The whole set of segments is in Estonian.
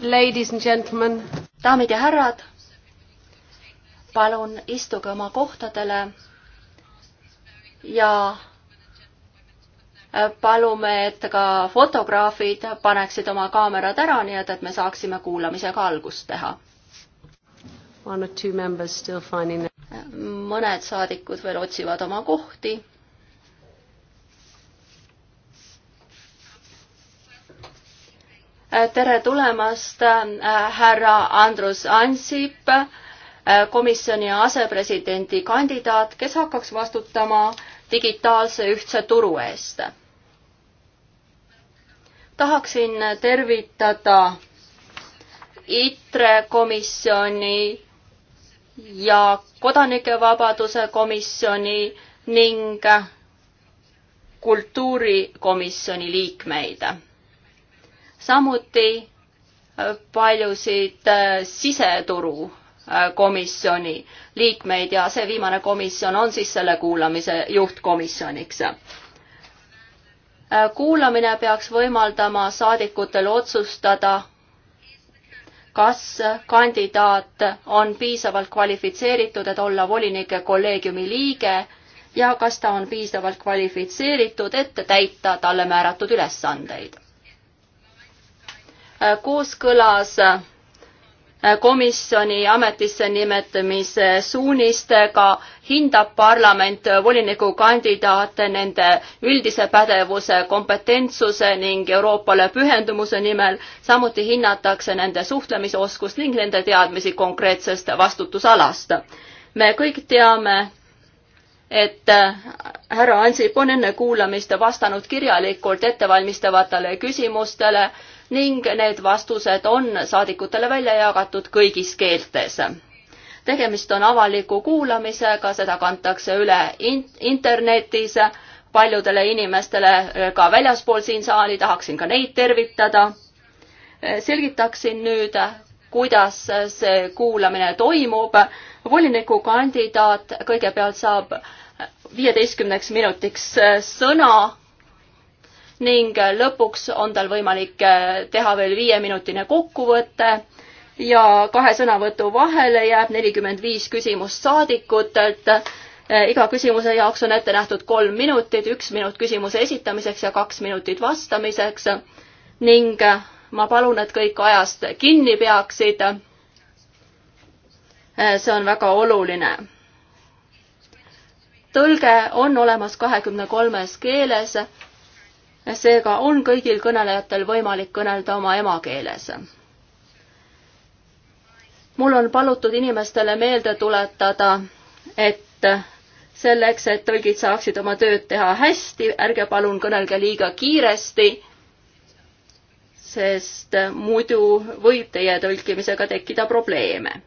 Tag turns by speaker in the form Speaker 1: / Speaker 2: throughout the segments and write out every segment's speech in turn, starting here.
Speaker 1: Ladies and gentlemen. daamid ja härrad, palun istuge oma kohtadele ja äh, palume, et ka fotograafid paneksid oma kaamerad ära, nii et, et me saaksime kuulamisega algust teha. mõned saadikud veel otsivad oma kohti tere tulemast, äh, härra Andrus Ansip, äh, komisjoni asepresidendi kandidaat, kes hakkaks vastutama digitaalse ühtse turu eest. tahaksin tervitada ITRE komisjoni ja kodanikevabaduse komisjoni ning kultuurikomisjoni liikmeid samuti äh, paljusid äh, siseturu äh, komisjoni liikmeid ja see viimane komisjon on siis selle kuulamise juhtkomisjoniks. kuulamine peaks võimaldama saadikutel otsustada, kas kandidaat on piisavalt kvalifitseeritud, et olla volinike kolleegiumi liige ja kas ta on piisavalt kvalifitseeritud, et täita talle määratud ülesandeid kooskõlas äh, komisjoni ametisse nimetamise suunistega hindab parlament volinikukandidaate nende üldise pädevuse, kompetentsuse ning Euroopale pühendumuse nimel, samuti hinnatakse nende suhtlemisoskust ning nende teadmisi konkreetsest vastutusalast. me kõik teame, et äh, härra Ansip on enne kuulamist vastanud kirjalikult ettevalmistavatele küsimustele ning need vastused on saadikutele välja jagatud kõigis keeltes. tegemist on avaliku kuulamisega, seda kantakse üle in internetis paljudele inimestele eh, ka väljaspool siin saali, tahaksin ka neid tervitada. Eh, selgitaksin nüüd, kuidas see kuulamine toimub. volinikukandidaat kõigepealt saab viieteistkümneks minutiks eh, sõna ning lõpuks on tal võimalik äh, teha veel viieminutine kokkuvõte ja kahe sõnavõtu vahele jääb nelikümmend viis küsimust saadikutelt. Äh, iga küsimuse jaoks on ette nähtud kolm minutit, üks minut küsimuse esitamiseks ja kaks minutit vastamiseks ning äh, ma palun, et kõik ajast kinni peaksid. see on väga oluline. tõlge on olemas kahekümne kolmes keeles seega on kõigil kõnelejatel võimalik kõnelda oma emakeeles. mul on palutud inimestele meelde tuletada, et selleks, et tõlgid saaksid oma tööd teha hästi, ärge palun kõnelge liiga kiiresti, sest muidu võib teie tõlkimisega tekkida probleeme.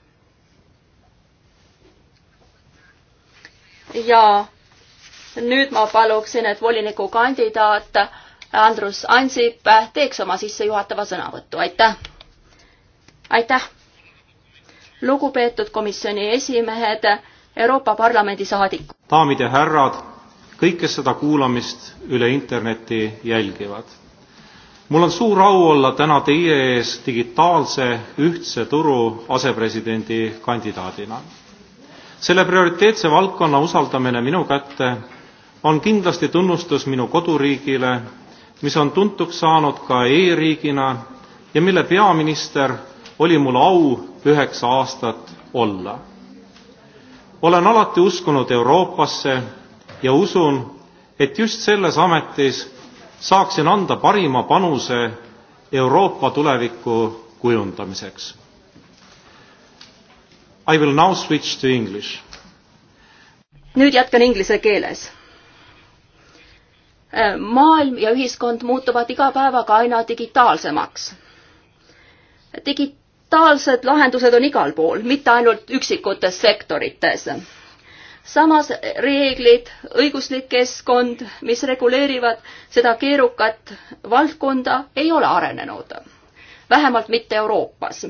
Speaker 1: ja nüüd ma paluksin, et volinikukandidaat Andrus Ansip äh, teeks oma sissejuhatava sõnavõttu, aitäh! aitäh! lugupeetud komisjoni esimehed, Euroopa Parlamendi saadikud!
Speaker 2: daamid ja härrad, kõik, kes seda kuulamist üle interneti jälgivad! mul on suur au olla täna teie ees digitaalse ühtse turu asepresidendi kandidaadina. selle prioriteetse valdkonna usaldamine minu kätte on kindlasti tunnustus minu koduriigile mis on tuntuks saanud ka e-riigina ja mille peaminister oli mul au üheksa aastat olla. olen alati uskunud euroopasse ja usun et just selles ametis saaksin anda parima panuse euroopa tuleviku kujundamiseks. I will now switch to english.
Speaker 1: nüüd jätkan inglise keeles Äh, maailm ja ühiskond muutuvad iga päevaga aina digitaalsemaks. digitaalsed lahendused on igal pool, mitte ainult üksikutes sektorites. samas reeglid, õiguslik keskkond, mis reguleerivad seda keerukat valdkonda, ei ole arenenud. vähemalt mitte Euroopas.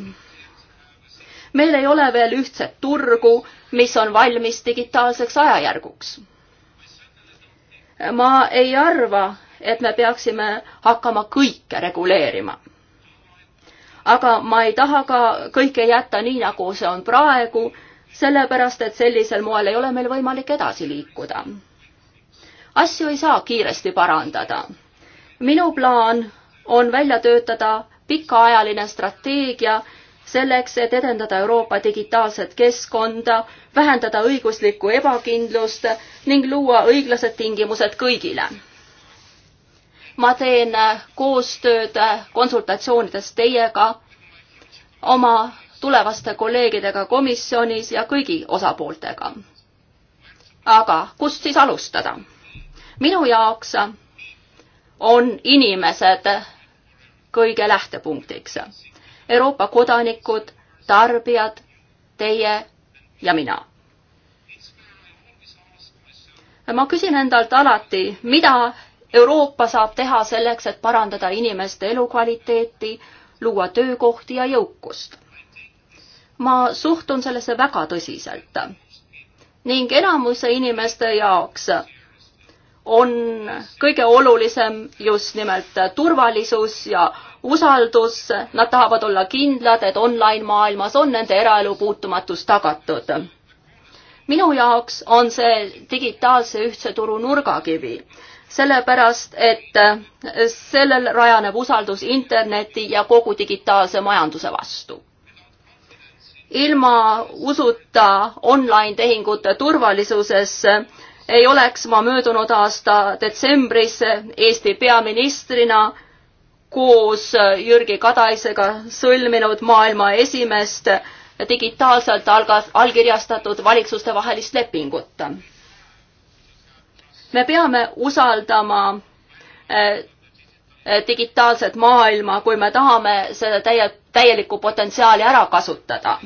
Speaker 1: meil ei ole veel ühtset turgu, mis on valmis digitaalseks ajajärguks ma ei arva, et me peaksime hakkama kõike reguleerima. aga ma ei taha ka kõike jätta nii, nagu see on praegu, sellepärast et sellisel moel ei ole meil võimalik edasi liikuda. asju ei saa kiiresti parandada. minu plaan on välja töötada pikaajaline strateegia, selleks, et edendada Euroopa digitaalset keskkonda, vähendada õiguslikku ebakindlust ning luua õiglased tingimused kõigile. ma teen koostööd konsultatsioonides teiega, oma tulevaste kolleegidega komisjonis ja kõigi osapooltega. aga kust siis alustada? minu jaoks on inimesed kõige lähtepunktiks Euroopa kodanikud, tarbijad, teie ja mina. ma küsin endalt alati, mida Euroopa saab teha selleks, et parandada inimeste elukvaliteeti, luua töökohti ja jõukust. ma suhtun sellesse väga tõsiselt ning enamuse inimeste jaoks on kõige olulisem just nimelt turvalisus ja usaldus, nad tahavad olla kindlad, et online maailmas on nende eraelu puutumatus tagatud. minu jaoks on see digitaalse ühtse turu nurgakivi, sellepärast et sellel rajaneb usaldus interneti ja kogu digitaalse majanduse vastu ilma usuta online tehingute turvalisusesse ei oleks ma möödunud aasta detsembris Eesti peaministrina koos äh, Jürgi Kadaisega sõlminud maailma esimest äh, digitaalselt algas, allkirjastatud valitsustevahelist lepingut. me peame usaldama äh, digitaalset maailma, kui me tahame seda täie, täielikku potentsiaali ära kasutada.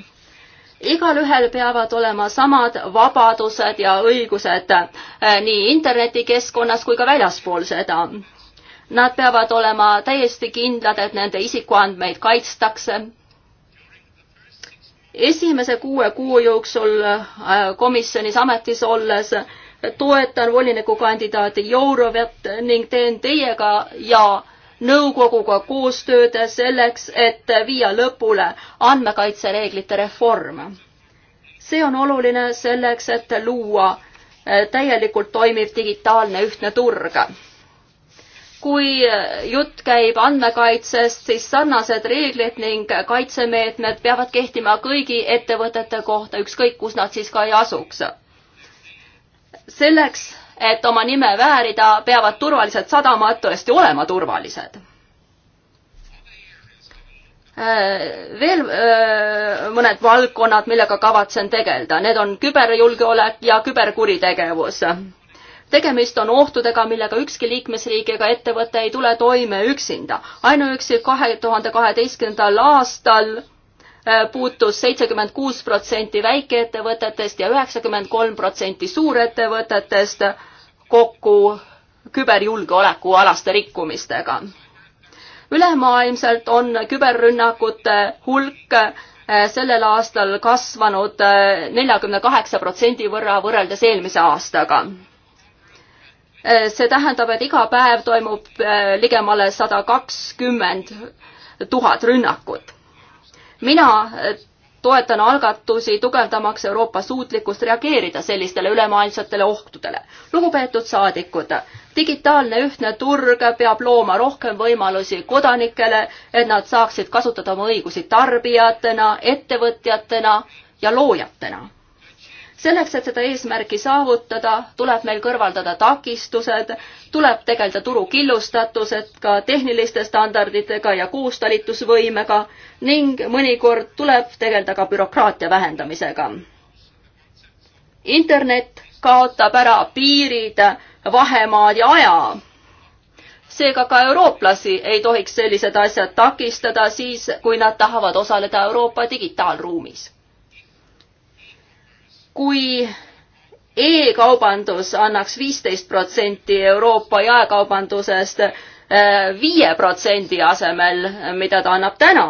Speaker 1: igalühel peavad olema samad vabadused ja õigused nii internetikeskkonnas kui ka väljaspool seda Nad peavad olema täiesti kindlad, et nende isikuandmeid kaitstakse. esimese kuue kuu jooksul äh, komisjonis ametis olles toetan volinikukandidaati Jourovet ning teen teiega ja nõukoguga koostööd selleks, et viia lõpule andmekaitsereeglite reform. see on oluline selleks, et luua äh, täielikult toimiv digitaalne ühtne turg kui jutt käib andmekaitsest, siis sarnased reeglid ning kaitsemeetmed peavad kehtima kõigi ettevõtete kohta, ükskõik kus nad siis ka ei asuks. selleks, et oma nime väärida, peavad turvalised sadamad tõesti olema turvalised. veel mõned valdkonnad, millega kavatsen tegeleda, need on küberjulgeolek ja küberkuritegevus tegemist on ohtudega, millega ükski liikmesriik ega ettevõte ei tule toime üksinda. ainuüksi kahe tuhande kaheteistkümnendal aastal äh, puutus seitsekümmend kuus protsenti väikeettevõtetest ja üheksakümmend kolm protsenti suurettevõtetest kokku küberjulgeolekualaste rikkumistega. ülemaailmselt on küberrünnakute hulk äh, sellel aastal kasvanud äh, neljakümne kaheksa protsendi võrra võrreldes eelmise aastaga Äh, see tähendab, et iga päev toimub äh, ligemale sada kakskümmend tuhat rünnakut. mina äh, toetan algatusi tugevdamaks Euroopa suutlikkust reageerida sellistele ülemaailmsetele ohtudele. lugupeetud saadikud, digitaalne ühtne turg peab looma rohkem võimalusi kodanikele, et nad saaksid kasutada oma õigusi tarbijatena, ettevõtjatena ja loojatena selleks, et seda eesmärki saavutada, tuleb meil kõrvaldada takistused, tuleb tegeleda turu killustatusega, tehniliste standarditega ja koostalitusvõimega ning mõnikord tuleb tegeleda ka bürokraatia vähendamisega. internet kaotab ära piirid, vahemaad ja aja. seega ka eurooplasi ei tohiks sellised asjad takistada siis, kui nad tahavad osaleda Euroopa digitaalruumis kui e-kaubandus annaks viisteist protsenti Euroopa jaekaubandusest eh, viie protsendi asemel, mida ta annab täna,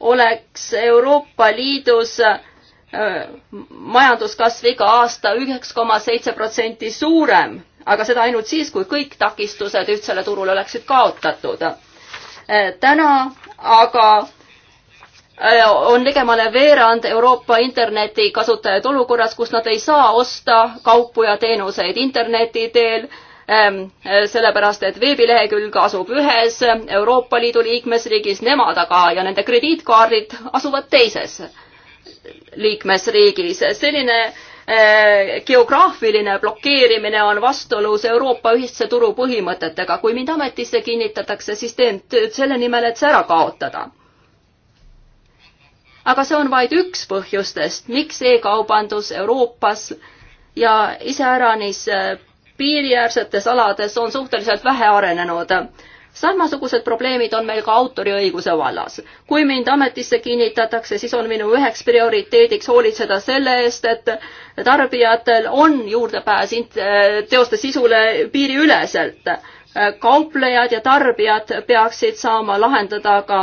Speaker 1: oleks Euroopa Liidus eh, majanduskasv iga aasta üheks koma seitse protsenti suurem, aga seda ainult siis, kui kõik takistused ühtsele turule oleksid kaotatud. Eh, täna aga Äh, on ligemale veerand Euroopa interneti kasutajaid olukorras, kus nad ei saa osta kaupu ja teenuseid interneti teel, ähm, äh, sellepärast et veebilehekülg asub ühes Euroopa Liidu liikmesriigis, nemad aga ja nende krediitkaardid asuvad teises liikmesriigis. selline äh, geograafiline blokeerimine on vastuolus Euroopa ühise turu põhimõtetega. kui mind ametisse kinnitatakse, siis teen tööd selle nimel, et see ära kaotada aga see on vaid üks põhjustest, miks e-kaubandus Euroopas ja iseäranis äh, piiriäärsetes alades on suhteliselt vähe arenenud sarnasugused probleemid on meil ka autoriõiguse vallas. kui mind ametisse kinnitatakse, siis on minu üheks prioriteediks hoolitseda selle eest, et tarbijatel on juurdepääs äh, teoste sisule piiriüleselt. Äh, kauplejad ja tarbijad peaksid saama lahendada ka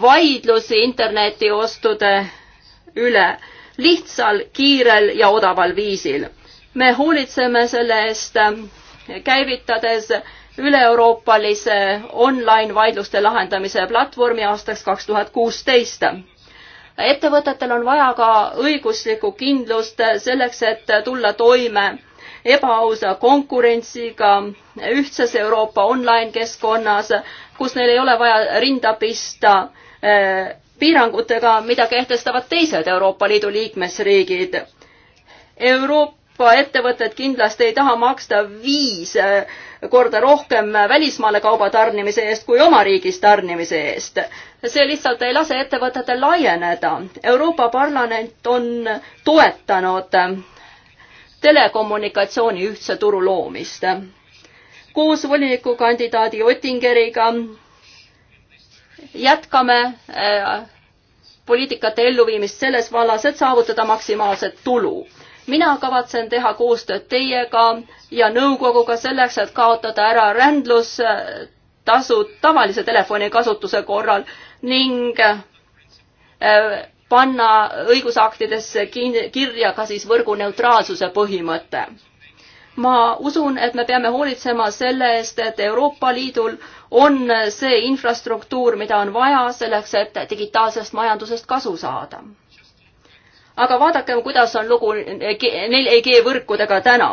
Speaker 1: vaidlusi internetiostude üle lihtsal, kiirel ja odaval viisil. me hoolitseme selle eest, käivitades üle-euroopalise online vaidluste lahendamise platvormi aastaks kaks tuhat kuusteist ettevõtetel on vaja ka õiguslikku kindlust selleks, et tulla toime ebaausa konkurentsiga ühtses Euroopa online keskkonnas, kus neil ei ole vaja rinda pista eh, piirangutega, mida kehtestavad teised Euroopa Liidu liikmesriigid. Euroopa ettevõtted kindlasti ei taha maksta viis eh, korda rohkem välismaale kauba tarnimise eest kui oma riigis tarnimise eest. see lihtsalt ei lase ettevõtetel laieneda. Euroopa Parlament on toetanud telekommunikatsiooni ühtse turu loomist koos volinikukandidaadi Ottingeriga jätkame äh, poliitikate elluviimist selles vallas, et saavutada maksimaalset tulu. mina kavatsen teha koostööd teiega ja nõukoguga selleks, et kaotada ära rändlustasud äh, tavalise telefoni kasutuse korral ning äh, panna õigusaktidesse kirja ka siis võrguneutraalsuse põhimõte ma usun, et me peame hoolitsema selle eest, et Euroopa Liidul on see infrastruktuur, mida on vaja selleks, et digitaalsest majandusest kasu saada. aga vaadakem, kuidas on lugu 4G võrkudega täna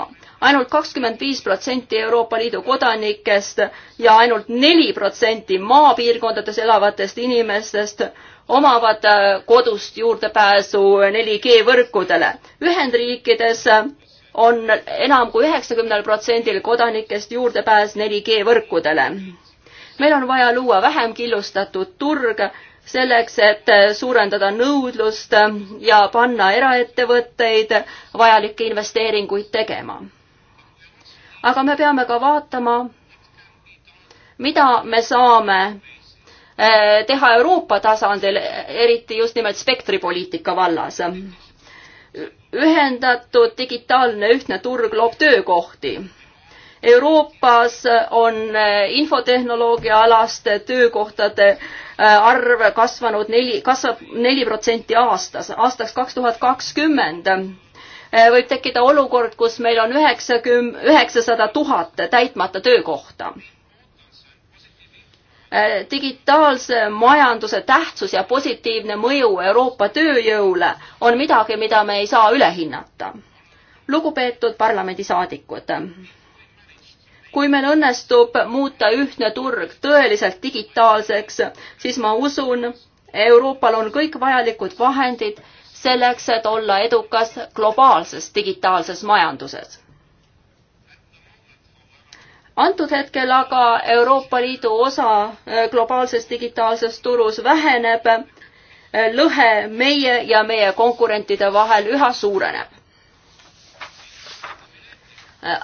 Speaker 1: ainult kakskümmend viis protsenti Euroopa Liidu kodanikest ja ainult neli protsenti maapiirkondades elavatest inimestest omavad äh, kodust juurdepääsu 4G võrkudele. Ühendriikides on enam kui üheksakümnel protsendil kodanikest juurdepääs 4G võrkudele. meil on vaja luua vähem killustatud turg selleks, et suurendada nõudlust ja panna eraettevõtteid vajalikke investeeringuid tegema. aga me peame ka vaatama, mida me saame eh, teha Euroopa tasandil, eriti just nimelt spektripoliitika vallas ühendatud digitaalne ühtne turg loob töökohti. Euroopas on infotehnoloogia alaste töökohtade äh, arv kasvanud neli, kasvab neli protsenti aastas, aastaks kaks tuhat kakskümmend äh, võib tekkida olukord, kus meil on üheksakümmend, üheksasada tuhat täitmata töökohta Äh, digitaalse majanduse tähtsus ja positiivne mõju Euroopa tööjõule on midagi, mida me ei saa üle hinnata. lugupeetud parlamendisaadikud, kui meil õnnestub muuta ühtne turg tõeliselt digitaalseks, siis ma usun, Euroopal on kõik vajalikud vahendid selleks, et olla edukas globaalses digitaalses majanduses antud hetkel aga Euroopa Liidu osa eh, globaalses digitaalses turus väheneb, eh, lõhe meie ja meie konkurentide vahel üha suureneb. Eh,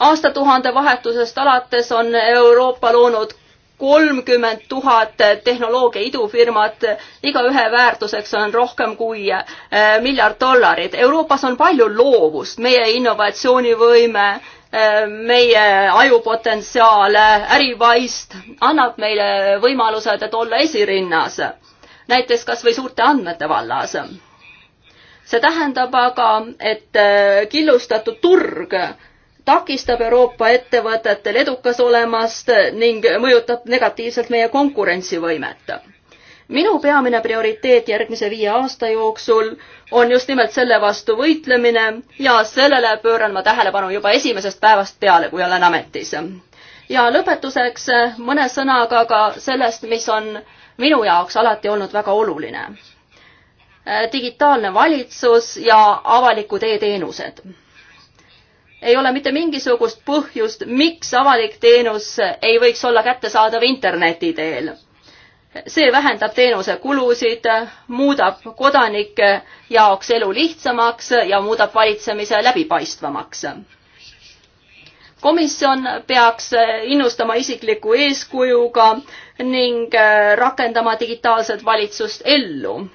Speaker 1: aastatuhande vahetusest alates on Euroopa loonud kolmkümmend tuhat tehnoloogia idufirmat, igaühe väärtuseks on rohkem kui miljard dollarit. Euroopas on palju loovust, meie innovatsioonivõime Äh, meie ajupotentsiaal, äh, ärivaist, annab meile võimalused, et olla esirinnas, näiteks kas või suurte andmete vallas. see tähendab aga, et äh, killustatud turg takistab Euroopa ettevõtetel edukas olemast ning mõjutab negatiivselt meie konkurentsivõimet minu peamine prioriteet järgmise viie aasta jooksul on just nimelt selle vastu võitlemine ja sellele pööran ma tähelepanu juba esimesest päevast peale, kui olen ametis. ja lõpetuseks mõne sõnaga ka sellest, mis on minu jaoks alati olnud väga oluline. digitaalne valitsus ja avalikud e-teenused ei ole mitte mingisugust põhjust, miks avalik teenus ei võiks olla kättesaadav interneti teel see vähendab teenuse kulusid, muudab kodanike jaoks elu lihtsamaks ja muudab valitsemise läbipaistvamaks. komisjon peaks innustama isikliku eeskujuga ning rakendama digitaalset valitsust ellu.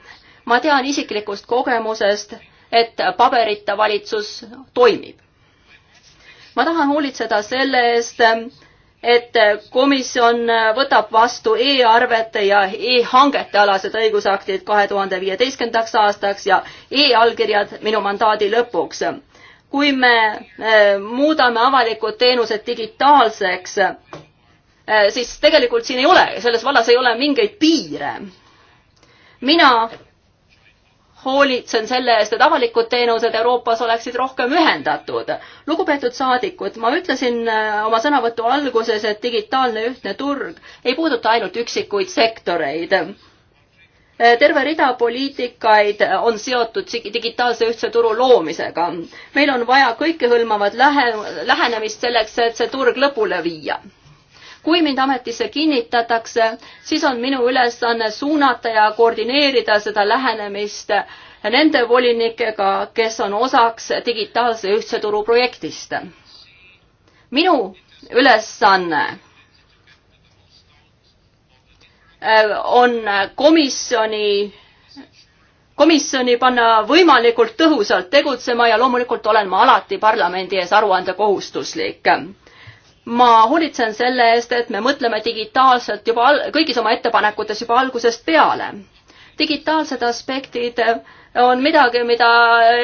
Speaker 1: ma tean isiklikust kogemusest, et paberita valitsus toimib. ma tahan hoolitseda selle eest, et komisjon võtab vastu e-arvete ja e-hangete alased õigusaktid kahe tuhande viieteistkümnendaks aastaks ja e-allkirjad minu mandaadi lõpuks. kui me e, muudame avalikud teenused digitaalseks, e, siis tegelikult siin ei ole, selles vallas ei ole mingeid piire. mina hoolitsen selle eest, et avalikud teenused Euroopas oleksid rohkem ühendatud. lugupeetud saadikud, ma ütlesin äh, oma sõnavõtu alguses, et digitaalne ühtne turg ei puuduta ainult üksikuid sektoreid äh, terve rida poliitikaid on seotud digitaalse ühtse turu loomisega. meil on vaja kõikehõlmavat lähe, lähenemist selleks, et see turg lõpule viia kui mind ametisse kinnitatakse, siis on minu ülesanne suunata ja koordineerida seda lähenemist nende volinikega, kes on osaks digitaalse ühtse turu projektist. minu ülesanne äh, on komisjoni, komisjoni panna võimalikult tõhusalt tegutsema ja loomulikult olen ma alati parlamendi ees aruandekohustuslik ma hoolitsen selle eest, et me mõtleme digitaalselt juba kõigis oma ettepanekutes juba algusest peale. digitaalsed aspektid on midagi, mida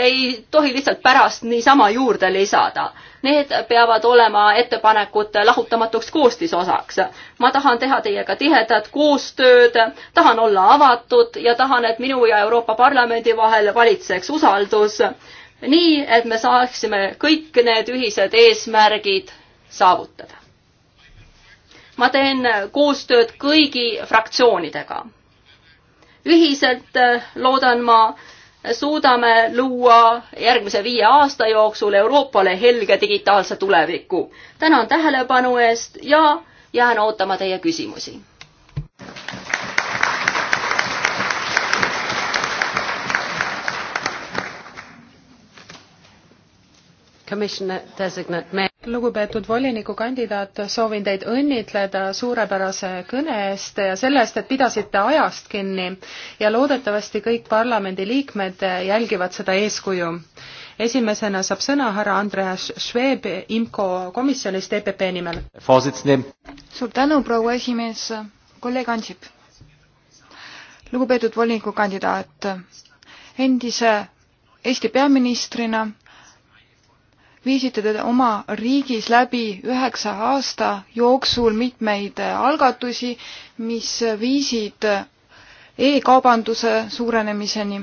Speaker 1: ei tohi lihtsalt pärast niisama juurde lisada. Need peavad olema ettepanekute lahutamatuks koostisosaks. ma tahan teha teiega tihedat koostööd, tahan olla avatud ja tahan, et minu ja Euroopa Parlamendi vahel valitseks usaldus, nii et me saaksime kõik need ühised eesmärgid saavutada. ma teen koostööd kõigi fraktsioonidega. ühiselt äh, loodan ma, suudame luua järgmise viie aasta jooksul Euroopale helge digitaalse tuleviku. tänan tähelepanu eest ja jään ootama teie küsimusi.
Speaker 3: Commissioner designate lugupeetud volinikukandidaat, soovin teid õnnitleda suurepärase kõne eest ja selle eest, et pidasite ajast kinni ja loodetavasti kõik parlamendiliikmed jälgivad seda eeskuju. esimesena saab sõna härra Andreas Schweb IMCO komisjonist EPP nimel. suur tänu, proua esimees, kolleeg Ansip.
Speaker 4: lugupeetud volinikukandidaat, endise Eesti peaministrina viisite te oma riigis läbi üheksa aasta jooksul mitmeid algatusi, mis viisid e-kaubanduse suurenemiseni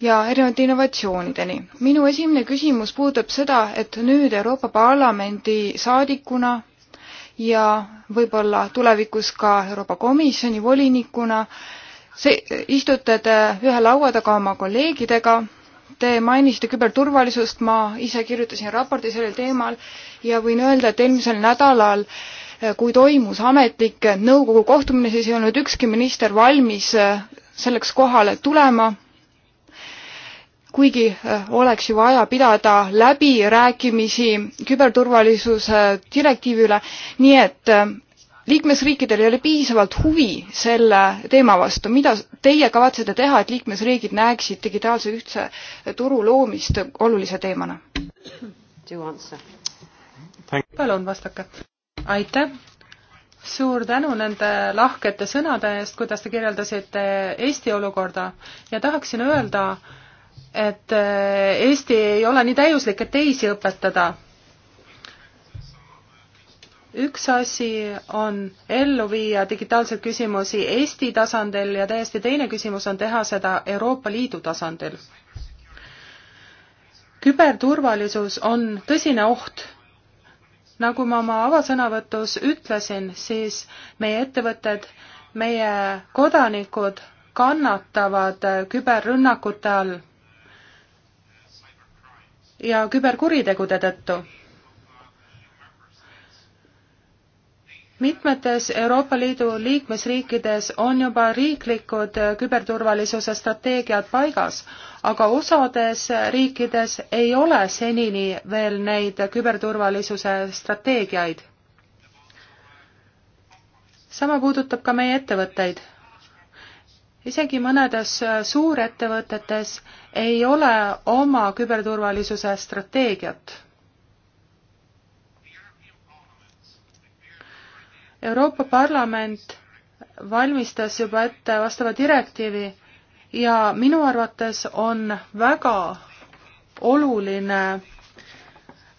Speaker 4: ja erinevate innovatsioonideni. minu esimene küsimus puudutab seda, et nüüd Euroopa Parlamendi saadikuna ja võib-olla tulevikus ka Euroopa Komisjoni volinikuna see, istute te ühe laua taga oma kolleegidega Te mainisite küberturvalisust, ma ise kirjutasin raporti sellel teemal ja võin öelda, et eelmisel nädalal eh, kui toimus ametlik nõukogu kohtumine, siis ei olnud ükski minister valmis eh, selleks kohale tulema, kuigi eh, oleks ju vaja pidada läbirääkimisi küberturvalisuse direktiivi üle, nii et liikmesriikidel ei ole piisavalt huvi selle teema vastu, mida teie kavatsete teha, et liikmesriigid näeksid digitaalse ühtse turu loomist
Speaker 3: olulise teemana? palun vastake. aitäh suur tänu nende lahkete sõnade eest, kuidas te kirjeldasite Eesti olukorda ja tahaksin öelda, et äh, Eesti ei ole nii täiuslik, et teisi õpetada üks asi on ellu viia digitaalseid küsimusi Eesti tasandil ja täiesti teine küsimus on teha seda Euroopa Liidu tasandil. küberturvalisus on tõsine oht. nagu ma oma avasõnavõtus ütlesin, siis meie ettevõtted, meie kodanikud kannatavad küberrünnakute all ja küberkuritegude tõttu mitmetes Euroopa Liidu liikmesriikides on juba riiklikud küberturvalisuse strateegiad paigas, aga osades riikides ei ole senini veel neid küberturvalisuse strateegiaid. sama puudutab ka meie ettevõtteid. isegi mõnedes suurettevõtetes ei ole oma küberturvalisuse strateegiat Euroopa Parlament valmistas juba ette vastava direktiivi ja minu arvates on väga oluline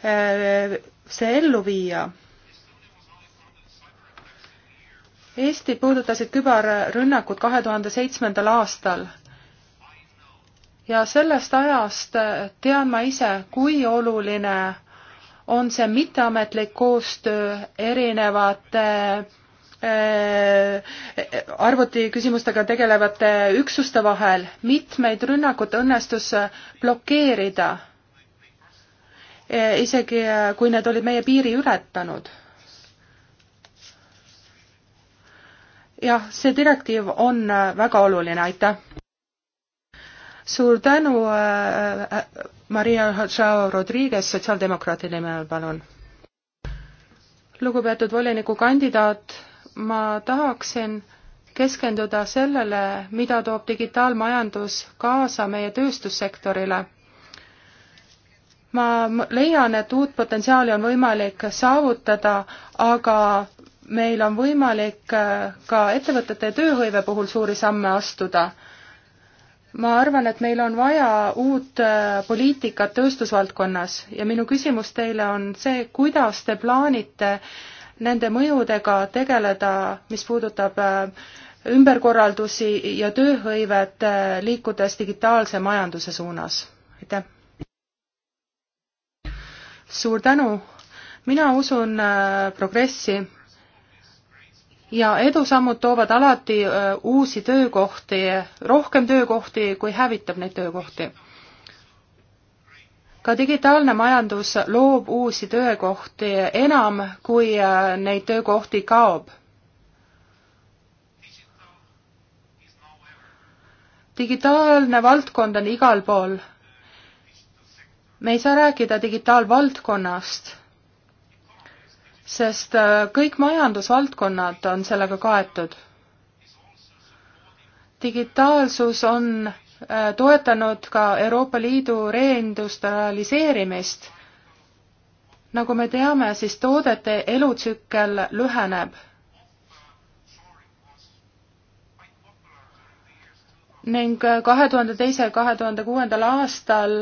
Speaker 3: eh, see ellu viia. Eesti puudutasid küberrünnakud kahe tuhande seitsmendal aastal ja sellest ajast tean ma ise, kui oluline on see mitteametlik koostöö erinevate äh, arvutiküsimustega tegelevate üksuste vahel. mitmeid rünnakut õnnestus blokeerida, äh, isegi äh, kui need olid meie piiri ületanud. jah, see direktiiv on väga oluline, aitäh! suur tänu äh,, Maria Jao Rodriguez sotsiaaldemokraatide nimel, palun. lugupeetud volinikukandidaat, ma tahaksin keskenduda sellele, mida toob digitaalmajandus kaasa meie tööstussektorile. ma leian, et uut potentsiaali on võimalik saavutada, aga meil on võimalik ka ettevõtete tööhõive puhul suuri samme astuda ma arvan, et meil on vaja uut äh, poliitikat tööstusvaldkonnas ja minu küsimus teile on see, kuidas te plaanite nende mõjudega tegeleda, mis puudutab äh, ümberkorraldusi ja tööhõivet, äh, liikudes digitaalse majanduse suunas? aitäh! suur tänu! mina usun progressi ja edusammud toovad alati äh, uusi töökohti, rohkem töökohti, kui hävitab neid töökohti. ka digitaalne majandus loob uusi töökohti enam, kui äh, neid töökohti kaob digitaalne valdkond on igal pool. me ei saa rääkida digitaalvaldkonnast, sest äh, kõik majandusvaldkonnad on sellega kaetud. digitaalsus on äh, toetanud ka Euroopa Liidu reindustrialiseerimist. nagu me teame, siis toodete elutsükkel lüheneb. ning äh, kahe tuhande teise, kahe tuhande kuuendal aastal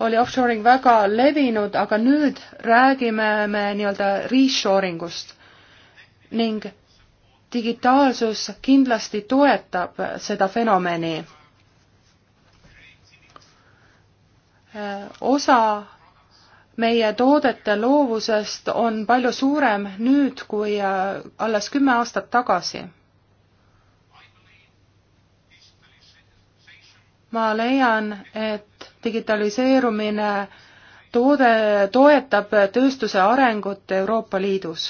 Speaker 3: oli offshoring väga levinud, aga nüüd räägime me nii-öelda reshoring ust ning digitaalsus kindlasti toetab seda fenomeni. Äh, osa meie toodete loovusest on palju suurem nüüd kui äh, alles kümme aastat tagasi ma leian, et digitaliseerumine toode, toetab tööstuse arengut Euroopa Liidus.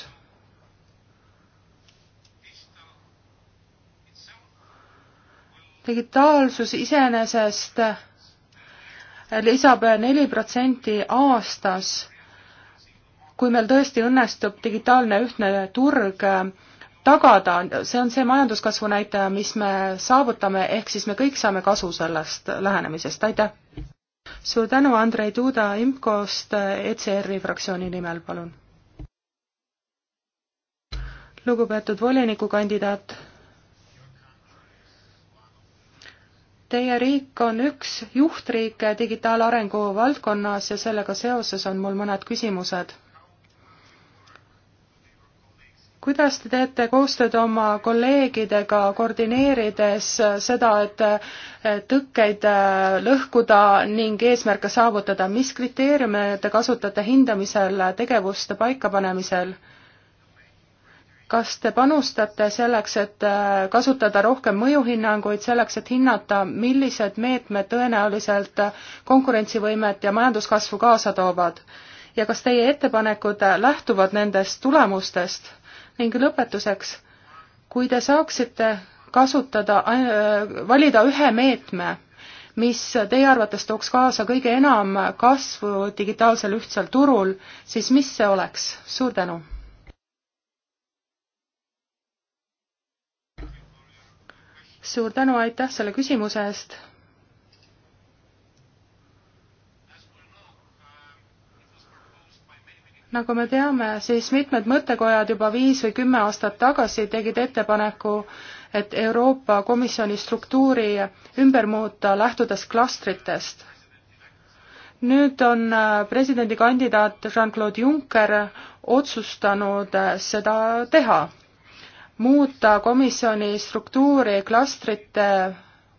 Speaker 3: digitaalsus iseenesest lisab neli protsenti aastas. kui meil tõesti õnnestub digitaalne ühtne turg tagada, see on see majanduskasvu näitaja, mis me saavutame, ehk siis me kõik saame kasu sellest lähenemisest, aitäh! suur tänu, Andrei Tuuda IMCO-st ECR-i fraktsiooni nimel, palun. lugupeetud volinikukandidaat, teie riik on üks juhtriike digitaalarengu valdkonnas ja sellega seoses on mul mõned küsimused kuidas te teete koostööd oma kolleegidega, koordineerides seda, et tõkkeid äh, lõhkuda ning eesmärke saavutada, mis kriteeriume te kasutate hindamisel, tegevuste paikapanemisel? kas te panustate selleks, et äh, kasutada rohkem mõjuhinnanguid, selleks et hinnata, millised meetmed tõenäoliselt konkurentsivõimet ja majanduskasvu kaasa toovad? ja kas teie ettepanekud lähtuvad nendest tulemustest? ning lõpetuseks, kui te saaksite kasutada, äh, valida ühe meetme, mis teie arvates tooks kaasa kõige enam kasvu digitaalsel ühtsel turul, siis mis see oleks? suur tänu! suur tänu, aitäh selle küsimuse eest! nagu me teame, siis mitmed mõttekojad juba viis või kümme aastat tagasi tegid ettepaneku, et Euroopa Komisjoni struktuuri ümber muuta, lähtudes klastritest. nüüd on äh, presidendikandidaat Jean-Claude Juncker otsustanud äh, seda teha, muuta komisjoni struktuuri klastrite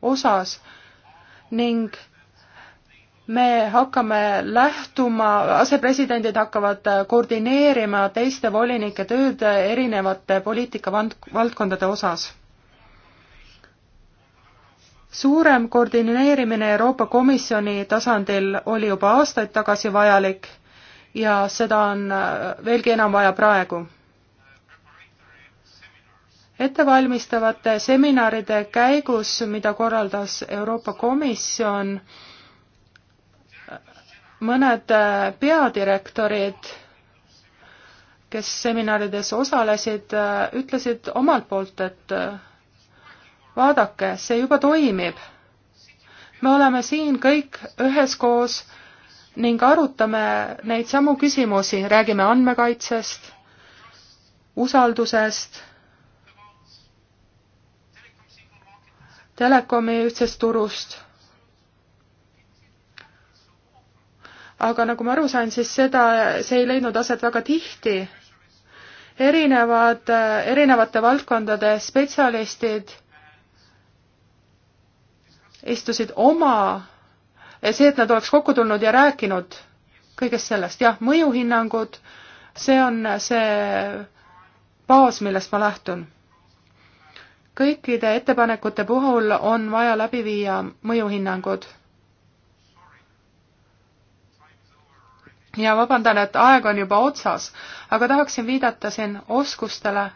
Speaker 3: osas ning me hakkame lähtuma, asepresidendid hakkavad äh, koordineerima teiste volinike tööd äh, erinevate poliitikavaldkondade osas. suurem koordineerimine Euroopa Komisjoni tasandil oli juba aastaid tagasi vajalik ja seda on äh, veelgi enam vaja praegu. ettevalmistavate seminaride käigus, mida korraldas Euroopa Komisjon, mõned äh, peadirektorid, kes seminarides osalesid, äh, ütlesid omalt poolt, et äh, vaadake, see juba toimib. me oleme siin kõik üheskoos ning arutame neid samu küsimusi, räägime andmekaitsest, usaldusest, telekomi ühtsest turust aga nagu ma aru sain, siis seda, see ei leidnud aset väga tihti. erinevad, äh, erinevate valdkondade spetsialistid istusid oma, see, et nad oleks kokku tulnud ja rääkinud kõigest sellest, jah, mõjuhinnangud, see on see baas, millest ma lähtun. kõikide ettepanekute puhul on vaja läbi viia mõjuhinnangud ja vabandan, et aeg on juba otsas, aga tahaksin viidata siin oskustele.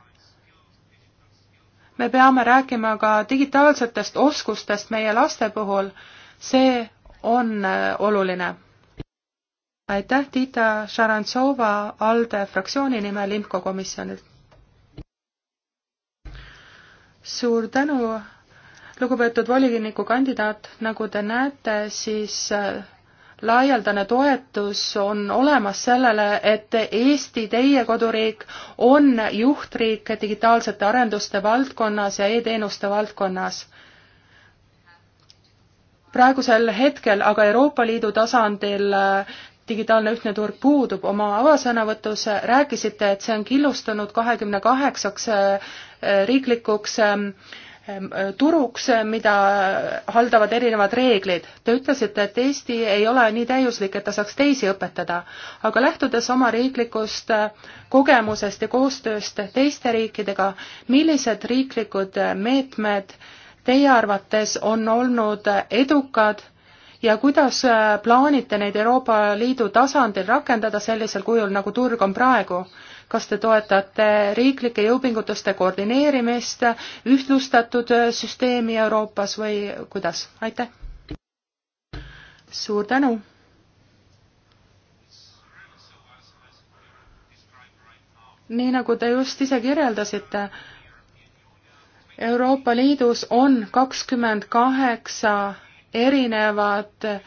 Speaker 3: me peame rääkima ka digitaalsetest oskustest meie laste puhul, see on äh, oluline. aitäh, Tiita Šarantsova ALDE fraktsiooni nimel IMCO komisjonilt. suur tänu, lugupeetud voliniku kandidaat, nagu te näete, siis äh, laialdane toetus on olemas sellele, et Eesti, teie koduriik, on juhtriik digitaalsete arenduste valdkonnas ja e-teenuste valdkonnas. praegusel hetkel aga Euroopa Liidu tasandil äh, digitaalne ühtne turg puudub. oma avasõnavõtus rääkisite, et see on killustunud kahekümne kaheksaks äh, äh, riiklikuks ähm, Ähm, äh, turuks, äh, mida haldavad erinevad reeglid. Te ütlesite, et Eesti ei ole nii täiuslik, et ta saaks teisi õpetada, aga lähtudes oma riiklikust äh, kogemusest ja koostööst teiste riikidega, millised riiklikud meetmed teie arvates on olnud edukad ja kuidas plaanite neid Euroopa Liidu tasandil rakendada sellisel kujul, nagu turg on praegu? kas te toetate riiklike jõupingutuste koordineerimist, ühtlustatud äh, süsteemi Euroopas või kuidas? aitäh! suur tänu! nii nagu te just ise kirjeldasite, Euroopa Liidus on kakskümmend kaheksa erinevat äh,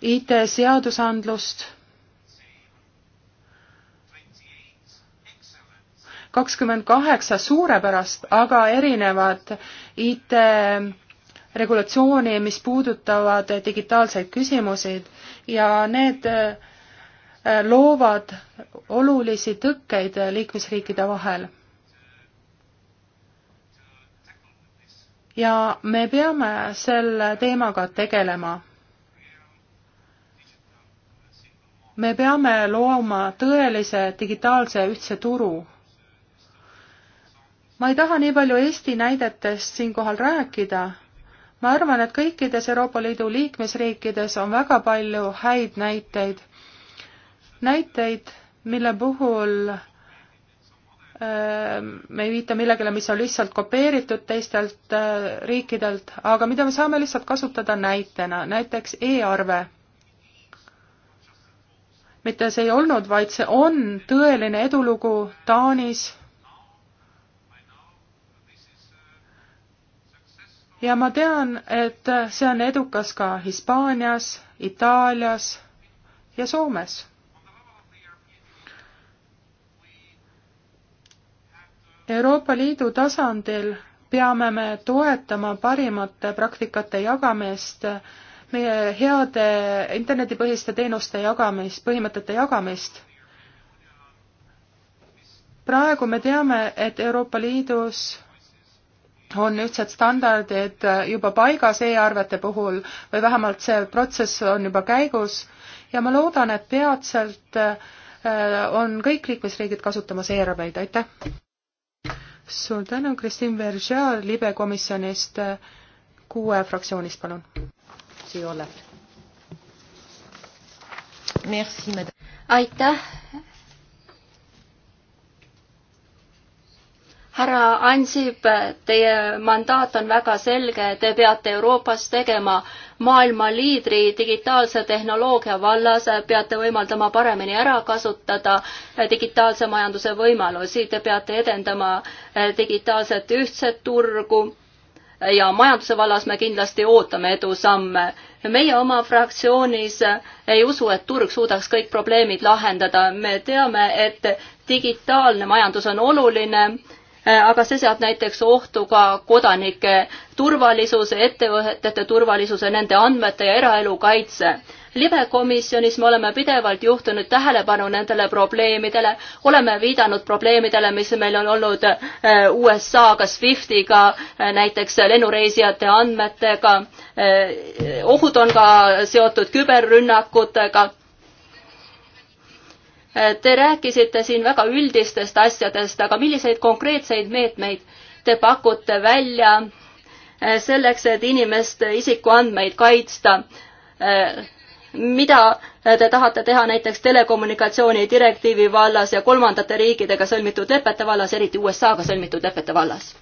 Speaker 3: IT-seadusandlust kakskümmend kaheksa suurepärast, aga erinevad IT regulatsiooni, mis puudutavad digitaalseid küsimusi ja need äh, loovad olulisi tõkkeid liikmesriikide vahel. ja me peame selle teemaga tegelema. me peame looma tõelise digitaalse ühtse turu ma ei taha nii palju Eesti näidetest siinkohal rääkida. ma arvan, et kõikides Euroopa Liidu liikmesriikides on väga palju häid näiteid. näiteid, mille puhul äh, me ei viita millegile, mis on lihtsalt kopeeritud teistelt äh, riikidelt, aga mida me saame lihtsalt kasutada näitena, näiteks e-arve mitte see ei olnud, vaid see on tõeline edulugu Taanis ja ma tean, et see on edukas ka Hispaanias, Itaalias ja Soomes Euroopa Liidu tasandil peame me toetama parimate praktikate jagamist, meie heade internetipõhiste teenuste jagamist, põhimõtete jagamist. praegu me teame, et Euroopa Liidus on ühtsed standardid juba paigas e-arvete puhul või vähemalt see protsess on juba käigus ja ma loodan, et peatselt äh, on kõik liikmesriigid kasutamas e-arveid, aitäh! suur tänu, Kristin Veržea libe komisjonist, kuue fraktsioonist, palun.
Speaker 1: aitäh, härra Ansip, teie mandaat on väga selge, te peate Euroopas tegema maailma liidri digitaalse tehnoloogia vallas, peate võimaldama paremini ära kasutada eh, digitaalse majanduse võimalusi, te peate edendama eh, digitaalset ühtset turgu eh, ja majanduse vallas me kindlasti ootame edusamme. meie oma fraktsioonis ei usu, et turg suudaks kõik probleemid lahendada, me teame, et digitaalne majandus on oluline Äh, aga see seab näiteks ohtu ka kodanike turvalisuse, ettevõtete turvalisuse, nende andmete ja eraelu kaitse libekomisjonis me oleme pidevalt juhtinud tähelepanu nendele probleemidele, oleme viidanud probleemidele, mis meil on olnud äh, USA-ga, SWIFT-iga, äh, näiteks lennureisijate andmetega. ohud on ka seotud küberrünnakutega Te rääkisite siin väga üldistest asjadest, aga milliseid konkreetseid meetmeid te pakute välja eh, selleks, et inimeste isikuandmeid kaitsta? Eh, mida te tahate teha näiteks telekommunikatsiooni direktiivi vallas ja kolmandate riikidega sõlmitud lepete vallas, eriti USA-ga sõlmitud lepete vallas?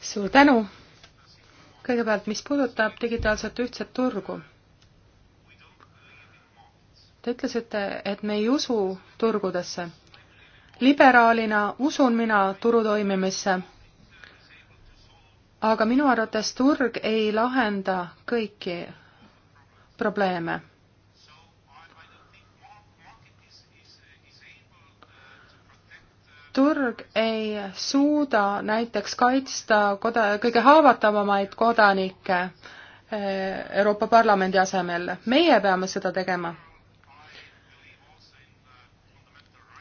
Speaker 2: suur
Speaker 3: tänu. kõigepealt, mis puudutab digitaalset ühtset turgu. Te ütlesite, et me ei usu turgudesse. liberaalina usun mina turu toimimisse. aga minu arvates turg ei lahenda kõiki probleeme turg ei suuda näiteks kaitsta koda-, kõige haavatavamaid kodanikke eh, Euroopa Parlamendi asemel. meie peame seda tegema.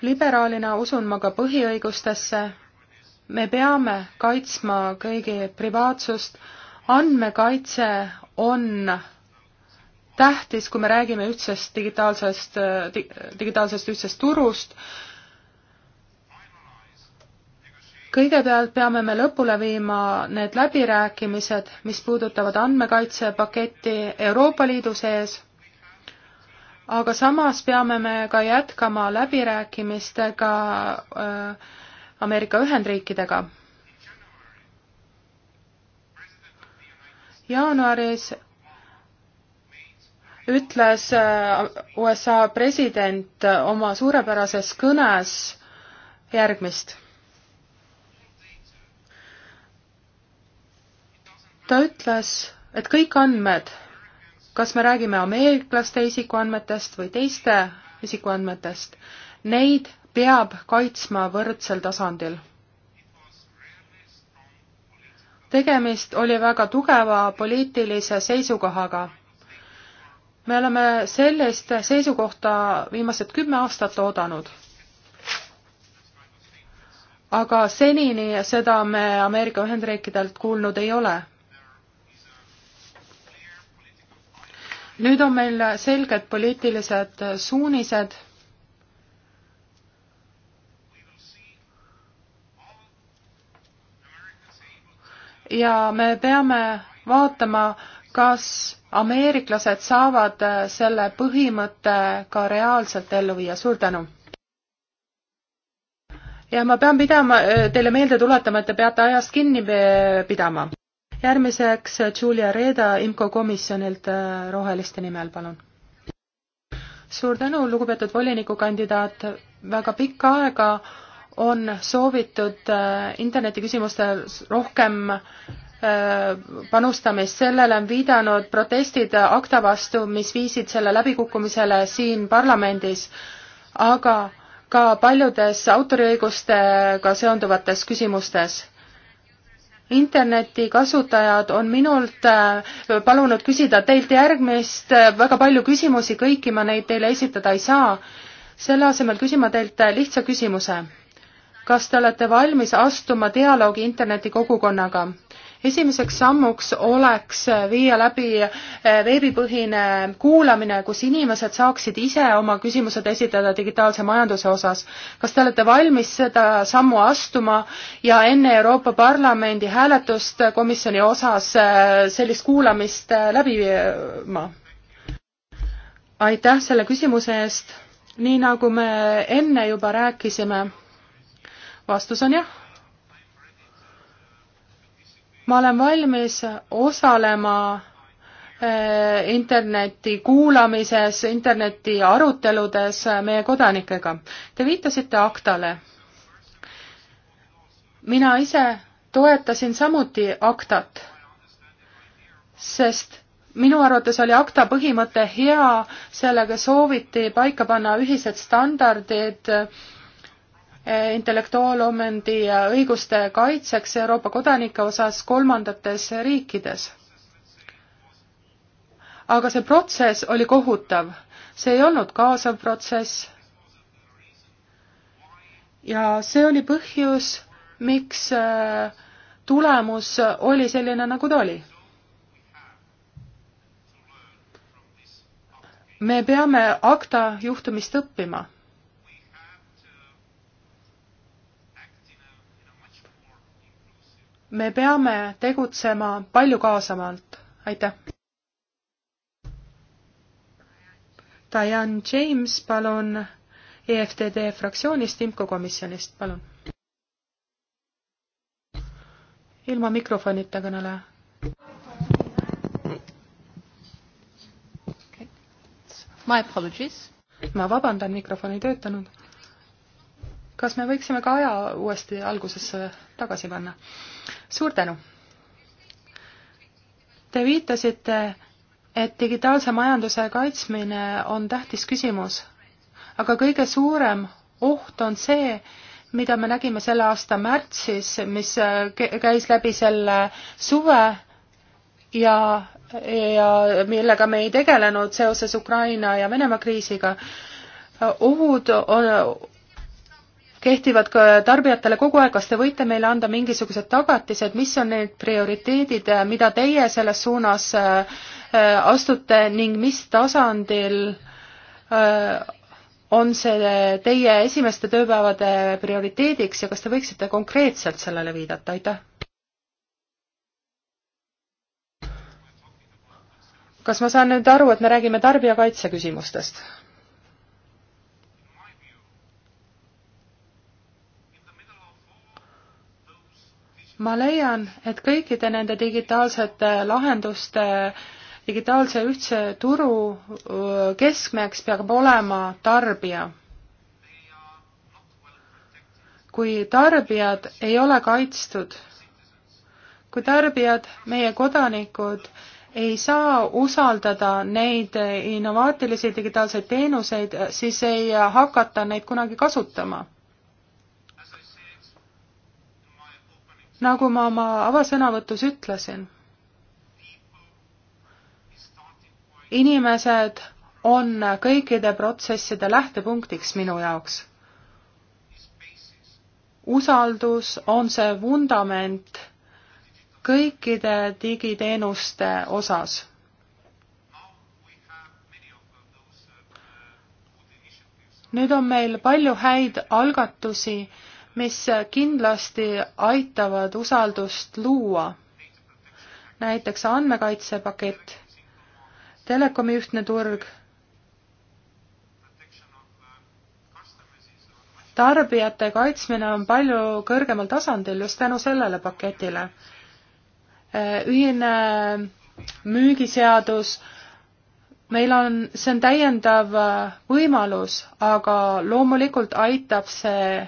Speaker 3: liberaalina usun ma ka põhiõigustesse, me peame kaitsma kõigi privaatsust, andmekaitse on tähtis, kui me räägime ühtsest digitaalsest, digitaalsest ühtsest turust, kõigepealt peame me lõpule viima need läbirääkimised, mis puudutavad andmekaitsepaketti Euroopa Liidu sees, aga samas peame me ka jätkama läbirääkimistega äh, Ameerika Ühendriikidega. jaanuaris ütles äh, USA president oma suurepärases kõnes järgmist ta ütles, et kõik andmed, kas me räägime ameeriklaste isikuandmetest või teiste isikuandmetest, neid peab kaitsma võrdsel tasandil. tegemist oli väga tugeva poliitilise seisukohaga. me oleme sellist seisukohta viimased kümme aastat oodanud aga senini seda me Ameerika Ühendriikidelt kuulnud ei ole. nüüd on meil selged poliitilised suunised ja me peame vaatama, kas ameeriklased saavad selle põhimõtte ka reaalselt ellu viia. suur tänu! ja ma pean pidama, teile meelde tuletama, et te peate ajast kinni pidama järgmiseks Julia Reeda IMCO komisjonilt äh, Roheliste nimel, palun. suur tänu, lugupeetud volinikukandidaat, väga pikka aega on soovitud äh, internetiküsimustes rohkem äh, panustamist, sellele on viidanud protestid akta vastu, mis viisid selle läbikukkumisele siin parlamendis, aga ka paljudes autoriõigustega seonduvates küsimustes interneti kasutajad on minult äh, palunud küsida teilt järgmist, äh, väga palju küsimusi, kõiki ma neid teile esitada ei saa. selle asemel küsin ma teilt äh, lihtsa küsimuse. kas te olete valmis astuma dialoogi interneti kogukonnaga? esimeseks sammuks oleks viia läbi eh, veebipõhine kuulamine, kus inimesed saaksid ise oma küsimused esitada digitaalse majanduse osas. kas te olete valmis seda sammu astuma ja enne Euroopa Parlamendi hääletust komisjoni osas eh, sellist kuulamist eh, läbi viima? aitäh selle küsimuse eest. nii nagu me enne juba rääkisime, vastus on jah ma olen valmis osalema eh, interneti kuulamises, interneti aruteludes eh, meie kodanikega. Te viitasite aktale. mina ise toetasin samuti aktat, sest minu arvates oli akta põhimõte hea, sellega sooviti paika panna ühised standardid äh, intellektuaalomandi õiguste kaitseks Euroopa kodanike osas kolmandates riikides. aga see protsess oli kohutav, see ei olnud kaasav protsess. ja see oli põhjus, miks äh, tulemus oli selline, nagu ta oli me peame akta juhtumist õppima. me peame tegutsema palju kaasamalt. aitäh! Diane James, palun, EFTD fraktsioonist, IMCO komisjonist, palun. ilma mikrofonita kõneleja. My apologies. ma vabandan, mikrofon ei töötanud kas me võiksime ka aja uuesti algusesse tagasi panna? suur tänu! Te viitasite, et digitaalse majanduse kaitsmine on tähtis küsimus, aga kõige suurem oht on see, mida me nägime selle aasta märtsis, mis käis läbi selle suve ja, ja millega me ei tegelenud seoses Ukraina ja Venemaa kriisiga ohud on, kehtivad ka tarbijatele kogu aeg, kas te võite meile anda mingisugused tagatised, mis on need prioriteedid, mida teie selles suunas äh, astute ning mis tasandil äh, on see teie esimeste tööpäevade prioriteediks ja kas te võiksite konkreetselt sellele viidata, aitäh? kas ma saan nüüd aru, et me räägime tarbijakaitse küsimustest? ma leian, et kõikide nende digitaalsete lahenduste, digitaalse ühtse turu keskmeks peab olema tarbija. kui tarbijad ei ole kaitstud, kui tarbijad, meie kodanikud, ei saa usaldada neid innovaatilisi digitaalseid teenuseid, siis ei hakata neid kunagi kasutama nagu ma oma avasõnavõtus ütlesin, inimesed on kõikide protsesside lähtepunktiks minu jaoks. usaldus on see vundament kõikide digiteenuste osas. nüüd on meil palju häid algatusi mis kindlasti aitavad usaldust luua. näiteks andmekaitsepakett, telekomi ühtne turg, tarbijate kaitsmine on palju kõrgemal tasandil just tänu sellele paketile. ühine müügiseadus, meil on, see on täiendav võimalus, aga loomulikult aitab see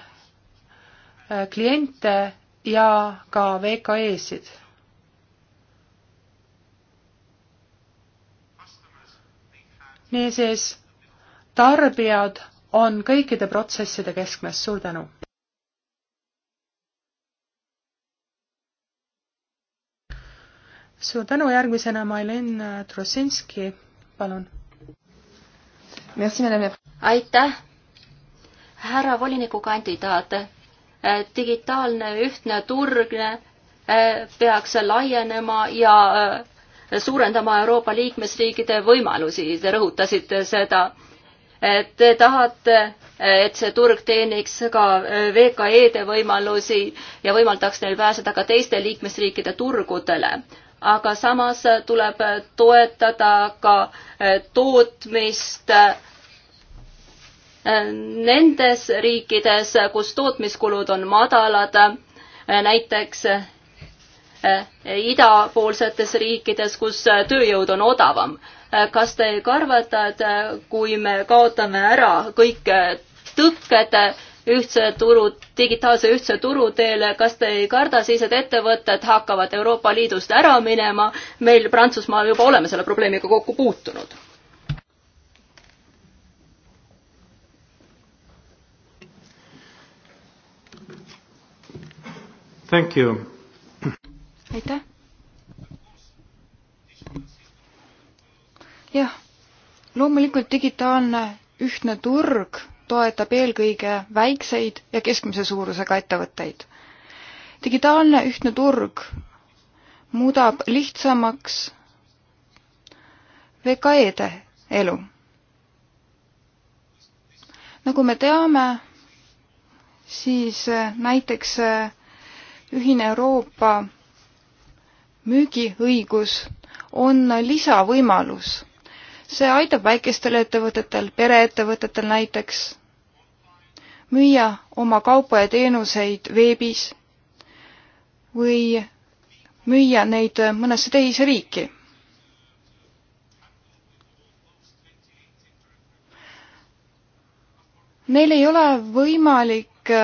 Speaker 3: Äh, kliente ja ka VKE-sid. niisiis, tarbijad on kõikide protsesside keskmes, suur tänu! suur tänu, järgmisena Mailin Trosinski, palun!
Speaker 1: aitäh! härra volinikukandidaat Äh, digitaalne ühtne turg äh, peaks laienema ja äh, suurendama Euroopa liikmesriikide võimalusi, te rõhutasite seda. Te tahate, et see turg teeniks ka VKE-de võimalusi ja võimaldaks neil pääseda ka teiste liikmesriikide turgudele aga samas tuleb toetada ka tootmist, nendes riikides, kus tootmiskulud on madalad, näiteks eh, idapoolsetes riikides, kus tööjõud on odavam. kas te ei karvata, et eh, kui me kaotame ära kõik eh, tõkked ühtse turu, digitaalse ühtse turu teele, kas te ei karda siis, et ettevõtted hakkavad Euroopa Liidust ära minema? meil Prantsusmaal juba oleme selle probleemiga kokku puutunud
Speaker 2: Thank you. aitäh.
Speaker 4: jah, loomulikult digitaalne ühtne turg toetab eelkõige väikseid ja keskmise suurusega ettevõtteid. digitaalne ühtne turg muudab lihtsamaks VKE-de elu. nagu me teame, siis näiteks ühine Euroopa müügiõigus on lisavõimalus. see aitab väikestel ettevõtetel, pereettevõtetel näiteks müüa oma kaupa ja teenuseid veebis või müüa neid mõnesse teise riiki. Neil ei ole võimalik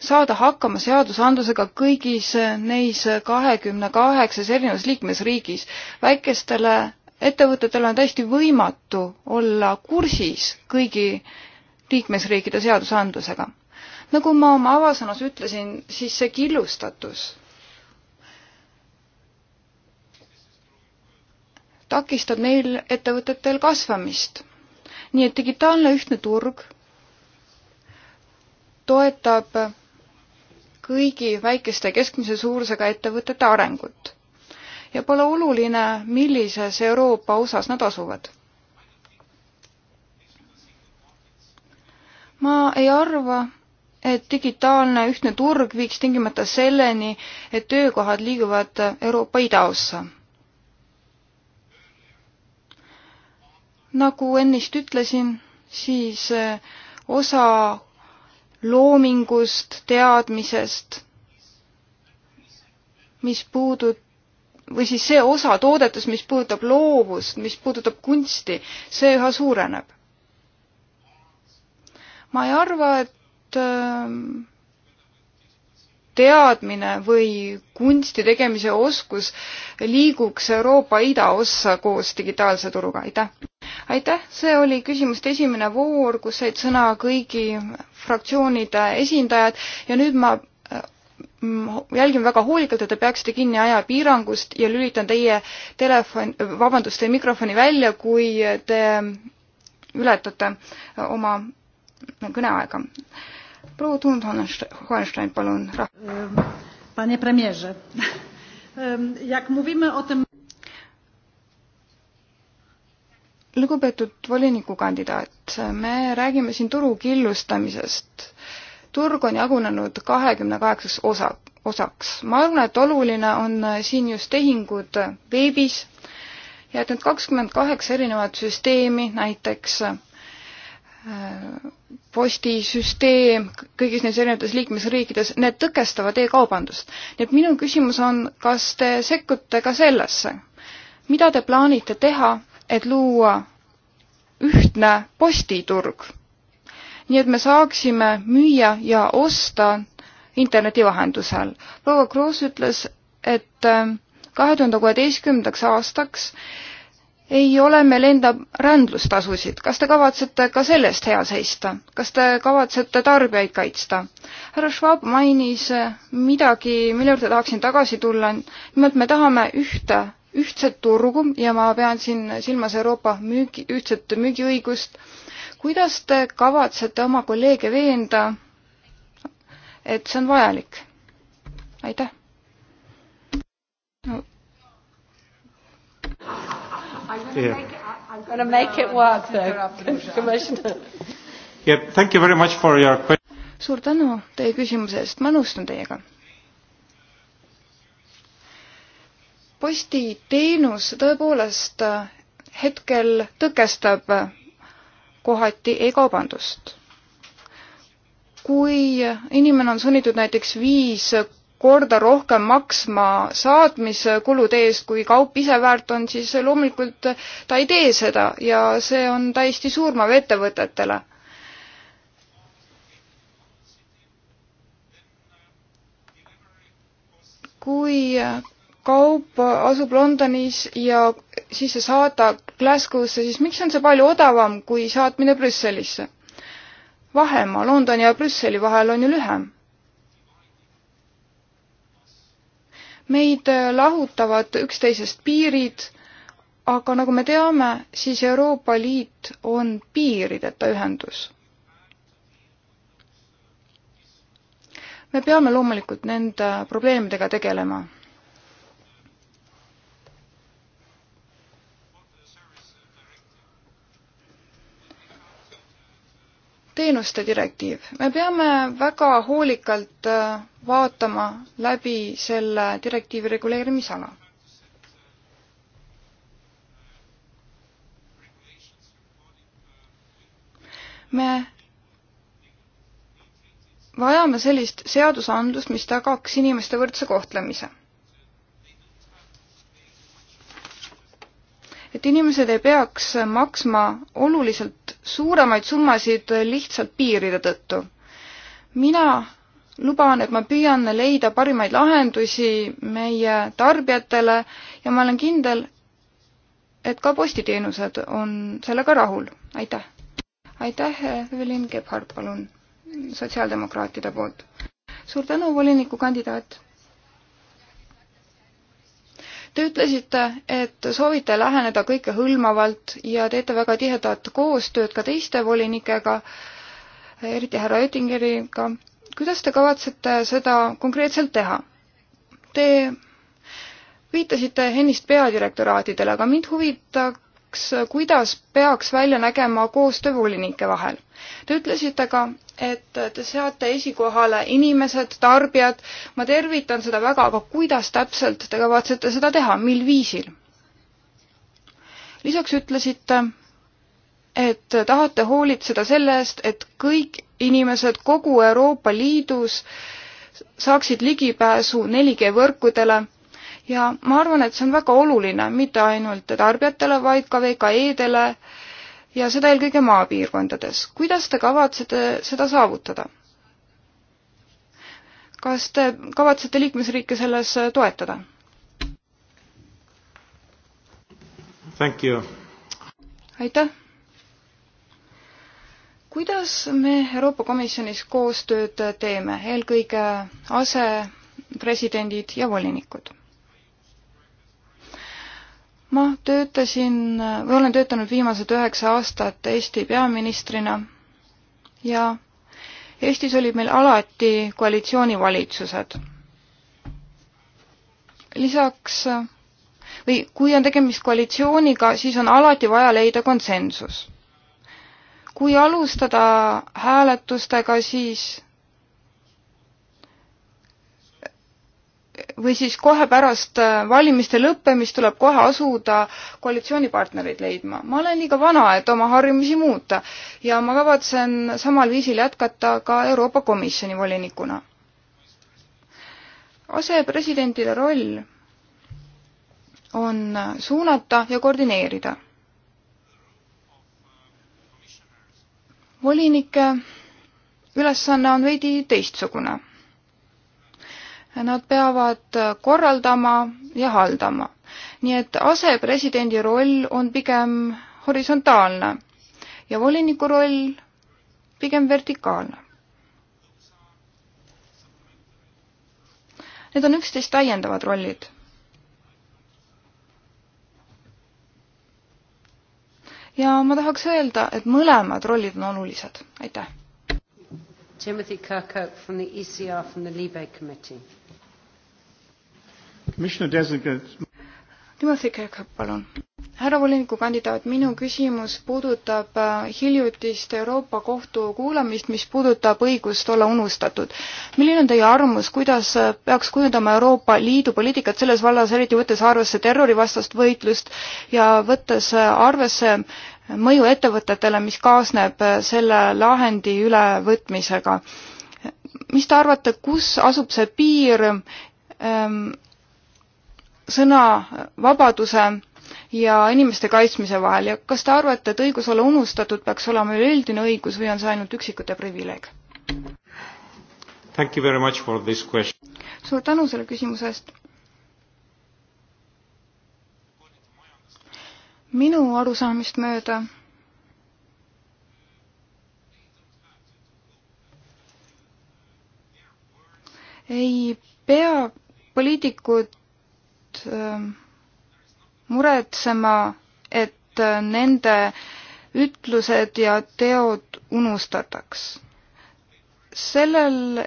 Speaker 4: saada hakkama seadusandlusega kõigis neis kahekümne kaheksas erinevas liikmesriigis. väikestele ettevõtetele on täiesti võimatu olla kursis kõigi liikmesriikide seadusandlusega. nagu ma oma avasõnas ütlesin, siis see killustatus takistab neil ettevõtetel kasvamist. nii et digitaalne ühtne turg toetab kõigi väikeste keskmise suurusega ettevõtete arengut. ja pole oluline, millises Euroopa osas nad asuvad. ma ei arva, et digitaalne ühtne turg viiks tingimata selleni, et töökohad liiguvad Euroopa idaossa. nagu ennist ütlesin, siis osa loomingust, teadmisest, mis puudut-, või siis see osa toodetest, mis puudutab loovust, mis puudutab kunsti, see üha suureneb. ma ei arva, et ähm, teadmine või kunsti tegemise oskus liiguks Euroopa idaossa koos digitaalse turuga, aitäh! aitäh, see oli küsimuste esimene voor, kus said sõna kõigi fraktsioonide esindajad ja nüüd ma äh, jälgin väga hoolikalt, et te peaksite kinni ajapiirangust ja lülitan teie telefon, vabandust, teie mikrofoni välja, kui te ületate oma kõneaega. proua Tund Hohenstein, palun. Panie premierze, jak mówimy o tym lugupeetud volinikukandidaat, me räägime siin turu killustamisest. turg on jagunenud kahekümne kaheksaks osa, osaks. ma arvan, et oluline on siin just tehingud veebis ja et need kakskümmend kaheksa erinevat süsteemi, näiteks äh, postisüsteem kõigis neis erinevates liikmesriikides, need tõkestavad e-kaubandust. nii et minu küsimus on, kas te sekkute ka sellesse? mida te plaanite teha et luua ühtne postiturg, nii et me saaksime müüa ja osta interneti vahendusel. proua Kroos ütles, et ähm, kahe tuhande kuueteistkümnendaks aastaks ei ole meil enda rändlustasusid. kas te kavatsete ka selle eest hea seista? kas te kavatsete tarbijaid kaitsta? härra Schwab mainis äh, midagi, mille juurde tahaksin tagasi tulla. nimelt me tahame ühte ühtset turgu ja ma pean siin silmas Euroopa müügi, ühtset müügiõigust. kuidas te kavatsete oma kolleege veenda, et see on vajalik? aitäh no..
Speaker 5: Yeah. I'm going to make it
Speaker 3: work though, Commissioner.
Speaker 2: Yeah, thank you very much for your question.
Speaker 4: suur tänu teie küsimuse eest, ma nõustun teiega postiteenus tõepoolest hetkel tõkestab kohati e-kaubandust. kui inimene on sunnitud näiteks viis korda rohkem maksma saatmiskulude eest, kui kaup ise väärt on, siis loomulikult ta ei tee seda ja see on täiesti surmav ettevõtetele. kui kaup asub Londonis ja siis see saada Glasgow'sse, siis miks on see palju odavam kui saatmine Brüsselisse? vahemaa Londoni ja Brüsseli vahel on ju lühem. meid lahutavad üksteisest piirid, aga nagu me teame, siis Euroopa Liit on piirideta ühendus. me peame loomulikult nende probleemidega tegelema teenuste direktiiv. me peame väga hoolikalt äh, vaatama läbi selle direktiivi reguleerimisala. me vajame sellist seadusandlust, mis tagaks inimeste võrdse kohtlemise et inimesed ei peaks maksma oluliselt suuremaid summasid lihtsalt piiride tõttu. mina luban, et ma püüan leida parimaid lahendusi meie tarbijatele ja ma olen kindel, et ka postiteenused on sellega rahul. aitäh! aitäh, Evelyn Gebhard, palun, sotsiaaldemokraatide poolt. suur tänu, volinikukandidaat! Te ütlesite, et soovite läheneda kõikehõlmavalt ja teete väga tihedat koostööd ka teiste volinikega, eriti härra Oettingeriga. kuidas te kavatsete seda konkreetselt teha? Te viitasite ennist peadirektoraatidele, aga mind huvitaks, kuidas peaks välja nägema koostöö volinike vahel. Te ütlesite ka, et te seate esikohale inimesed, tarbijad, ma tervitan seda väga, aga kuidas täpselt te kavatsete seda teha, mil viisil? lisaks ütlesite, et tahate hoolitseda selle eest, et kõik inimesed kogu Euroopa Liidus saaksid ligipääsu 4G võrkudele ja ma arvan, et see on väga oluline mitte ainult tarbijatele, vaid ka VKE-dele äh, ja seda eelkõige maapiirkondades. kuidas te kavatsete seda saavutada? kas te kavatsete liikmesriike selles toetada? aitäh! kuidas me Euroopa Komisjonis koostööd teeme, eelkõige asepresidendid ja volinikud? ma töötasin või olen töötanud viimased üheksa aastat Eesti peaministrina ja Eestis olid meil alati koalitsioonivalitsused. lisaks või kui on tegemist koalitsiooniga, siis on alati vaja leida konsensus. kui alustada hääletustega, siis või siis kohe pärast äh, valimiste lõppemist tuleb kohe asuda koalitsioonipartnereid leidma. ma olen liiga vana, et oma harjumusi muuta ja ma kavatsen samal viisil jätkata ka Euroopa Komisjoni volinikuna. asepresidentide roll on suunata ja koordineerida. volinike ülesanne on veidi teistsugune Nad peavad korraldama ja haldama. nii et asepresidendi roll on pigem horisontaalne ja voliniku roll pigem vertikaalne. Need on üksteist täiendavad rollid. ja ma tahaks öelda, et mõlemad rollid on olulised. aitäh. Timothy
Speaker 3: Kirkhope from the ECR from the Libe Committee.
Speaker 4: Timothy Kirkhope, palun. härra volinikukandidaat, minu küsimus puudutab äh, hiljutist Euroopa Kohtu kuulamist, mis puudutab õigust olla unustatud. milline on teie arvamus, kuidas äh, peaks kujundama Euroopa Liidu poliitikat selles vallas, eriti võttes arvesse terrorivastast võitlust ja võttes äh, arvesse mõju ettevõtetele, mis kaasneb selle lahendi ülevõtmisega? mis te arvate, kus asub see piir ähm, sõnavabaduse ja inimeste kaitsmise vahel ja kas te arvate, et õigus olla unustatud peaks olema üleüldine õigus või on see ainult üksikute privileeg? suur tänu selle küsimuse eest. minu arusaamist mööda ei pea poliitikud Ähm, muretsema, et äh, nende ütlused ja teod unustataks. sellel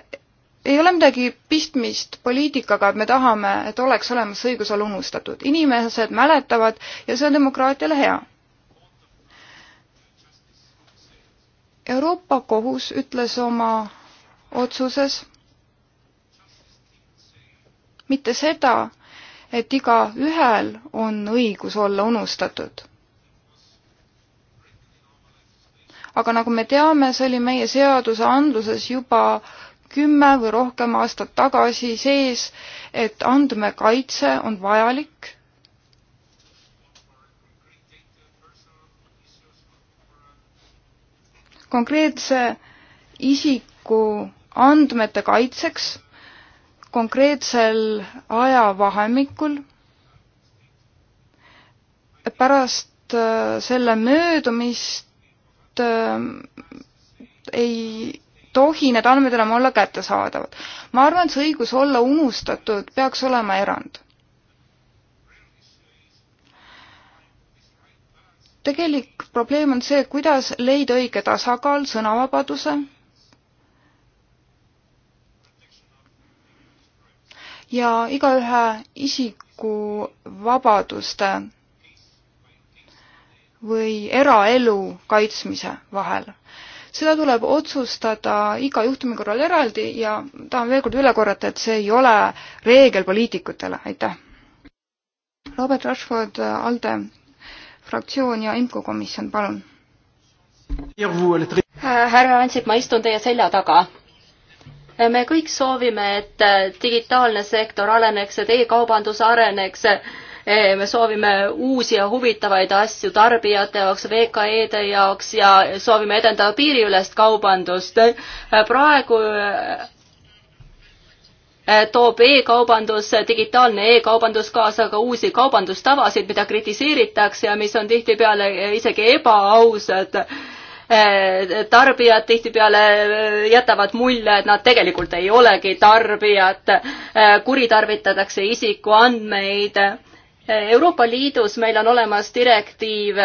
Speaker 4: ei ole midagi pistmist poliitikaga, et me tahame, et oleks olemas õigusel unustatud. inimesed mäletavad ja see on demokraatiale hea. Euroopa Kohus ütles oma otsuses mitte seda, et igaühel on õigus olla unustatud. aga nagu me teame, see oli meie seadusandluses juba kümme või rohkem aastat tagasi sees, et andmekaitse on vajalik konkreetse isiku andmete kaitseks konkreetsel ajavahemikul pärast äh, selle möödumist äh, ei tohi need andmed enam olla kättesaadavad. ma arvan, et see õigus olla unustatud peaks olema erand. tegelik probleem on see, kuidas leida õige tasakaal sõnavabaduse ja igaühe isikuvabaduste või eraelu kaitsmise vahel. seda tuleb otsustada iga juhtumi korral eraldi ja tahan veel kord üle korrata, et see ei ole reegel poliitikutele, aitäh. Robert Rashford, ALDE fraktsioon ja IMCO komisjon, palun.
Speaker 1: Äh, härra Ansip, ma istun teie selja taga me kõik soovime, et digitaalne sektor areneks, et e-kaubandus areneks, me soovime uusi ja huvitavaid asju tarbijate jaoks, VKE-de jaoks ja soovime edendada piiriülest kaubandust. praegu eh, toob e-kaubandus, digitaalne e-kaubandus kaasa ka uusi kaubandustavasid, mida kritiseeritakse ja mis on tihtipeale isegi ebaausad Äh, tarbijad tihtipeale äh, jätavad mulje, et nad tegelikult ei olegi tarbijad, äh, kuritarvitatakse isikuandmeid. Euroopa Liidus meil on olemas direktiiv,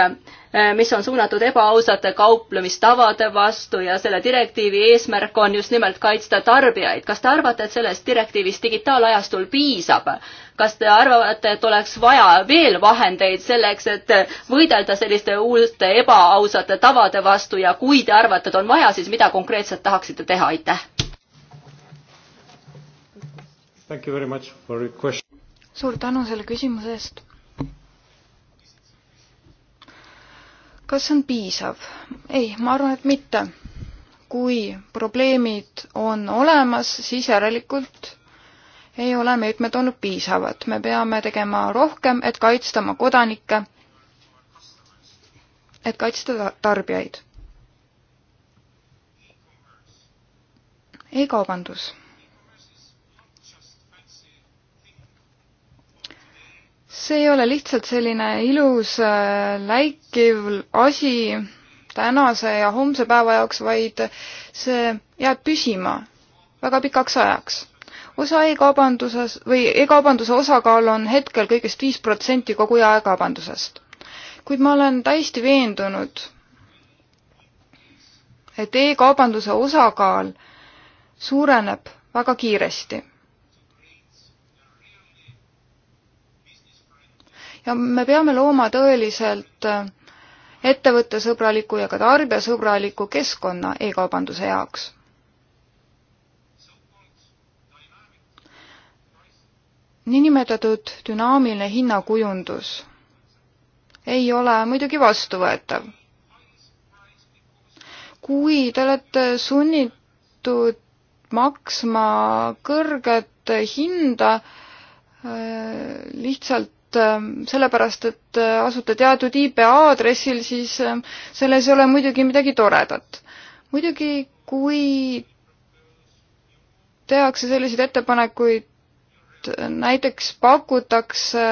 Speaker 1: mis on suunatud ebaausate kauplemistavade vastu ja selle direktiivi eesmärk on just nimelt kaitsta tarbijaid. kas te arvate, et sellest direktiivist digitaalajastul piisab? kas te arvate, et oleks vaja veel vahendeid selleks, et võidelda selliste uute ebaausate tavade vastu ja kui te arvate, et on vaja, siis mida konkreetselt tahaksite teha, aitäh!
Speaker 4: suur tänu selle küsimuse eest. kas see on piisav? ei, ma arvan, et mitte. kui probleemid on olemas, siis järelikult ei ole meetmed olnud piisavad. me peame tegema rohkem, et kaitsta oma kodanikke, et kaitsta tarbijaid. e-kaubandus see ei ole lihtsalt selline ilus äh, läikiv asi tänase ja homse päeva jaoks, vaid see jääb püsima väga pikaks ajaks. USA e-kaubanduses või e-kaubanduse osakaal on hetkel kõigest viis protsenti kogu jaekaubandusest. kuid ma olen täiesti veendunud, et e-kaubanduse osakaal suureneb väga kiiresti. ja me peame looma tõeliselt ettevõttesõbraliku ja ka tarbijasõbraliku keskkonna e-kaubanduse jaoks niinimetatud dünaamiline hinnakujundus ei ole muidugi vastuvõetav. kui te olete sunnitud maksma kõrget hinda lihtsalt ähm, sellepärast, et äh, asute teatud IP aadressil, siis ähm, selles ei ole muidugi midagi toredat. muidugi, kui tehakse selliseid ettepanekuid näiteks pakutakse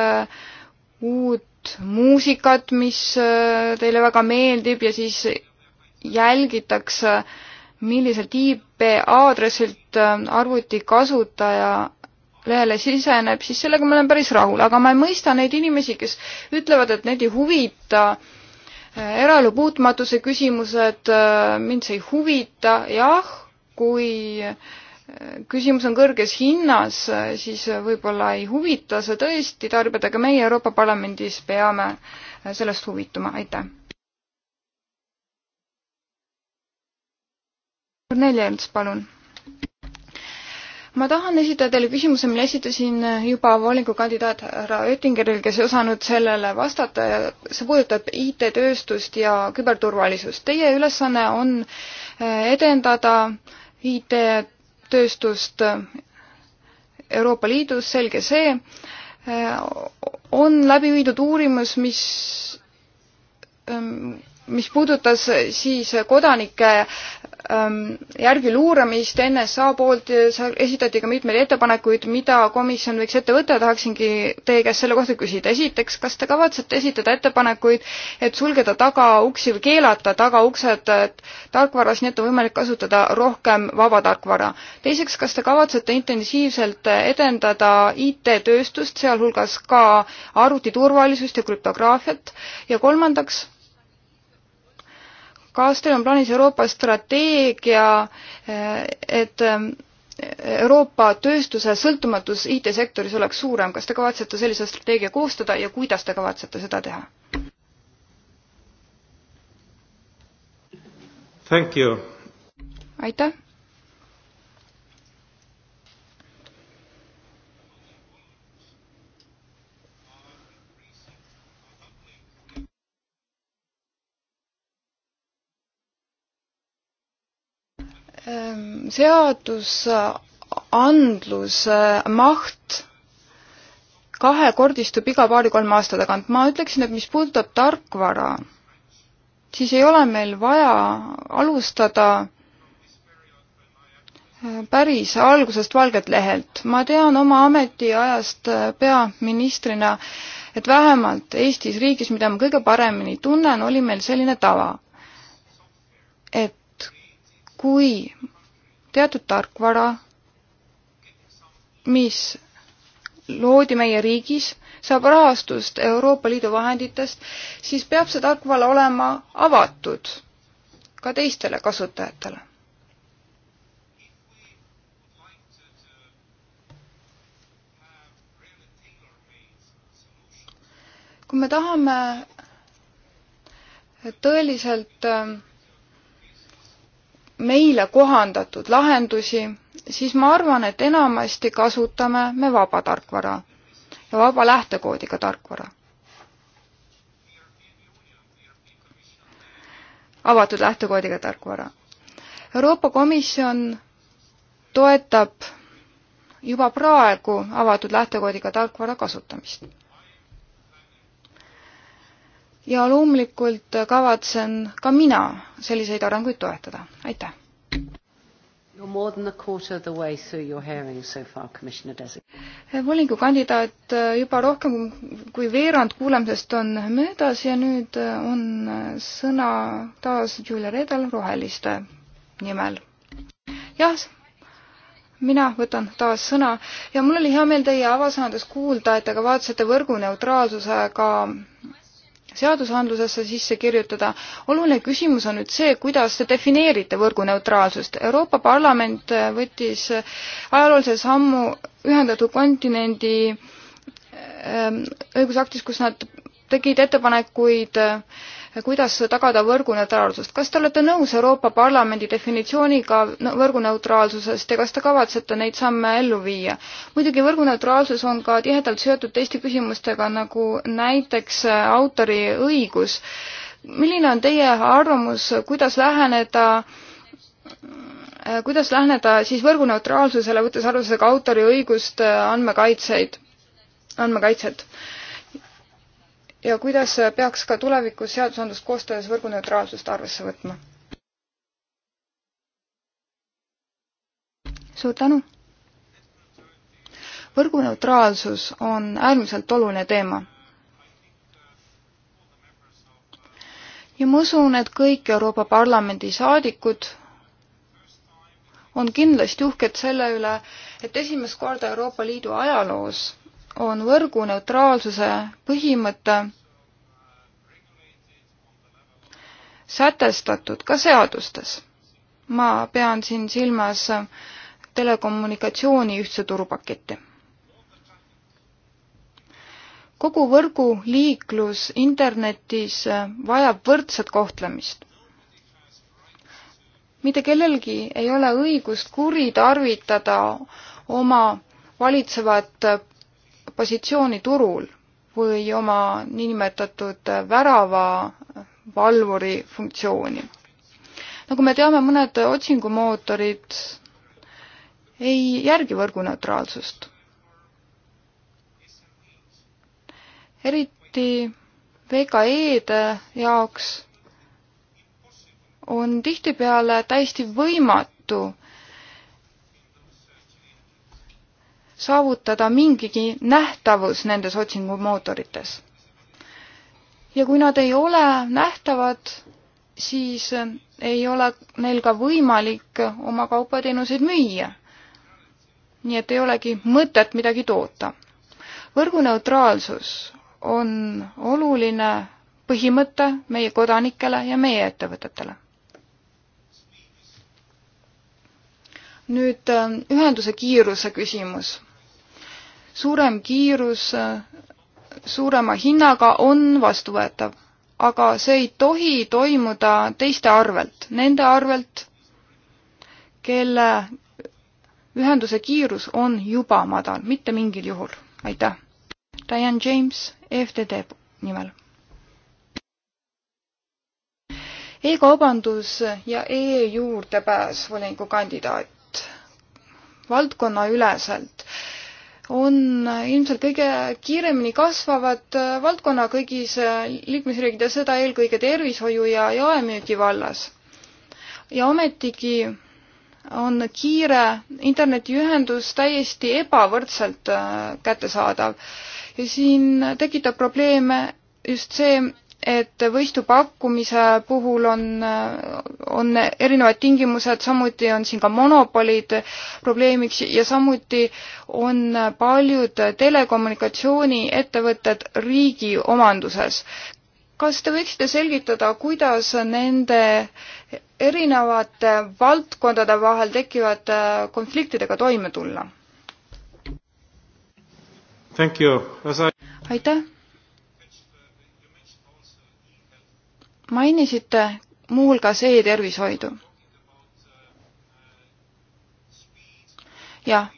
Speaker 4: uut muusikat, mis äh, teile väga meeldib ja siis jälgitakse, milliselt IP aadressilt äh, arvuti kasutaja lehele siseneb, siis sellega ma olen päris rahul, aga ma ei mõista neid inimesi, kes ütlevad, et neid ei huvita äh, eraelu puutumatuse küsimused, mind see ei huvita, jah, kui äh, küsimus on kõrges hinnas, siis võib-olla ei huvita see tõesti tarbijad, aga meie Euroopa Parlamendis peame sellest huvituma, aitäh. Kornelia Ernts, palun. ma tahan esitada teile küsimuse, mille esitasin juba volinikukandidaat härra Oettingeril, kes ei osanud sellele vastata ja see puudutab IT-tööstust ja küberturvalisust. Teie ülesanne on edendada IT tööstust Euroopa Liidus, selge see, on läbi viidud uurimus, mis, mis puudutas siis kodanike Ähm, järgi luuramist NSA poolt, äh, esitati ka mitmeid ettepanekuid, mida komisjon võiks ette võtta, tahaksingi teie käest selle kohta küsida. esiteks, kas te kavatsete esitada ettepanekuid, et sulgeda tagauksi või keelata tagauksed tarkvaras, nii et on võimalik kasutada rohkem vaba tarkvara? teiseks, kas te kavatsete intensiivselt edendada IT-tööstust, sealhulgas ka arvutiturvalisust ja krüptograafiat? ja kolmandaks, kas teil on plaanis Euroopa strateegia, et ähm, Euroopa tööstuse sõltumatus IT-sektoris oleks suurem, kas te kavatsete sellise strateegia koostada ja kuidas te kavatsete seda teha? aitäh! Ähm, seadusandluse maht kahekordistub iga paari-kolme aasta tagant. ma ütleksin, et mis puudutab tarkvara, siis ei ole meil vaja alustada äh, päris algusest valgelt lehelt. ma tean oma ametiajast äh, peaministrina, et vähemalt Eestis, riigis, mida ma kõige paremini tunnen, oli meil selline tava, et kui teatud tarkvara, mis loodi meie riigis, saab rahastust Euroopa Liidu vahenditest, siis peab see tarkvara olema avatud ka teistele kasutajatele. kui me tahame tõeliselt äh, meile kohandatud lahendusi, siis ma arvan, et enamasti kasutame me vaba tarkvara ja vaba lähtekoodiga tarkvara. avatud lähtekoodiga tarkvara. Euroopa Komisjon toetab juba praegu avatud lähtekoodiga tarkvara kasutamist ja loomulikult kavatsen ka mina selliseid arenguid toetada, aitäh! Eh, volikogu kandidaat eh, juba rohkem kui veerand kuulamisest on möödas ja nüüd eh, on sõna taas Julia Reedal Roheliste nimel. jah, mina võtan taas sõna ja mul oli hea meel teie avasõnades kuulda, et te kavatsete võrguneutraalsusega seadusandlusesse sisse kirjutada. oluline küsimus on nüüd see, kuidas te defineerite võrguneutraalsust. Euroopa Parlament äh, võttis äh, ajaloolise sammu ühendatud kontinendi äh, õigusaktis, kus nad tegid ettepanekuid äh, kuidas tagada võrguneutraalsust. kas te olete nõus Euroopa Parlamendi definitsiooniga võrguneutraalsusest ja kas te kavatsete neid samme ellu viia? muidugi võrguneutraalsus on ka tihedalt seotud teiste küsimustega, nagu näiteks äh, autoriõigus. milline on teie arvamus, kuidas läheneda äh, kuidas läheneda siis võrguneutraalsusele, võttes arvesse ka autoriõiguste äh, andmekaitseid, andmekaitset? ja kuidas peaks ka tulevikus seadusandlust koostades võrguneutraalsust arvesse võtma? suur tänu! võrguneutraalsus on äärmiselt oluline teema. ja ma usun, et kõik Euroopa Parlamendi saadikud on kindlasti uhked selle üle, et esimest korda Euroopa Liidu ajaloos on võrguneutraalsuse põhimõte sätestatud ka seadustes. ma pean siin silmas telekommunikatsiooni ühtse turupaketti. kogu võrguliiklus internetis vajab võrdset kohtlemist. mitte kellelgi ei ole õigust kuritarvitada oma valitsevat positsiooni turul või oma niinimetatud väravavalvuri funktsiooni. nagu me teame, mõned otsingumootorid ei järgi võrguneutraalsust. eriti VKE-de jaoks on tihtipeale täiesti võimatu saavutada mingigi nähtavus nendes otsingumootorites. ja kui nad ei ole nähtavad, siis ei ole neil ka võimalik oma kaubateenuseid müüa. nii et ei olegi mõtet midagi toota. võrguneutraalsus on oluline põhimõte meie kodanikele ja meie ettevõtetele. nüüd äh, ühenduse kiiruse küsimus suurem kiirus suurema hinnaga on vastuvõetav, aga see ei tohi toimuda teiste arvelt, nende arvelt, kelle ühenduse kiirus on juba madal, mitte mingil juhul. aitäh. Diane James EFTD nimel e. e-kaubandus ja e-juurdepääs e volinikukandidaat valdkonnaüleselt on ilmselt kõige kiiremini kasvavad äh, valdkonna kõigis äh, liikmesriigid ja seda eelkõige tervishoiu ja jaemüügi vallas. ja ometigi on kiire internetiühendus täiesti ebavõrdselt äh, kättesaadav ja siin tekitab probleeme just see, et võistu pakkumise puhul on, on erinevad tingimused, samuti on siin ka monopolid probleemiks ja samuti on paljud telekommunikatsiooniettevõtted riigi omanduses. kas te võiksite selgitada, kuidas nende erinevate valdkondade vahel tekkivate äh, konfliktidega toime tulla? I... aitäh mainisite muuhulgas e-tervishoidu. jah,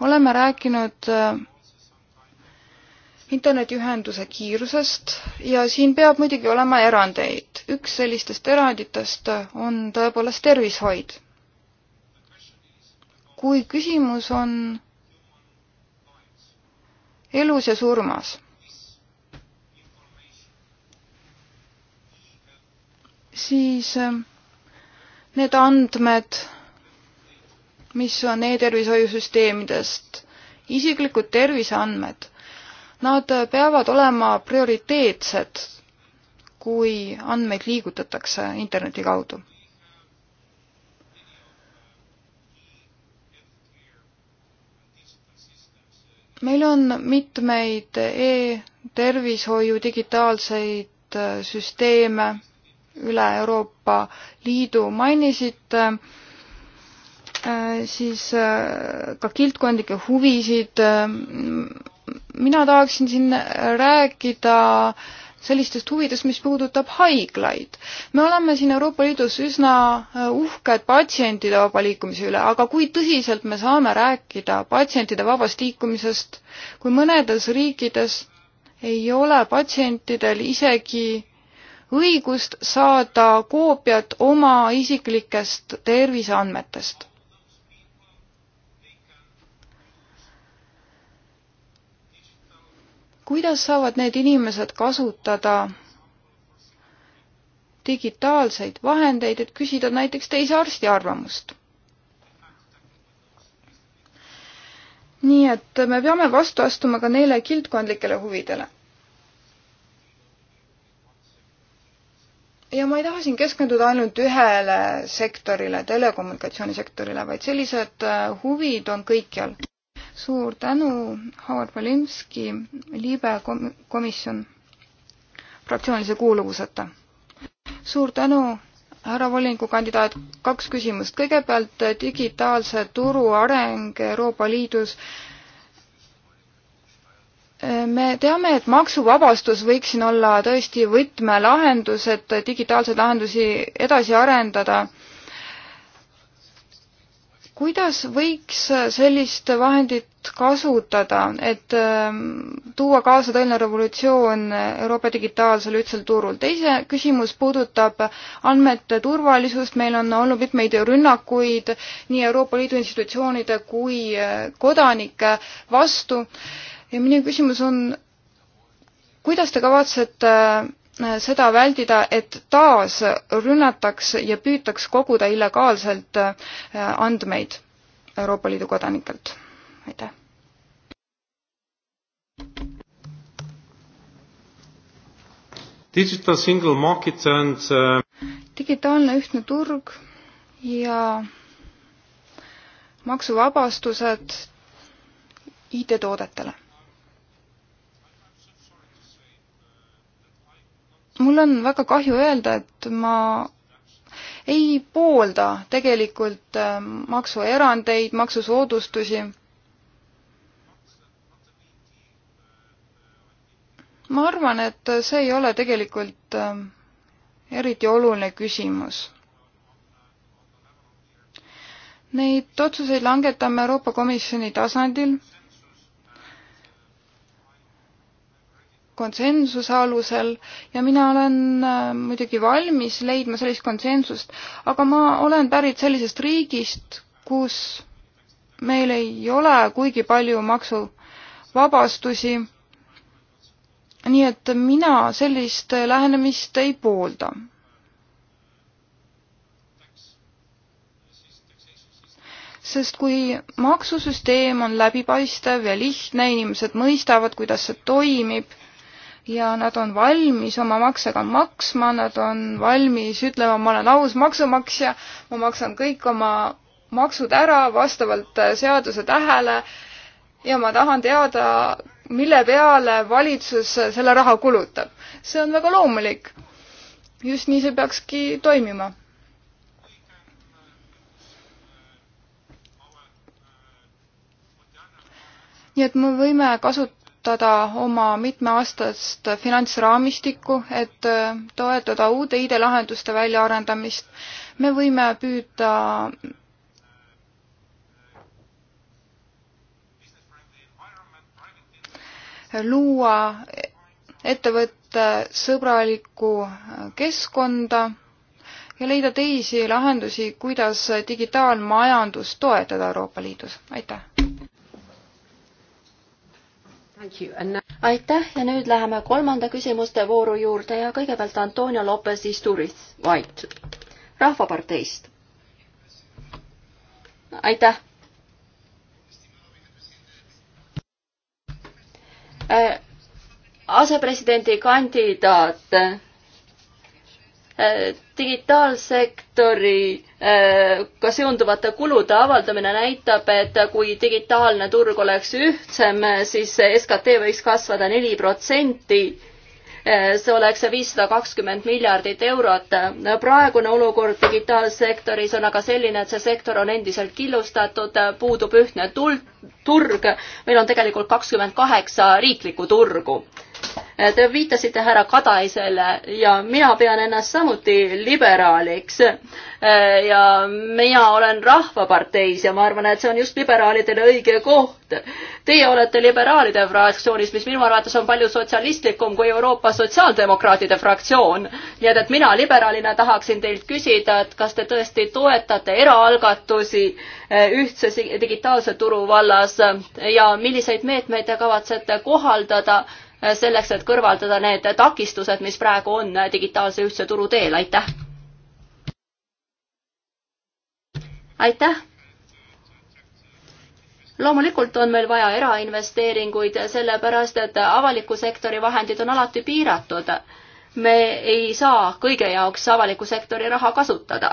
Speaker 4: oleme rääkinud äh, internetiühenduse kiirusest ja siin peab muidugi olema erandeid. üks sellistest eranditest on tõepoolest tervishoid. kui küsimus on elus ja surmas siis ähm, need andmed, mis on e-tervishoiusüsteemidest, isiklikud terviseandmed, nad äh, peavad olema prioriteetsed, kui andmeid liigutatakse interneti kaudu. meil on mitmeid e-tervishoiu digitaalseid äh, süsteeme üle Euroopa Liidu mainisite, äh, siis äh, ka kildkondlikke huvisid. mina tahaksin siin rääkida sellistest huvidest, mis puudutab haiglaid. me oleme siin Euroopa Liidus üsna äh, uhked patsientide vaba liikumise üle, aga kui tõsiselt me saame rääkida patsientide vabast liikumisest, kui mõnedes riikides ei ole patsientidel isegi õigust saada koopiat oma isiklikest terviseandmetest. kuidas saavad need inimesed kasutada digitaalseid vahendeid, et küsida näiteks teise arsti arvamust? nii et me peame vastu astuma ka neile kildkondlikele huvidele ja ma ei taha siin keskenduda ainult ühele sektorile, telekommunikatsioonisektorile, vaid sellised äh, huvid on kõikjal. suur tänu, Howard Polimski, Liibe kom-, komisjon, fraktsioonilise kuuluvuseta. suur tänu, härra volinikukandidaat, kaks küsimust. kõigepealt digitaalse turu areng Euroopa Liidus äh, me teame, et maksuvabastus võiks siin olla tõesti võtmelahendus, et digitaalseid lahendusi edasi arendada. kuidas võiks sellist vahendit kasutada, et ähm, tuua kaasa tõeline revolutsioon Euroopa digitaalsel ühtsel turul? teise küsimus puudutab andmete turvalisust, meil on olnud mitmeid rünnakuid nii Euroopa Liidu institutsioonide kui äh, kodanike vastu ja minu küsimus on, kuidas te kavatsete äh, seda väldida, et taas rünnataks ja püütaks koguda illegaalselt äh, andmeid Euroopa Liidu kodanikelt? aitäh.
Speaker 2: Digital single market and uh...
Speaker 4: digitaalne ühtne turg ja maksuvabastused IT-toodetele mul on väga kahju öelda, et ma ei poolda tegelikult äh, maksuerandeid, maksusoodustusi. ma arvan, et see ei ole tegelikult äh, eriti oluline küsimus. Neid otsuseid langetame Euroopa Komisjoni tasandil konsensuse alusel ja mina olen äh, muidugi valmis leidma sellist konsensust, aga ma olen pärit sellisest riigist, kus meil ei ole kuigi palju maksuvabastusi. nii et mina sellist lähenemist ei poolda. sest kui maksusüsteem on läbipaistev ja lihtne, inimesed mõistavad, kuidas see toimib ja nad on valmis oma maksega maksma, nad on valmis ütlema, ma olen aus maksumaksja, ma maksan kõik oma maksud ära vastavalt äh, seaduse tähele ja ma tahan teada, mille peale valitsus äh, selle raha kulutab. see on väga loomulik. just nii see peakski toimima nii et me võime kasut-, kasutada oma mitmeaastast finantsraamistikku, et äh, toetada uute ID-lahenduste väljaarendamist. me võime püüda luua ettevõtte sõbralikku keskkonda ja leida teisi lahendusi, kuidas digitaalmajandust toetada Euroopa Liidus. aitäh!
Speaker 1: aitäh ja nüüd läheme kolmanda küsimuste vooru juurde ja kõigepealt Antonio Lopez Isturiz White Rahvaparteist. aitäh. Äh, asepresidendi kandidaat äh, digitaalsektori Äh, ka seonduvate kulude avaldamine näitab, et kui digitaalne turg oleks ühtsem, siis SKT võiks kasvada neli protsenti. Äh, see oleks viissada kakskümmend miljardit eurot. praegune olukord digitaalsektoris on aga selline, et see sektor on endiselt killustatud, puudub ühtne tul-, turg. meil on tegelikult kakskümmend kaheksa riiklikku turgu Äh, te viitasite härra Kadaisele ja mina pean ennast samuti liberaaliks. Äh, ja mina olen Rahvaparteis ja ma arvan, et see on just liberaalidele õige koht. Teie olete liberaalide fraktsioonis, mis minu arvates on palju sotsialistlikum kui Euroopa Sotsiaaldemokraatide fraktsioon. nii et, et mina liberaalina tahaksin teilt küsida, et kas te tõesti toetate eraalgatusi äh, ühtse digitaalse turu vallas ja milliseid meetmeid te kavatsete kohaldada selleks, et kõrvaldada need takistused, mis praegu on digitaalse ühtse turu teel, aitäh! aitäh! loomulikult on meil vaja erainvesteeringuid, sellepärast et avaliku sektori vahendid on alati piiratud. me ei saa kõige jaoks avaliku sektori raha kasutada.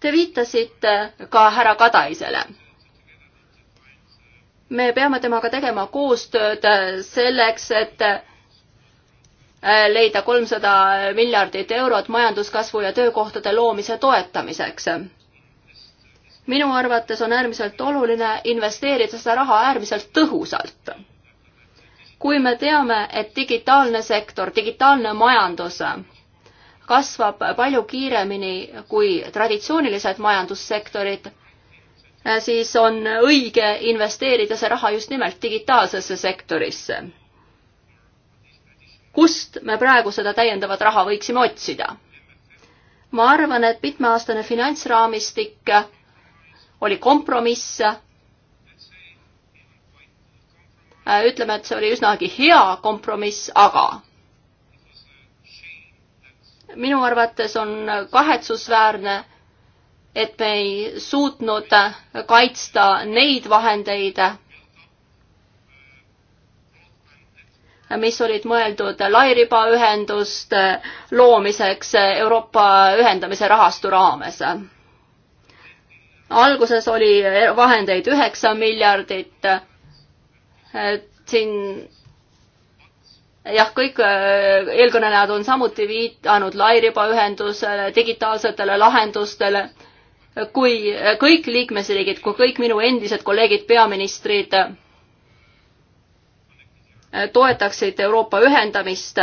Speaker 1: Te viitasite ka härra Kadaisele me peame temaga tegema koostööd selleks, et äh, leida kolmsada miljardit eurot majanduskasvu ja töökohtade loomise toetamiseks. minu arvates on äärmiselt oluline investeerida seda raha äärmiselt tõhusalt. kui me teame, et digitaalne sektor, digitaalne majandus kasvab palju kiiremini kui traditsioonilised majandussektorid Äh, siis on õige investeerida see raha just nimelt digitaalsesse sektorisse. kust me praegu seda täiendavat raha võiksime otsida? ma arvan, et mitmeaastane finantsraamistik oli kompromiss. Äh, ütleme, et see oli üsnagi hea kompromiss, aga minu arvates on kahetsusväärne, et me ei suutnud kaitsta neid vahendeid, mis olid mõeldud lairibaühenduste loomiseks Euroopa ühendamise rahastu raames. alguses oli vahendeid üheksa miljardit, siin jah, kõik eelkõnelejad on samuti viitanud lairibaühendusele, digitaalsetele lahendustele kui kõik liikmesriigid, kui kõik minu endised kolleegid peaministrid toetaksid Euroopa ühendamist,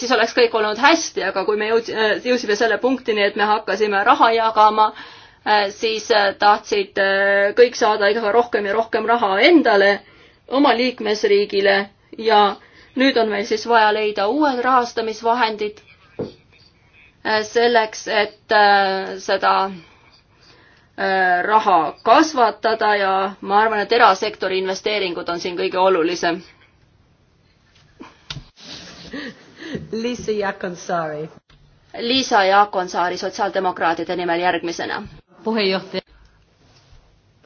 Speaker 1: siis oleks kõik olnud hästi, aga kui me jõudsime, jõudsime selle punktini, et me hakkasime raha jagama, siis tahtsid kõik saada iga rohkem ja rohkem raha endale, oma liikmesriigile ja nüüd on meil siis vaja leida uued rahastamisvahendid Äh, selleks, et äh, seda äh, raha kasvatada ja ma arvan, et erasektori investeeringud on siin kõige olulisem. Liisa Jaakonsaari. Liisa Jaakonsaari sotsiaaldemokraatide nimel järgmisena. puhejuhataja.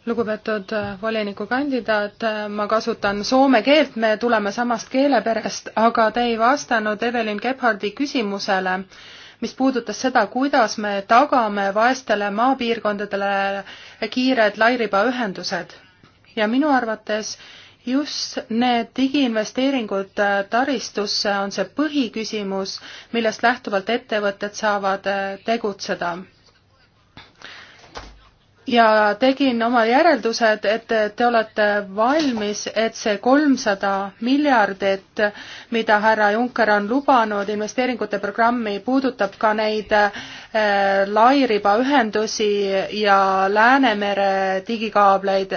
Speaker 3: lugupeetud volinikukandidaat, ma kasutan soome keelt, me tuleme samast keeleperest, aga te ei vastanud Evelyn Gebhardi küsimusele mis puudutas seda, kuidas me tagame vaestele maapiirkondadele kiired lairibaühendused. ja minu arvates just need digiinvesteeringud taristusse on see põhiküsimus, millest lähtuvalt ettevõtted saavad tegutseda ja tegin oma järeldused, et te olete valmis, et see kolmsada miljardit, mida härra Juncker on lubanud investeeringute programmi, puudutab ka neid eh, lairibaühendusi ja Läänemere digikaableid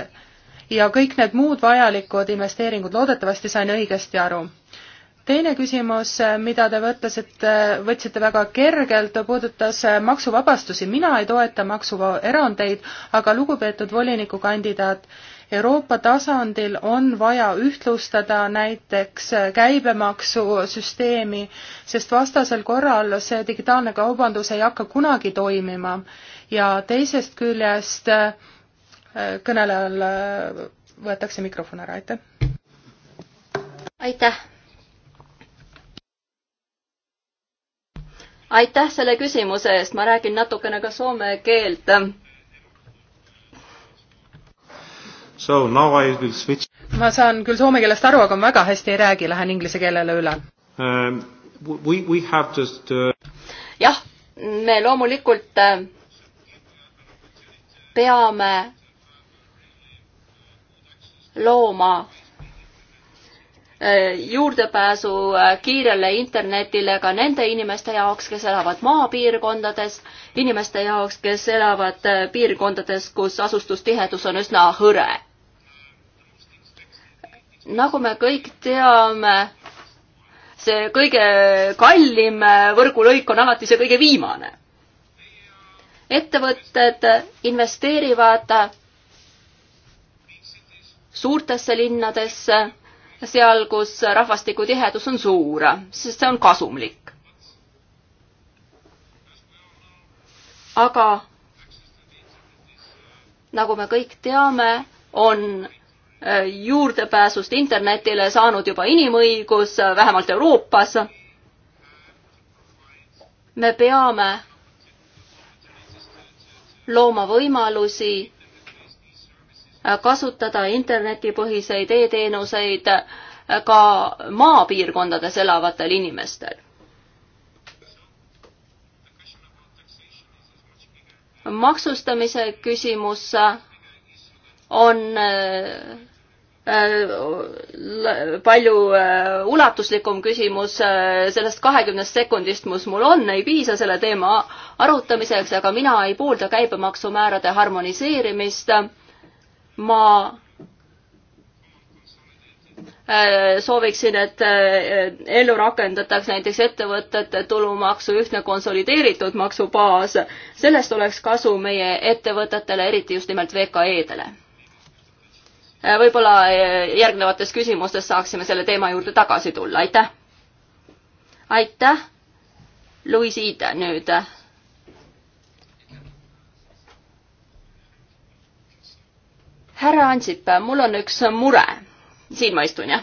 Speaker 3: ja kõik need muud vajalikud investeeringud, loodetavasti sain õigesti aru teine küsimus, mida te võtlesite, võtsite väga kergelt, puudutas maksuvabastusi. mina ei toeta maksuerandeid, aga lugupeetud volinikukandidaat, Euroopa tasandil on vaja ühtlustada näiteks käibemaksusüsteemi, sest vastasel korral see digitaalne kaubandus ei hakka kunagi toimima. ja teisest küljest äh, kõnelejal äh, võetakse mikrofon ära, aitäh.
Speaker 1: aitäh aitäh selle küsimuse eest, ma räägin natukene ka soome keelt.
Speaker 2: So now I will switch.
Speaker 3: ma saan küll soome keelest aru, aga ma väga hästi ei räägi, lähen inglise keelele üle
Speaker 2: um,. We, we have just uh...
Speaker 1: jah, me loomulikult äh, peame looma Äh, juurdepääsu äh, kiirele internetile ka nende inimeste jaoks, kes elavad maapiirkondades, inimeste jaoks, kes elavad äh, piirkondades, kus asustustihedus on üsna hõre. nagu me kõik teame, see kõige kallim võrgulõik on alati see kõige viimane. ettevõtted investeerivad suurtesse linnadesse seal, kus rahvastiku tihedus on suur, sest see on kasumlik. aga nagu me kõik teame, on äh, juurdepääsust internetile saanud juba inimõigus, äh, vähemalt Euroopas. me peame looma võimalusi kasutada internetipõhiseid e-teenuseid ka maapiirkondades elavatel inimestel. maksustamise küsimus on äh, äh, palju äh, ulatuslikum küsimus sellest kahekümnest sekundist, mis mul on, ei piisa selle teema arutamiseks, aga mina ei poolda käibemaksumäärade harmoniseerimist ma äh, sooviksin, et äh, ellu rakendataks näiteks ettevõtete tulumaksu ühtne konsolideeritud maksubaas. sellest oleks kasu meie ettevõtetele, eriti just nimelt VKE-dele. Äh, võib-olla järgnevates küsimustes saaksime selle teema juurde tagasi tulla, aitäh! aitäh! Louise Ida nüüd härra Ansip, mul on üks mure. siin ma istun, jah?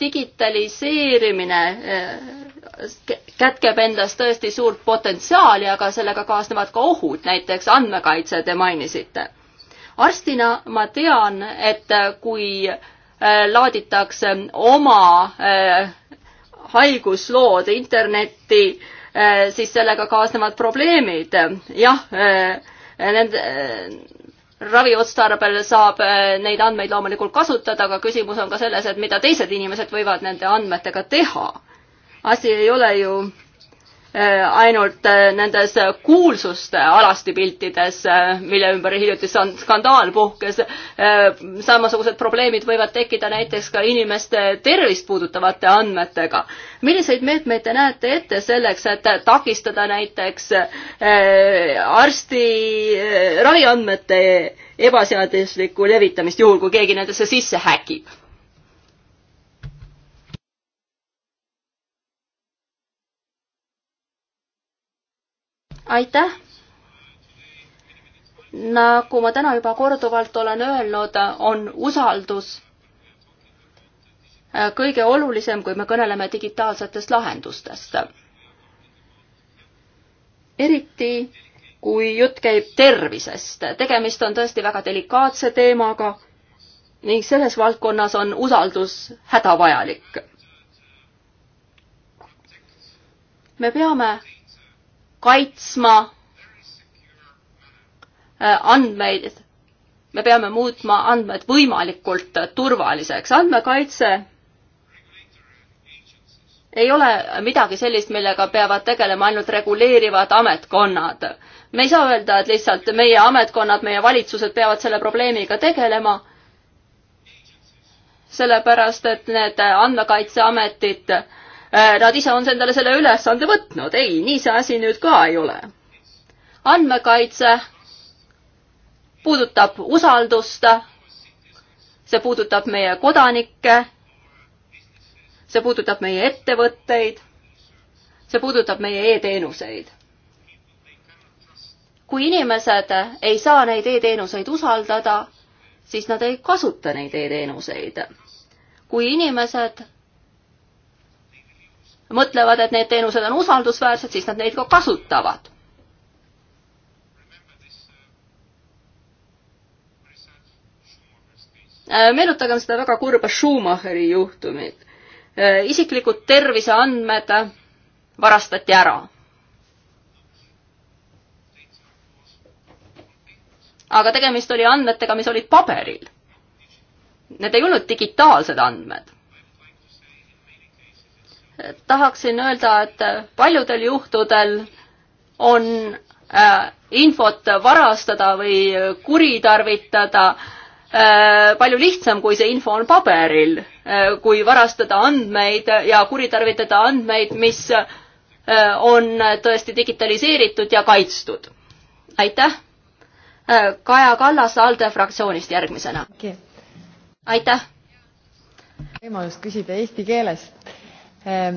Speaker 1: digitaliseerimine eh, kätkeb endas tõesti suurt potentsiaali, aga sellega kaasnevad ka ohud, näiteks andmekaitse te mainisite. arstina ma tean, et kui eh, laaditakse oma eh, haiguslood internetti, siis sellega kaasnevad probleemid. jah Eh, nende eh, raviotstarbel saab eh, neid andmeid loomulikult kasutada, aga küsimus on ka selles, et mida teised inimesed võivad nende andmetega teha. asi ei ole ju Äh, ainult äh, nendes kuulsuste alastipiltides, äh, mille ümber hiljuti skandaal puhkes. samasugused probleemid võivad tekkida näiteks ka inimeste tervist puudutavate andmetega. milliseid meetmeid te näete ette selleks, et takistada näiteks arsti raviandmete ebaseaduslikku levitamist, juhul kui keegi nendesse sisse häkib? aitäh! nagu ma täna juba korduvalt olen öelnud, on usaldus äh, kõige olulisem, kui me kõneleme digitaalsetest lahendustest. eriti kui jutt käib tervisest, tegemist on tõesti väga delikaatse teemaga ning selles valdkonnas on usaldus hädavajalik. me peame kaitsma äh, andmeid, me peame muutma andmed võimalikult turvaliseks. andmekaitse ei ole midagi sellist, millega peavad tegelema ainult reguleerivad ametkonnad. me ei saa öelda, et lihtsalt meie ametkonnad, meie valitsused peavad selle probleemiga tegelema, sellepärast et need andmekaitseametid äh, Äh, nad ise on endale selle ülesande võtnud. ei, nii see asi nüüd ka ei ole. andmekaitse puudutab usaldust, see puudutab meie kodanikke, see puudutab meie ettevõtteid, see puudutab meie e-teenuseid. kui inimesed ei saa neid e-teenuseid usaldada, siis nad ei kasuta neid e-teenuseid. kui inimesed mõtlevad, et need teenused on usaldusväärsed, siis nad neid ka kasutavad. Äh, meenutagem seda väga kurba Schumacheri juhtumit. Äh, isiklikud terviseandmed varastati ära aga tegemist oli andmetega, mis olid paberil. Need ei olnud digitaalsed andmed tahaksin öelda, et paljudel juhtudel on äh, infot varastada või kuritarvitada äh, palju lihtsam, kui see info on paberil, äh, kui varastada andmeid ja kuritarvitada andmeid, mis on tõesti digitaliseeritud ja kaitstud. aitäh! Kaja Kallas ALDE fraktsioonist järgmisena. aitäh!
Speaker 3: võimalust küsida eesti keeles Ehm,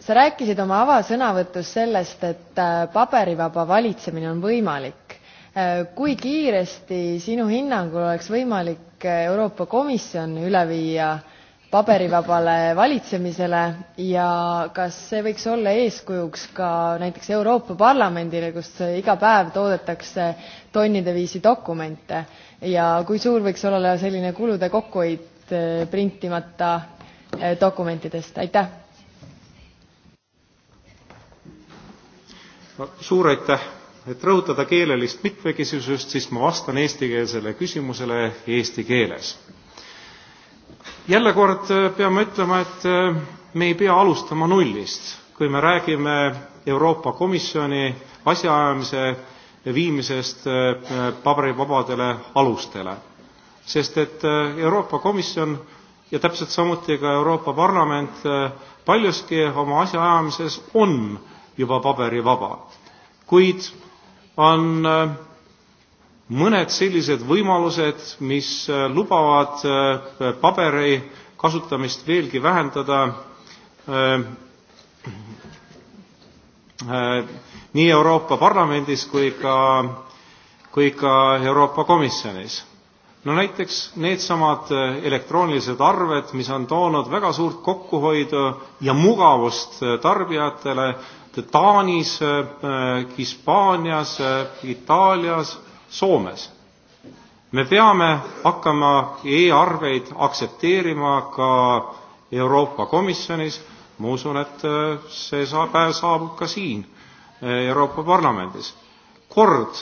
Speaker 3: sa rääkisid oma avasõnavõtus sellest, et äh, paberivaba valitsemine on võimalik. Ehm, kui kiiresti sinu hinnangul oleks võimalik äh, Euroopa Komisjon üle viia paberivabale valitsemisele ja kas see võiks olla eeskujuks ka näiteks Euroopa Parlamendile, kus iga päev toodetakse tonnide viisi dokumente ja kui suur võiks olla selline kulude kokkuhoid äh, printimata dokumentidest, aitäh
Speaker 2: no suur aitäh et rõhutada keelelist mitmekesisust siis ma vastan eestikeelsele küsimusele eesti keeles jälle kord äh, peame ütlema et äh, me ei pea alustama nullist kui me räägime euroopa komisjoni asjaajamise viimisest äh, paberivabadele alustele sest et euroopa komisjon ja täpselt samuti ka euroopa parlament paljuski oma asjaajamises on juba paberivaba. kuid on äh, mõned sellised võimalused, mis äh, lubavad äh, paberi kasutamist veelgi vähendada nii Euroopa Parlamendis kui ka, kui ka Euroopa Komisjonis. no näiteks needsamad elektroonilised arved, mis on toonud väga suurt kokkuhoidu ja mugavust tarbijatele, Taanis, äh, Hispaanias, äh, Itaalias, Soomes. me peame hakkama e-arveid aktsepteerima ka Euroopa Komisjonis, ma usun, et äh, see saab, päev saabub ka siin Euroopa Parlamendis. kord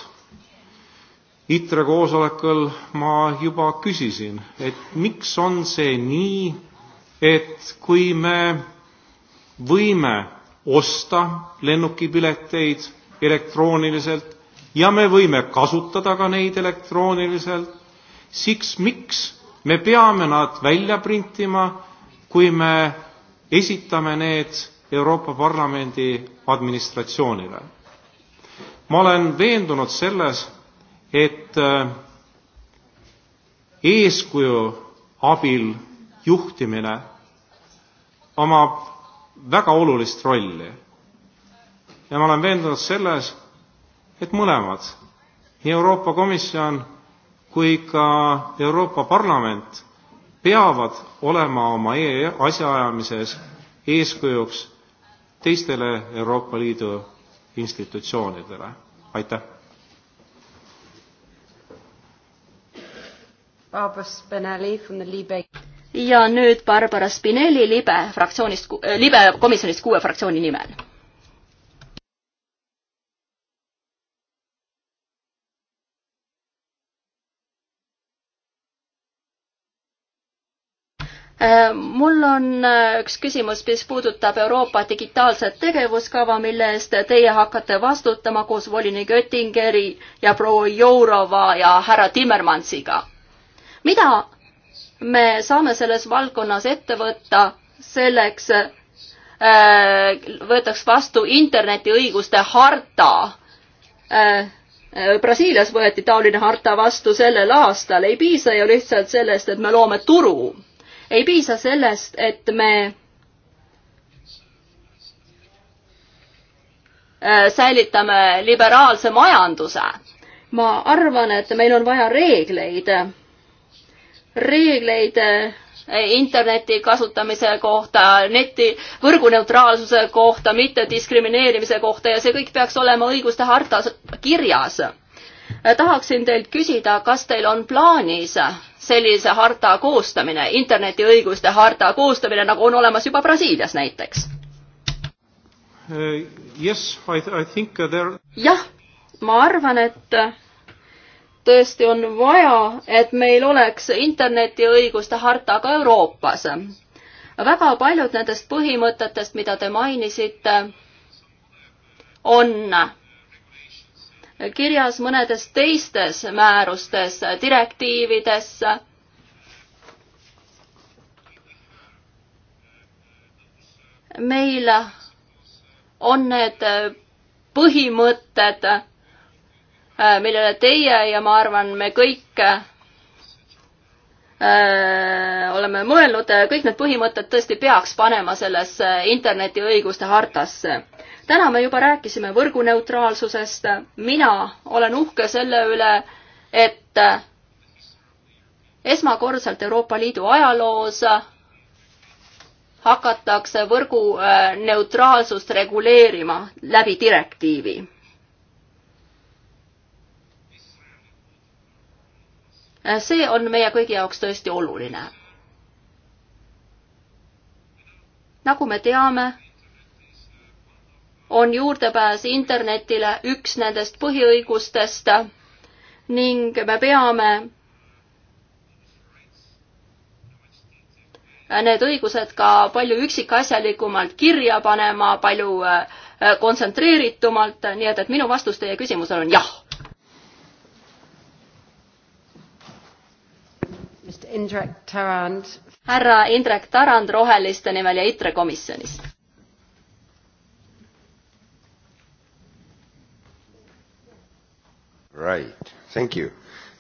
Speaker 2: ITRE koosolekul ma juba küsisin, et miks on see nii, et kui me võime osta lennukipileteid elektrooniliselt ja me võime kasutada ka neid elektrooniliselt. siks, miks me peame nad välja printima, kui me esitame need Euroopa Parlamendi administratsioonile. ma olen veendunud selles, et äh, eeskuju abil juhtimine omab väga olulist rolli. ja ma olen veendunud selles, et mõlemad, nii Euroopa Komisjon kui ka Euroopa Parlament peavad olema oma e asjaajamises eeskujuks teistele Euroopa Liidu institutsioonidele. aitäh!
Speaker 1: Barbara Spinelli from the Libe ja nüüd Barbara Spinelli libe fraktsioonist, äh, libe komisjonist kuue fraktsiooni nimel. Äh, mul on äh, üks küsimus, mis puudutab Euroopa digitaalset tegevuskava, mille eest teie hakkate vastutama koos volinik Oettingeri ja proua Jourova ja härra Timmermansiga. mida me saame selles valdkonnas ette võtta selleks äh, võetaks vastu internetiõiguste harta. Äh, Brasiilias võeti taoline harta vastu sellel aastal, ei piisa ju lihtsalt sellest, et me loome turu. ei piisa sellest, et me äh, säilitame liberaalse majanduse. ma arvan, et meil on vaja reegleid reegleid eh, interneti kasutamise kohta, neti võrguneutraalsuse kohta, mittediskrimineerimise kohta ja see kõik peaks olema õiguste hartas kirjas. Eh, tahaksin teilt küsida, kas teil on plaanis sellise harta koostamine, internetiõiguste harta koostamine, nagu on olemas juba Brasiilias näiteks
Speaker 2: eh, uh,? Yes, there...
Speaker 1: jah, ma arvan, et tõesti on vaja, et meil oleks internetiõiguste harta ka Euroopas. väga paljud nendest põhimõtetest, mida te mainisite, on kirjas mõnedes teistes määrustes, direktiivides. meil on need põhimõtted Äh, millele teie ja ma arvan, me kõik äh, oleme mõelnud, äh, kõik need põhimõtted tõesti peaks panema sellesse internetiõiguste hartasse. täna me juba rääkisime võrguneutraalsusest, mina olen uhke selle üle, et esmakordselt Euroopa Liidu ajaloos hakatakse võrguneutraalsust reguleerima läbi direktiivi Äh, see on meie kõigi jaoks tõesti oluline. nagu me teame, on juurdepääs internetile üks nendest põhiõigustest ning me peame need õigused ka palju üksikasjalikumalt kirja panema, palju äh, kontsentreeritumalt, nii et, et minu vastus teie küsimusele on jah
Speaker 5: Indrek Tarand.
Speaker 1: härra Indrek Tarand Roheliste nimel ja ITRE komisjonist.
Speaker 5: Right, thank you.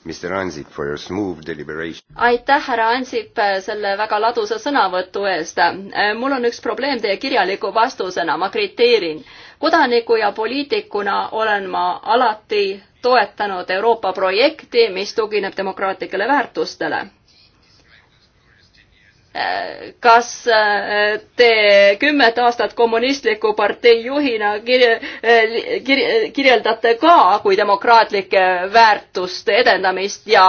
Speaker 5: Mr Ansip for your smooth deliberation.
Speaker 1: aitäh, härra Ansip, selle väga ladusa sõnavõtu eest. mul on üks probleem teie kirjaliku vastusena, ma kriteerin. kodaniku ja poliitikuna olen ma alati toetanud Euroopa projekti, mis tugineb demokraatlikele väärtustele kas äh, te kümmet aastat kommunistliku partei juhina kirje, äh, kirje, kirjeldate ka kui demokraatlike väärtuste edendamist ja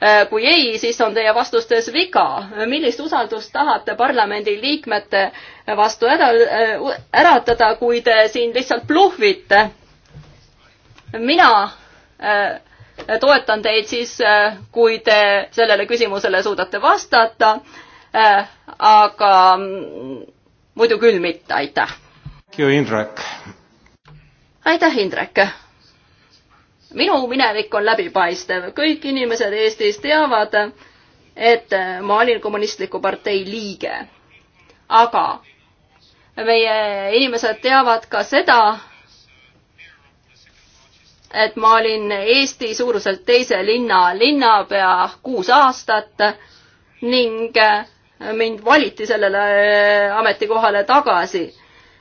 Speaker 1: äh, kui ei, siis on teie vastustes viga. millist usaldust tahate parlamendi liikmete vastu ära, äratada, kui te siin lihtsalt bluffite? mina toetan teid siis, kui te sellele küsimusele suudate vastata Äh, aga mm, muidu küll mitte, aitäh.
Speaker 2: Indrek.
Speaker 1: aitäh, Indrek. minu minevik on läbipaistev, kõik inimesed Eestis teavad, et ma olin kommunistliku partei liige. aga meie inimesed teavad ka seda, et ma olin Eesti suuruselt teise linna linnapea kuus aastat ning mind valiti sellele äh, ametikohale tagasi.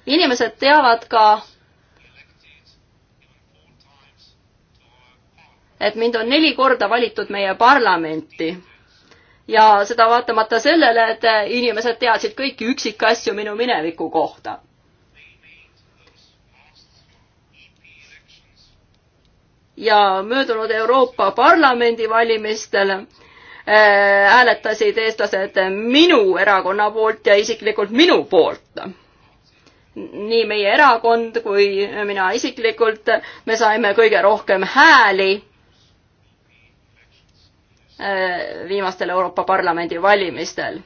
Speaker 1: inimesed teavad ka, et mind on neli korda valitud meie parlamenti. ja seda vaatamata sellele, et äh, inimesed teadsid kõiki üksikasju minu mineviku kohta. ja möödunud Euroopa Parlamendi valimistel Äh, hääletasid eestlased minu erakonna poolt ja isiklikult minu poolt. nii meie erakond kui mina isiklikult, me saime kõige rohkem hääli äh, viimastel Euroopa Parlamendi valimistel.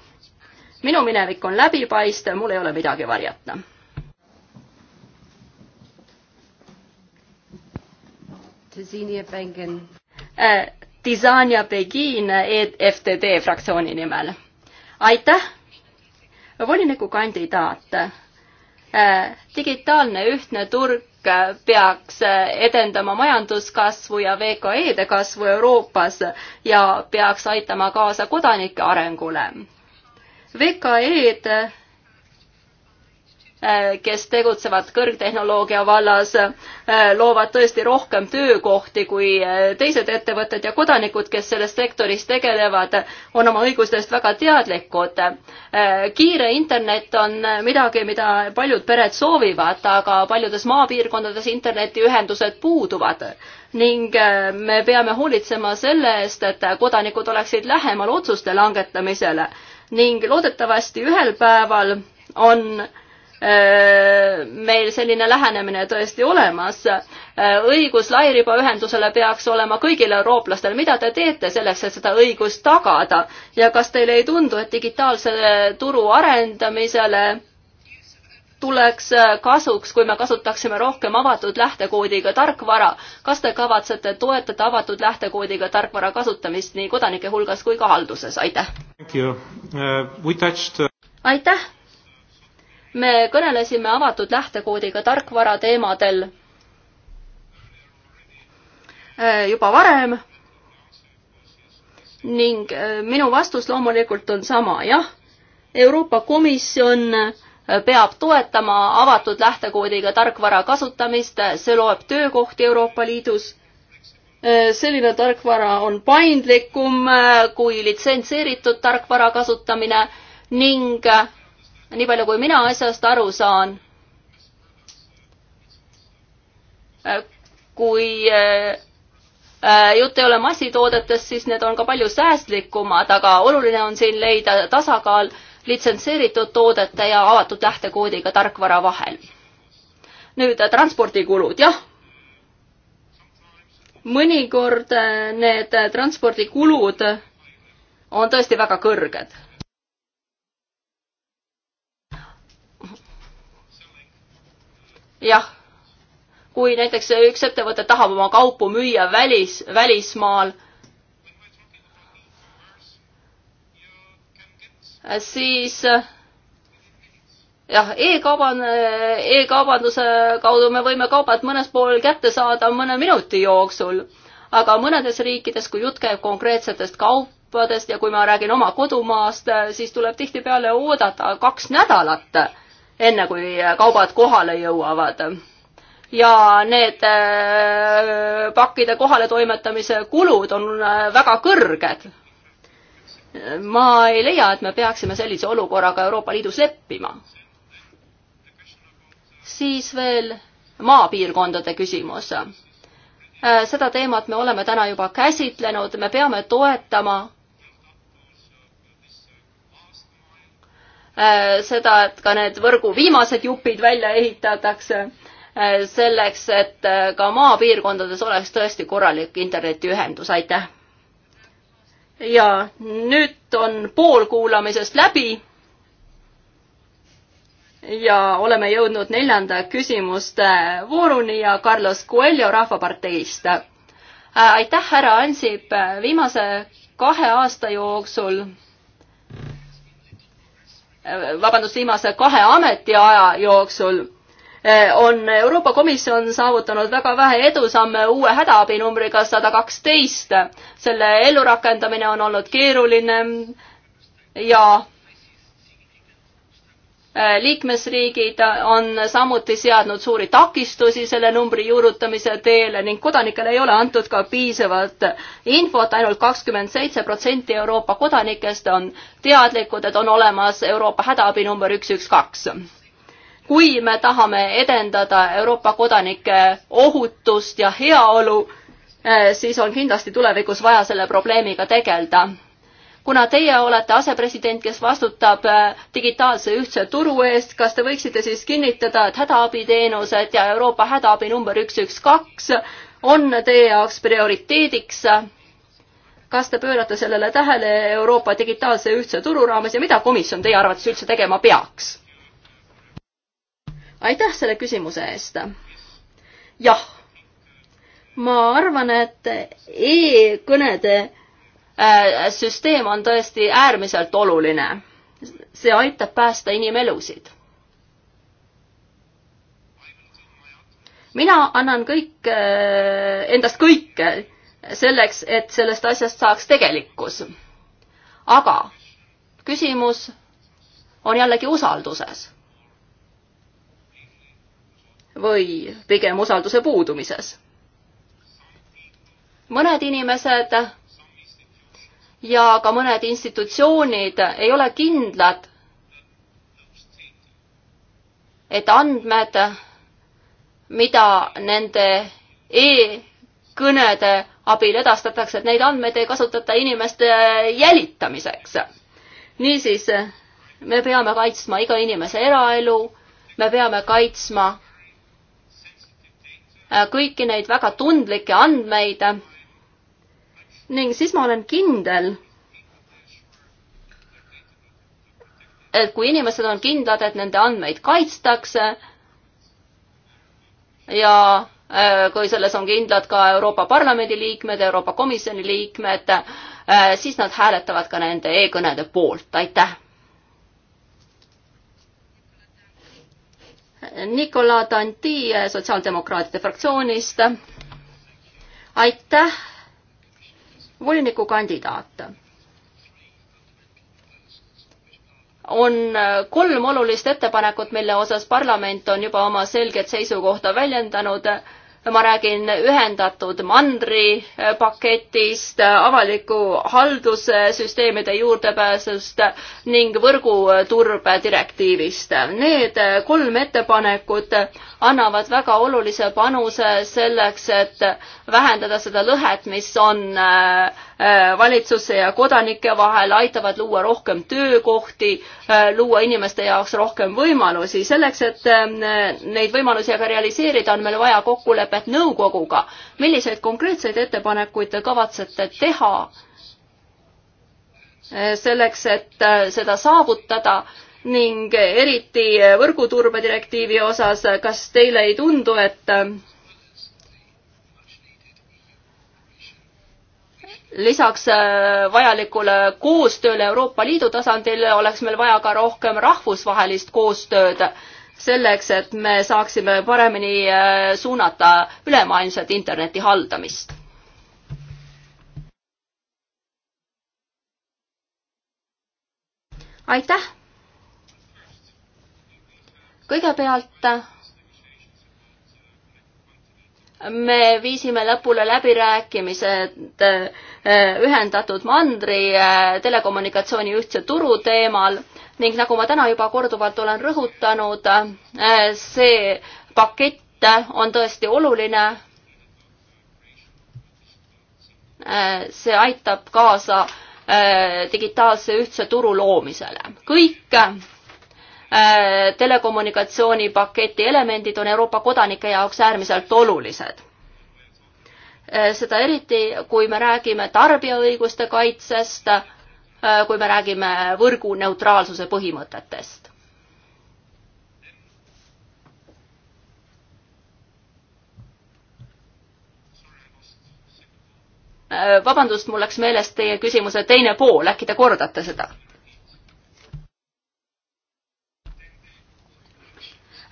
Speaker 1: minu minevik on läbipaistev, mul ei ole midagi varjata. Tesinia Bengen äh, Tisania Begin FTD fraktsiooni nimel. aitäh, volinikukandidaat. Äh, digitaalne ühtne turg äh, peaks äh, edendama majanduskasvu ja VKE-de kasvu Euroopas ja peaks aitama kaasa kodanike arengule. VKE-d Äh, kes tegutsevad kõrgtehnoloogia vallas, äh, loovad tõesti rohkem töökohti kui äh, teised ettevõtted ja kodanikud, kes selles sektoris tegelevad, on oma õigustest väga teadlikud. kiire internet on midagi, mida paljud pered soovivad, aga paljudes maapiirkondades internetiühendused puuduvad ning me peame hoolitsema selle eest, et kodanikud oleksid lähemal otsuste langetamisele ning loodetavasti ühel päeval on äh, Äh, meil selline lähenemine tõesti olemas. Äh, õigus lairibaühendusele peaks olema kõigil eurooplastel. mida te teete selleks, et seda õigust tagada ja kas teile ei tundu, et digitaalse turu arendamisele tuleks äh, kasuks, kui me kasutaksime rohkem avatud lähtekoodiga tarkvara. kas te kavatsete toetada avatud lähtekoodiga tarkvara kasutamist nii kodanike hulgas kui ka halduses? aitäh!
Speaker 2: Uh, uh,
Speaker 1: aitäh! me kõnelesime avatud lähtekoodiga tarkvara teemadel äh, juba varem ning äh, minu vastus loomulikult on sama, jah, Euroopa Komisjon äh, peab toetama avatud lähtekoodiga tarkvara kasutamist, see loob töökohti Euroopa Liidus. selline tarkvara on paindlikum kui litsenseeritud tarkvara kasutamine ning nii palju, kui mina asjast aru saan, äh, kui äh, äh, jutt ei ole massitoodetest, siis need on ka palju säästlikumad, aga oluline on siin leida tasakaal litsenseeritud toodete ja avatud lähtekoodiga tarkvara vahel. nüüd transpordikulud, jah. mõnikord need transpordikulud on tõesti väga kõrged jah, kui näiteks üks ettevõte tahab oma kaupu müüa välis, välismaal, siis jah e, e-kauban-, e-kaubanduse kaudu me võime kaubad mõnes pool kätte saada mõne minuti jooksul, aga mõnedes riikides, kui jutt käib konkreetsetest kaupadest ja kui ma räägin oma kodumaast, siis tuleb tihtipeale oodata kaks nädalat enne kui kaubad kohale jõuavad. ja need äh, pakkide kohaletoimetamise kulud on äh, väga kõrged. ma ei leia, et me peaksime sellise olukorraga Euroopa Liidus leppima. siis veel maapiirkondade küsimus äh, seda teemat me oleme täna juba käsitlenud, me peame toetama Äh, seda, et ka need võrgu viimased jupid välja ehitatakse äh, selleks, et äh, ka maapiirkondades oleks tõesti korralik internetiühendus, aitäh! ja nüüd on pool kuulamisest läbi ja oleme jõudnud neljanda küsimuste vooruni ja Carlos Coelho Rahvaparteist. aitäh, härra Ansip, viimase kahe aasta jooksul Äh, vabandust, viimase kahe ametiaja jooksul äh, on Euroopa Komisjon saavutanud väga vähe edusamme uue hädaabinumbriga sada kaksteist. selle ellurakendamine on olnud keeruline ja Äh, liikmesriigid on samuti seadnud suuri takistusi selle numbri juurutamise teele ning kodanikele ei ole antud ka piisavalt infot ainult, ainult kakskümmend seitse protsenti Euroopa kodanikest on teadlikud, et on olemas Euroopa hädaabinumber üks, üks, kaks kui me tahame edendada Euroopa kodanike ohutust ja heaolu, äh, siis on kindlasti tulevikus vaja selle probleemiga tegeleda kuna teie olete asepresident, kes vastutab äh, digitaalse ühtse turu eest, kas te võiksite siis kinnitada, et hädaabiteenused ja Euroopa hädaabi number üks, üks, kaks on teie jaoks prioriteediks? kas te pöörate sellele tähele Euroopa digitaalse ühtse turu raames ja mida komisjon teie arvates üldse tegema peaks? aitäh selle küsimuse eest. jah, ma arvan, et e-kõnede Äh, süsteem on tõesti äärmiselt oluline. see aitab päästa inimelusid. mina annan kõik, äh, endast kõike selleks, et sellest asjast saaks tegelikkus. aga küsimus on jällegi usalduses. või pigem usalduse puudumises. mõned inimesed ja ka mõned institutsioonid ei ole kindlad, et andmed, mida nende e-kõnede abil edastatakse, et neid andmeid ei kasutata inimeste jälitamiseks. niisiis, me peame kaitsma iga inimese eraelu, me peame kaitsma kõiki neid väga tundlikke andmeid ning siis ma olen kindel, et kui inimesed on kindlad, et nende andmeid kaitstakse ja äh, kui selles on kindlad ka Euroopa Parlamendi liikmed, Euroopa Komisjoni liikmed, äh, siis nad hääletavad ka nende e-kõnede poolt, aitäh. Nicola Tanti äh, sotsiaaldemokraatide fraktsioonist. aitäh volinikukandidaat on kolm olulist ettepanekut, mille osas parlament on juba oma selget seisukohta väljendanud ma räägin ühendatud mandripaketist, äh, äh, avaliku haldussüsteemide juurdepääsust ning võrguturbe äh, direktiivist. Need kolm ettepanekut annavad väga olulise panuse selleks, et vähendada seda lõhet, mis on äh, Äh, valitsuse ja kodanike vahel, aitavad luua rohkem töökohti, äh, luua inimeste jaoks rohkem võimalusi. selleks, et äh, neid võimalusi aga realiseerida, on meil vaja kokkulepet nõukoguga. milliseid konkreetseid ettepanekuid te kavatsete teha selleks, et seda saavutada? ning eriti võrguturbedirektiivi osas, kas teile ei tundu, et lisaks äh, vajalikule koostööle Euroopa Liidu tasandil oleks meil vaja ka rohkem rahvusvahelist koostööd selleks, et me saaksime paremini äh, suunata ülemaailmset interneti haldamist. aitäh! kõigepealt me viisime lõpule läbirääkimised äh, ühendatud mandri äh, telekommunikatsiooni ühtse turu teemal ning nagu ma täna juba korduvalt olen rõhutanud, äh, see pakett on tõesti oluline. see aitab kaasa digitaalse ühtse turu loomisele. kõik Äh, telekommunikatsioonipaketi elemendid on Euroopa kodanike jaoks äärmiselt olulised. Äh, seda eriti, kui me räägime tarbijaõiguste kaitsest, äh, kui me räägime võrgu neutraalsuse põhimõtetest. vabandust, mul läks meelest teie küsimuse teine pool, äkki te kordate seda?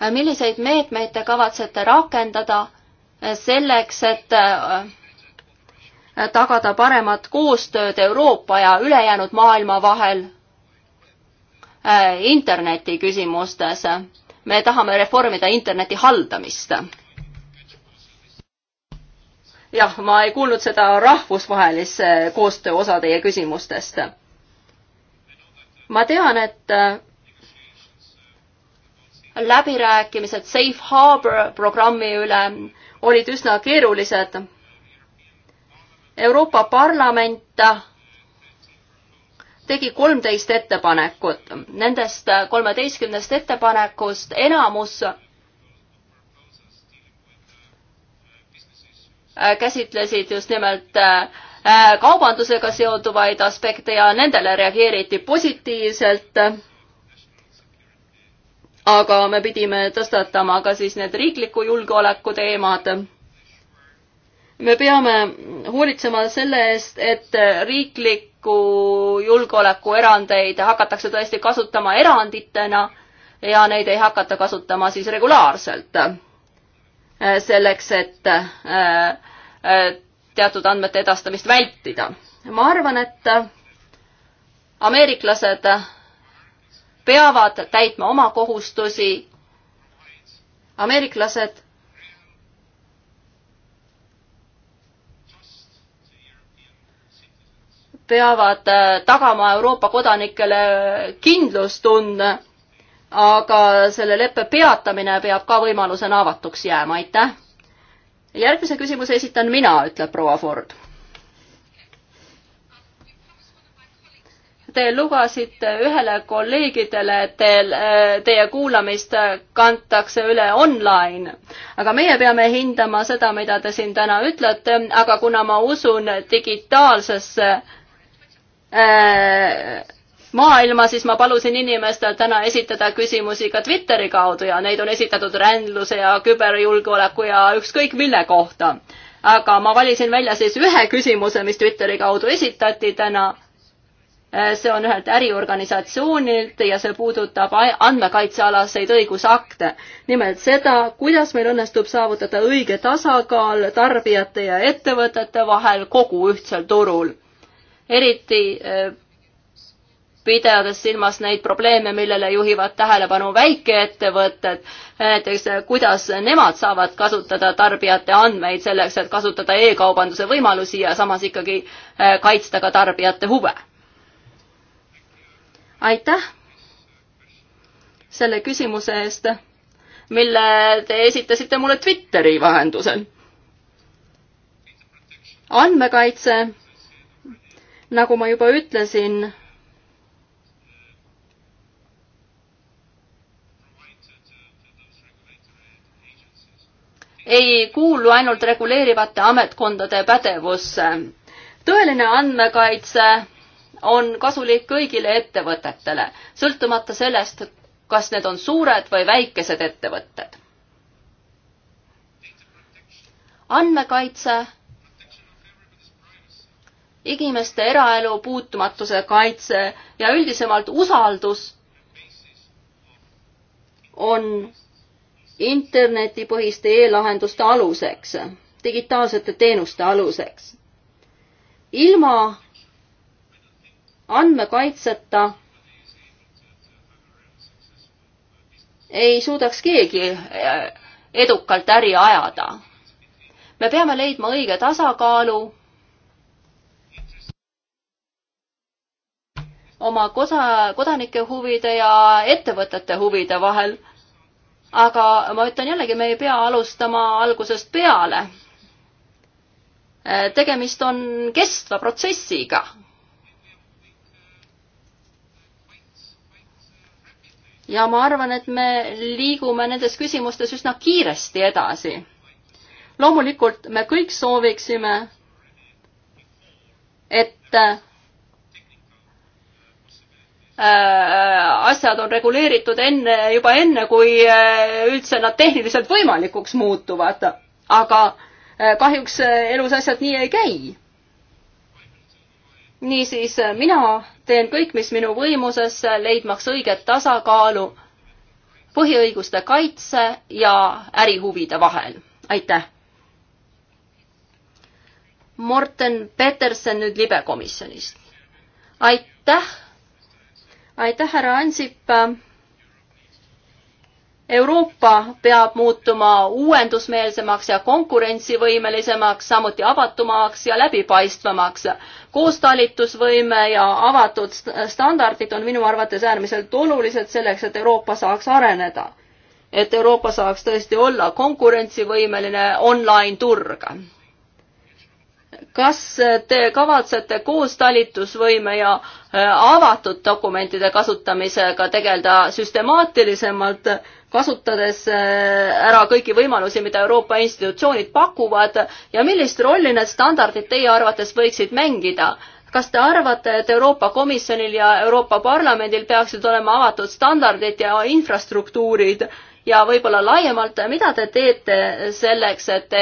Speaker 1: Äh, milliseid meetmeid te kavatsete rakendada äh, selleks, et äh, tagada paremat koostööd Euroopa ja ülejäänud maailma vahel interneti küsimustes. me tahame reformida interneti haldamist. jah, ma ei kuulnud seda rahvusvahelise koostöö osa teie küsimustest. ma tean, et läbirääkimised Safe Harbor programmi üle olid üsna keerulised. Euroopa Parlament tegi kolmteist ettepanekut. Nendest kolmeteistkümnest ettepanekust enamus käsitlesid just nimelt äh, kaubandusega seonduvaid aspekte ja nendele reageeriti positiivselt aga me pidime tõstatama ka siis need riikliku julgeoleku teemad. me peame hoolitsema selle eest, et riikliku julgeoleku erandeid hakatakse tõesti kasutama eranditena ja neid ei hakata kasutama siis regulaarselt. selleks, et äh, teatud andmete edastamist vältida. ma arvan, et ameeriklased peavad täitma oma kohustusi. ameeriklased peavad äh, tagama Euroopa kodanikele kindlustunde, aga selle leppe peatamine peab ka võimalusena avatuks jääma, aitäh. järgmise küsimuse esitan mina, ütleb proua Ford te lubasite ühele kolleegidele, et teil, äh, teie kuulamist kantakse üle online. aga meie peame hindama seda, mida te siin täna ütlete, aga kuna ma usun digitaalsesse äh, maailma, siis ma palusin inimestel täna esitada küsimusi ka Twitteri kaudu ja neid on esitatud rändluse ja küberjulgeoleku ja ükskõik mille kohta. aga ma valisin välja siis ühe küsimuse, mis Twitteri kaudu esitati täna Äh, see on ühelt äriorganisatsioonilt ja see puudutab andmekaitsealaseid õigusakte. nimelt seda, kuidas meil õnnestub saavutada õige tasakaal tarbijate ja ettevõtete vahel kogu ühtsel turul. eriti äh, pidades silmas neid probleeme, millele juhivad tähelepanu väikeettevõtted, äh, näiteks kuidas nemad saavad kasutada tarbijate andmeid selleks, et kasutada e-kaubanduse võimalusi ja samas ikkagi kaitsta ka tarbijate huve aitäh selle küsimuse eest, mille te esitasite mulle Twitteri vahendusel. andmekaitse, nagu ma juba ütlesin, ei kuulu ainult reguleerivate ametkondade pädevusse. tõeline andmekaitse on kasulik kõigile ettevõtetele, sõltumata sellest, kas need on suured või väikesed ettevõtted. andmekaitse, inimeste eraelu puutumatuse kaitse ja üldisemalt usaldus on internetipõhiste e-lahenduste aluseks, digitaalsete teenuste aluseks. ilma andmekaitseta ei suudaks keegi äh, edukalt äri ajada. me peame leidma õige tasakaalu oma kosa, kodanike huvide ja ettevõtete huvide vahel. aga ma ütlen jällegi, me ei pea alustama algusest peale. Äh, tegemist on kestva protsessiga ja ma arvan, et me liigume nendes küsimustes üsna kiiresti edasi. loomulikult me kõik sooviksime, et äh, äh, asjad on reguleeritud enne, juba enne, kui äh, üldse nad tehniliselt võimalikuks muutuvad. aga kahjuks elus asjad nii ei käi. niisiis mina teen kõik, mis minu võimuses, leidmaks õiget tasakaalu põhiõiguste kaitse ja ärihuvide vahel. aitäh! Morten Peterson nüüd libekomisjonist. aitäh, aitäh, härra Ansip Euroopa peab muutuma uuendusmeelsemaks ja konkurentsivõimelisemaks, samuti avatumaks ja läbipaistvamaks. koostalitusvõime ja avatud standardid on minu arvates äärmiselt olulised selleks, et Euroopa saaks areneda. et Euroopa saaks tõesti olla konkurentsivõimeline online turg kas te kavatsete koos talitusvõime ja äh, avatud dokumentide kasutamisega tegeleda süstemaatilisemalt kasutades äh, ära kõiki võimalusi, mida Euroopa institutsioonid pakuvad ja millist rolli need standardid teie arvates võiksid mängida? kas te arvate, et Euroopa Komisjonil ja Euroopa Parlamendil peaksid olema avatud standardid ja infrastruktuurid ja võib-olla laiemalt, mida te teete selleks, et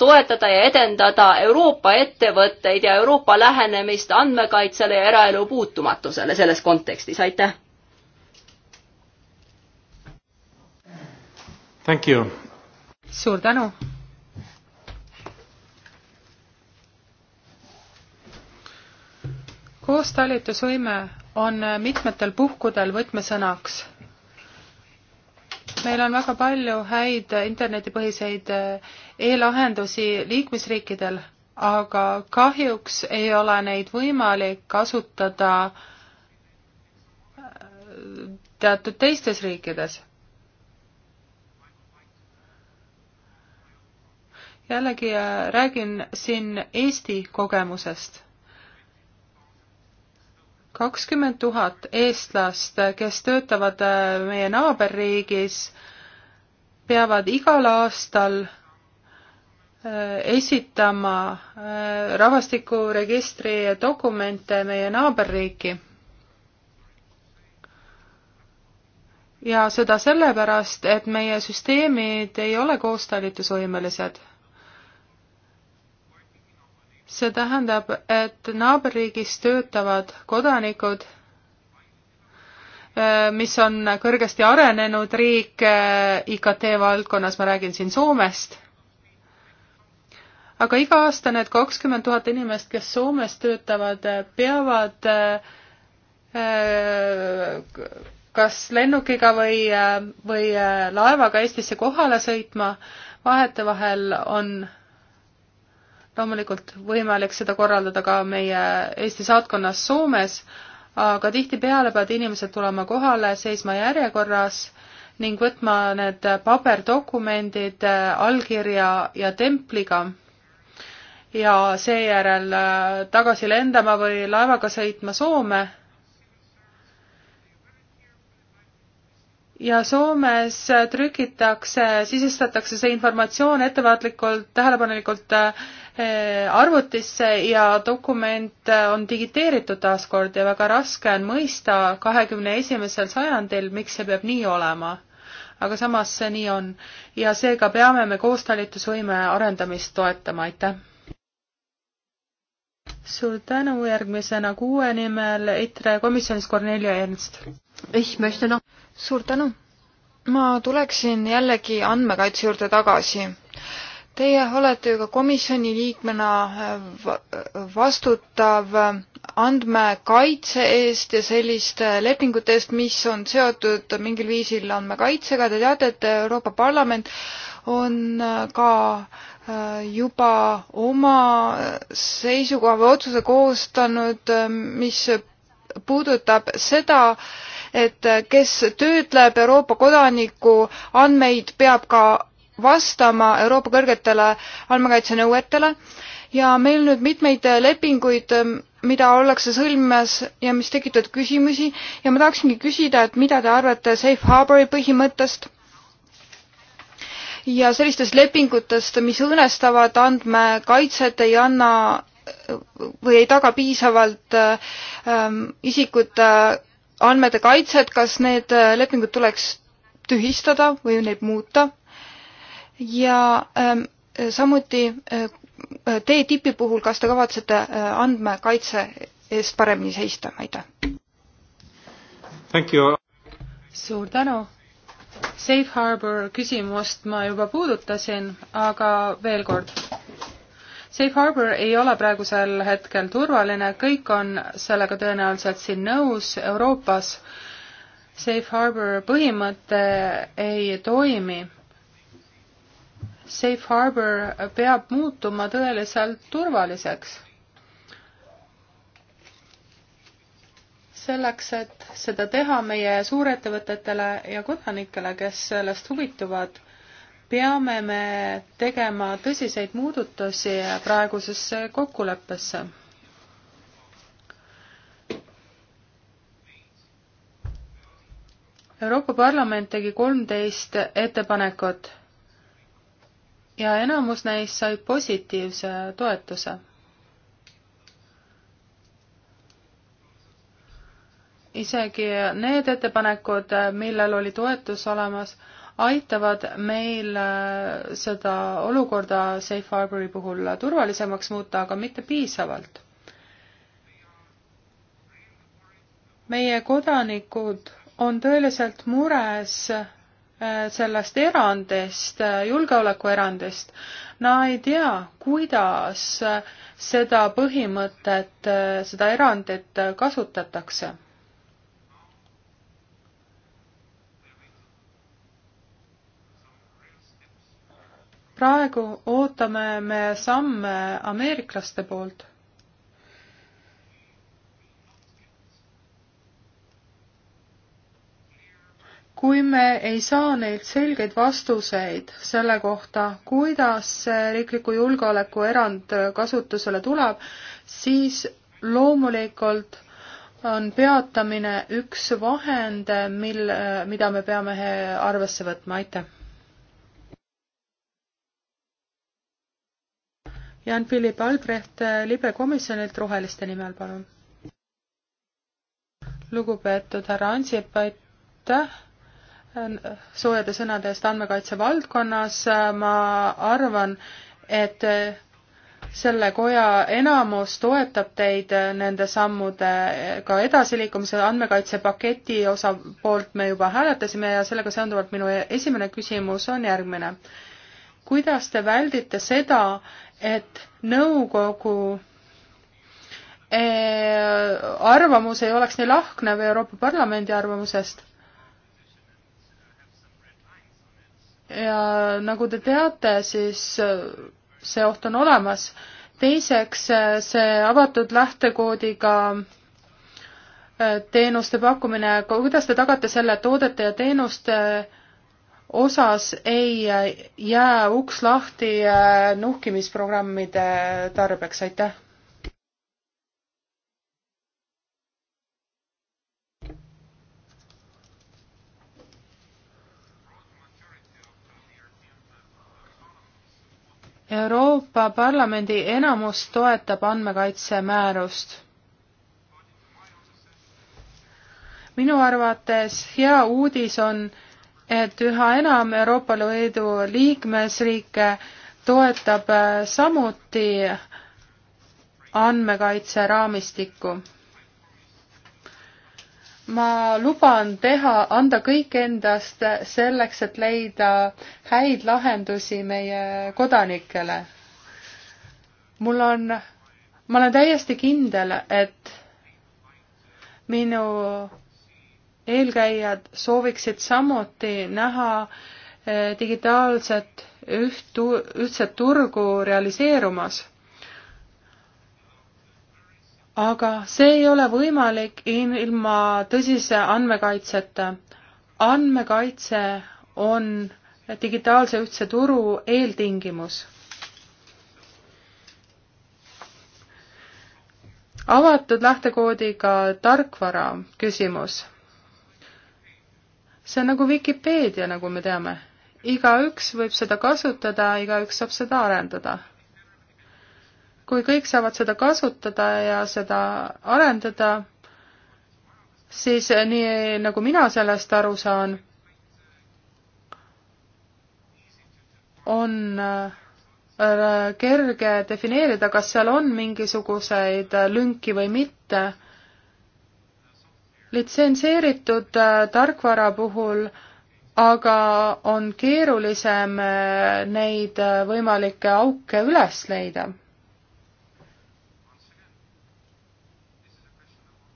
Speaker 1: toetada ja edendada Euroopa ettevõtteid ja Euroopa lähenemist andmekaitsele ja eraelu puutumatusele selles kontekstis, aitäh!
Speaker 2: suur
Speaker 3: tänu. koostalitusvõime on mitmetel puhkudel võtmesõnaks. meil on väga palju häid internetipõhiseid eh, e-lahendusi liikmesriikidel, aga kahjuks ei ole neid võimalik kasutada eh, teatud teistes riikides jällegi äh, räägin siin Eesti kogemusest. kakskümmend tuhat eestlast, kes töötavad äh, meie naaberriigis, peavad igal aastal äh, esitama rahvastikuregistri dokumente meie naaberriiki. ja seda sellepärast, et meie süsteemid ei ole koostalitusvõimelised see tähendab, et naaberriigis töötavad kodanikud, eh, mis on kõrgesti arenenud riik eh, IKT valdkonnas, ma räägin siin Soomest, aga iga aasta need kakskümmend tuhat inimest, kes Soomes töötavad, eh, peavad kas lennukiga või, või laevaga Eestisse kohale sõitma, vahetevahel on loomulikult võimalik seda korraldada ka meie Eesti saatkonnas Soomes, aga tihtipeale peavad inimesed tulema kohale, seisma järjekorras ning võtma need paberdokumendid eh, allkirja ja templiga ja seejärel eh, tagasi lendama või laevaga sõitma Soome ja Soomes trükitakse, sisestatakse see informatsioon ettevaatlikult, tähelepanelikult eh, arvutisse ja dokument eh, on digiteeritud taaskord ja väga raske on mõista kahekümne esimesel sajandil, miks see peab nii olema. aga samas see nii on ja seega peame me koostalitusvõime arendamist toetama, aitäh! suur tänu, järgmisena kuue nimel EITRE komisjonis Kornelia Ernst suur tänu. ma tuleksin jällegi andmekaitse juurde
Speaker 4: tagasi. Teie olete ju ka komisjoni liikmena äh, vastutav äh, andmekaitse eest ja selliste lepingute eest, mis on seotud mingil viisil andmekaitsega. Te teate, et Euroopa Parlament on äh, ka juba oma seisukoha või otsuse koostanud, mis puudutab seda, et kes töötleb Euroopa kodaniku andmeid, peab ka vastama Euroopa kõrgetele andmekaitsenõuetele ja meil nüüd mitmeid lepinguid, mida ollakse sõlmimas ja mis tekitavad küsimusi ja ma tahaksingi küsida, et mida te arvate safe harbori põhimõttest ja sellistest lepingutest, mis õõnestavad andmekaitset, ei anna või ei taga piisavalt ähm, isikute andmete kaitset, kas need äh, lepingud tuleks tühistada või neid muuta ja ähm, samuti äh, äh, TTIP-i puhul, kas te kavatsete äh, andmekaitse eest paremini seista, aitäh!
Speaker 3: suur tänu! Safe Harbor küsimust ma juba puudutasin, aga veel kord Safe Harbor ei ole praegusel hetkel turvaline, kõik on sellega tõenäoliselt siin nõus, Euroopas Safe Harbor põhimõte ei toimi. Safe Harbor peab muutuma tõeliselt turvaliseks. selleks, et seda teha meie suurettevõtetele ja kodanikele, kes sellest huvituvad peame me tegema tõsiseid muudatusi praegusesse kokkuleppesse. Euroopa Parlament tegi kolmteist ettepanekut ja enamus neist said positiivse toetuse. isegi need ettepanekud, millel oli toetus olemas, aitavad meil äh, seda olukorda Safe Harbori puhul turvalisemaks muuta, aga mitte piisavalt. meie kodanikud on tõeliselt mures äh, sellest erandist, äh, julgeolekuerandist, no ei tea, kuidas seda põhimõtet, seda erandit kasutatakse. praegu ootame me samme ameeriklaste poolt. kui me ei saa neilt selgeid vastuseid selle kohta, kuidas see riikliku julgeoleku erand kasutusele tuleb, siis loomulikult on peatamine üks vahend, mil, mida me peame arvesse võtma, aitäh! Jan-Philipp Albrecht äh, libe komisjonilt Roheliste nimel, palun. lugupeetud härra Ansip, aitäh äh, soojade sõnade eest andmekaitse valdkonnas. Äh, ma arvan, et selle koja enamus toetab teid nende sammudega edasiliikumise andmekaitsepaketi osa poolt me juba hääletasime ja sellega seonduvalt minu e-, esimene küsimus on järgmine kuidas te väldite seda, et nõukogu eh, arvamus ei oleks nii lahknev Euroopa Parlamendi arvamusest? ja nagu te teate, siis eh, see oht on olemas. teiseks, eh, see avatud lähtekoodiga teenuste pakkumine, kuidas te tagate selle toodete ja teenuste äh, osas ei jää uks lahti äh, nuhkimisprogrammide tarbeks, aitäh! Euroopa Parlamendi enamus toetab andmekaitsemäärust. minu arvates hea uudis on, et üha enam Euroopa Liidu liikmesriike toetab äh, samuti andmekaitse raamistikku. ma luban teha, anda kõik endast selleks, et leida häid lahendusi meie kodanikele. mul on, ma olen täiesti kindel, et minu eelkäijad sooviksid samuti näha eh, digitaalset üht, ühtset turgu realiseerumas. aga see ei ole võimalik ilma tõsise andmekaitseta. andmekaitse on digitaalse ühtse turu eeltingimus. avatud lähtekoodiga tarkvara küsimus see on nagu Vikipeedia, nagu me teame. igaüks võib seda kasutada, igaüks saab seda arendada. kui kõik saavad seda kasutada ja seda arendada, siis nii nagu mina sellest aru saan, on äh, kerge defineerida, kas seal on mingisuguseid lünki või mitte litsenseeritud äh, tarkvara puhul aga on keerulisem äh, neid äh, võimalikke auke üles leida.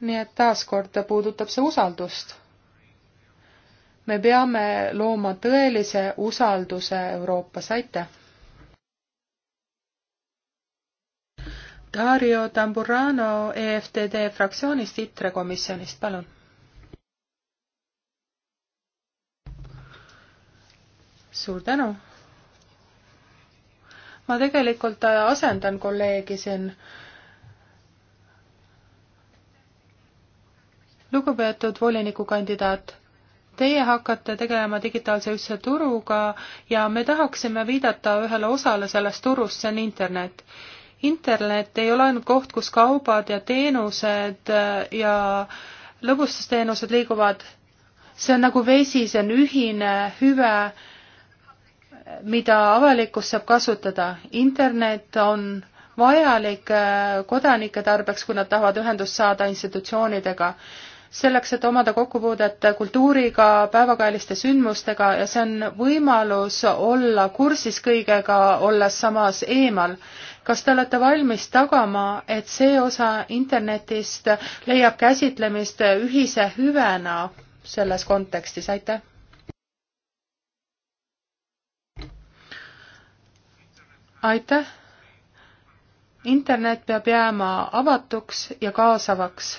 Speaker 3: nii et taaskord puudutab see usaldust. me peame looma tõelise usalduse Euroopas, aitäh! Dario Tamburano EFTD fraktsioonist, ITRE komisjonist, palun. suur tänu. ma tegelikult asendan kolleegi siin. lugupeetud volinikukandidaat teie hakkate tegelema digitaalse ühtse turuga ja me tahaksime viidata ühele osale sellest turust, see on internet internet ei ole ainult koht, kus kaubad ja teenused äh, ja lõbustusteenused liiguvad. see on nagu vesi, see on ühine hüve, mida avalikkus saab kasutada. internet on vajalik äh, kodanike tarbeks, kui nad tahavad ühendust saada institutsioonidega selleks, et omada kokkupuudet kultuuriga, päevakajaliste sündmustega ja see on võimalus olla kursis kõigega, olles samas eemal kas te olete valmis tagama, et see osa internetist leiab käsitlemist ühise hüvena selles kontekstis, aitäh! aitäh! internet peab jääma avatuks ja kaasavaks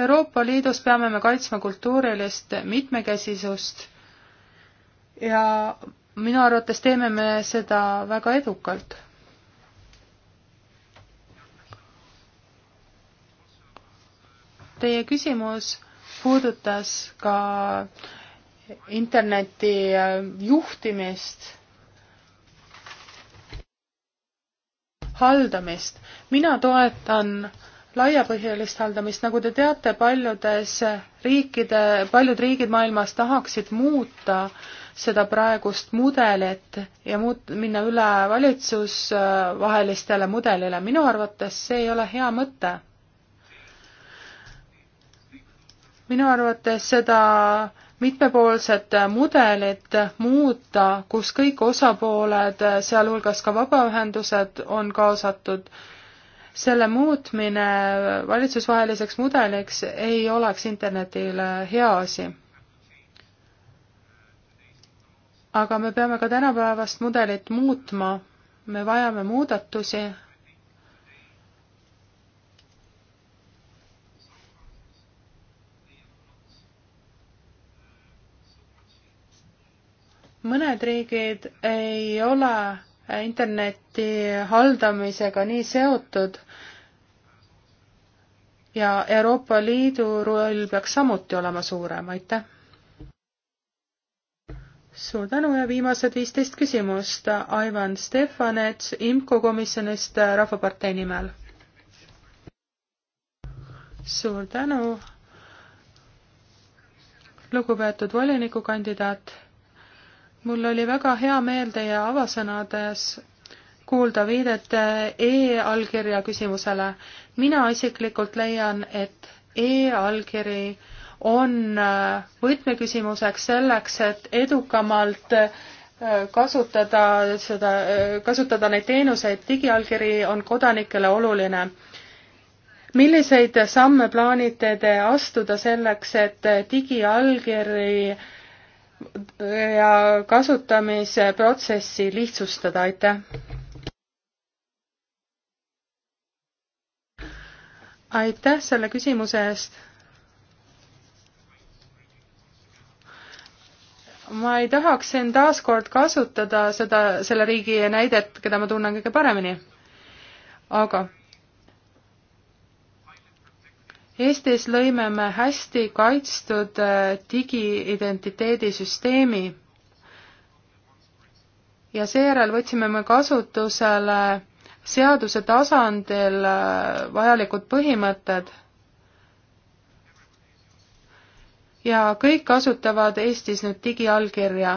Speaker 3: Euroopa Liidus peame me kaitsma kultuurilist mitmekesisust ja minu arvates teeme me seda väga edukalt. Teie küsimus puudutas ka interneti juhtimist haldamist. mina toetan laiapõhjalist haldamist, nagu te teate, paljudes riikide, paljud riigid maailmas tahaksid muuta seda praegust mudelit ja muut-, minna üle valitsusvahelistele mudelile. minu arvates see ei ole hea mõte. minu arvates seda mitmepoolset mudelit muuta, kus kõik osapooled, sealhulgas ka vabaühendused, on kaasatud selle muutmine valitsusvaheliseks mudeliks ei oleks internetile hea asi. aga me peame ka tänapäevast mudelit muutma, me vajame muudatusi. mõned riigid ei ole interneti haldamisega nii seotud ja Euroopa Liidu roll peaks samuti olema suurem, aitäh! suur tänu ja viimased viisteist küsimust. Aivan Stefanets IMCO komisjonist Rahvapartei nimel. suur tänu, lugupeetud volinikukandidaat mul oli väga hea meel teie avasõnades kuulda viidet e-allkirja küsimusele. mina isiklikult leian, et e-allkiri on äh, võtmeküsimuseks selleks, et edukamalt äh, kasutada seda, äh, kasutada neid teenuseid, digiallkiri on kodanikele oluline. milliseid samme plaanite te astuda selleks, et digiallkiri ja kasutamise protsessi lihtsustada, aitäh! aitäh selle küsimuse eest! ma ei tahaks siin taaskord kasutada seda, selle riigi näidet, keda ma tunnen kõige paremini. aga Eestis lõime me hästi kaitstud äh, digiidentiteedi süsteemi ja seejärel võtsime me kasutusele seaduse tasandil äh, vajalikud põhimõtted ja kõik kasutavad Eestis nüüd digiallkirja.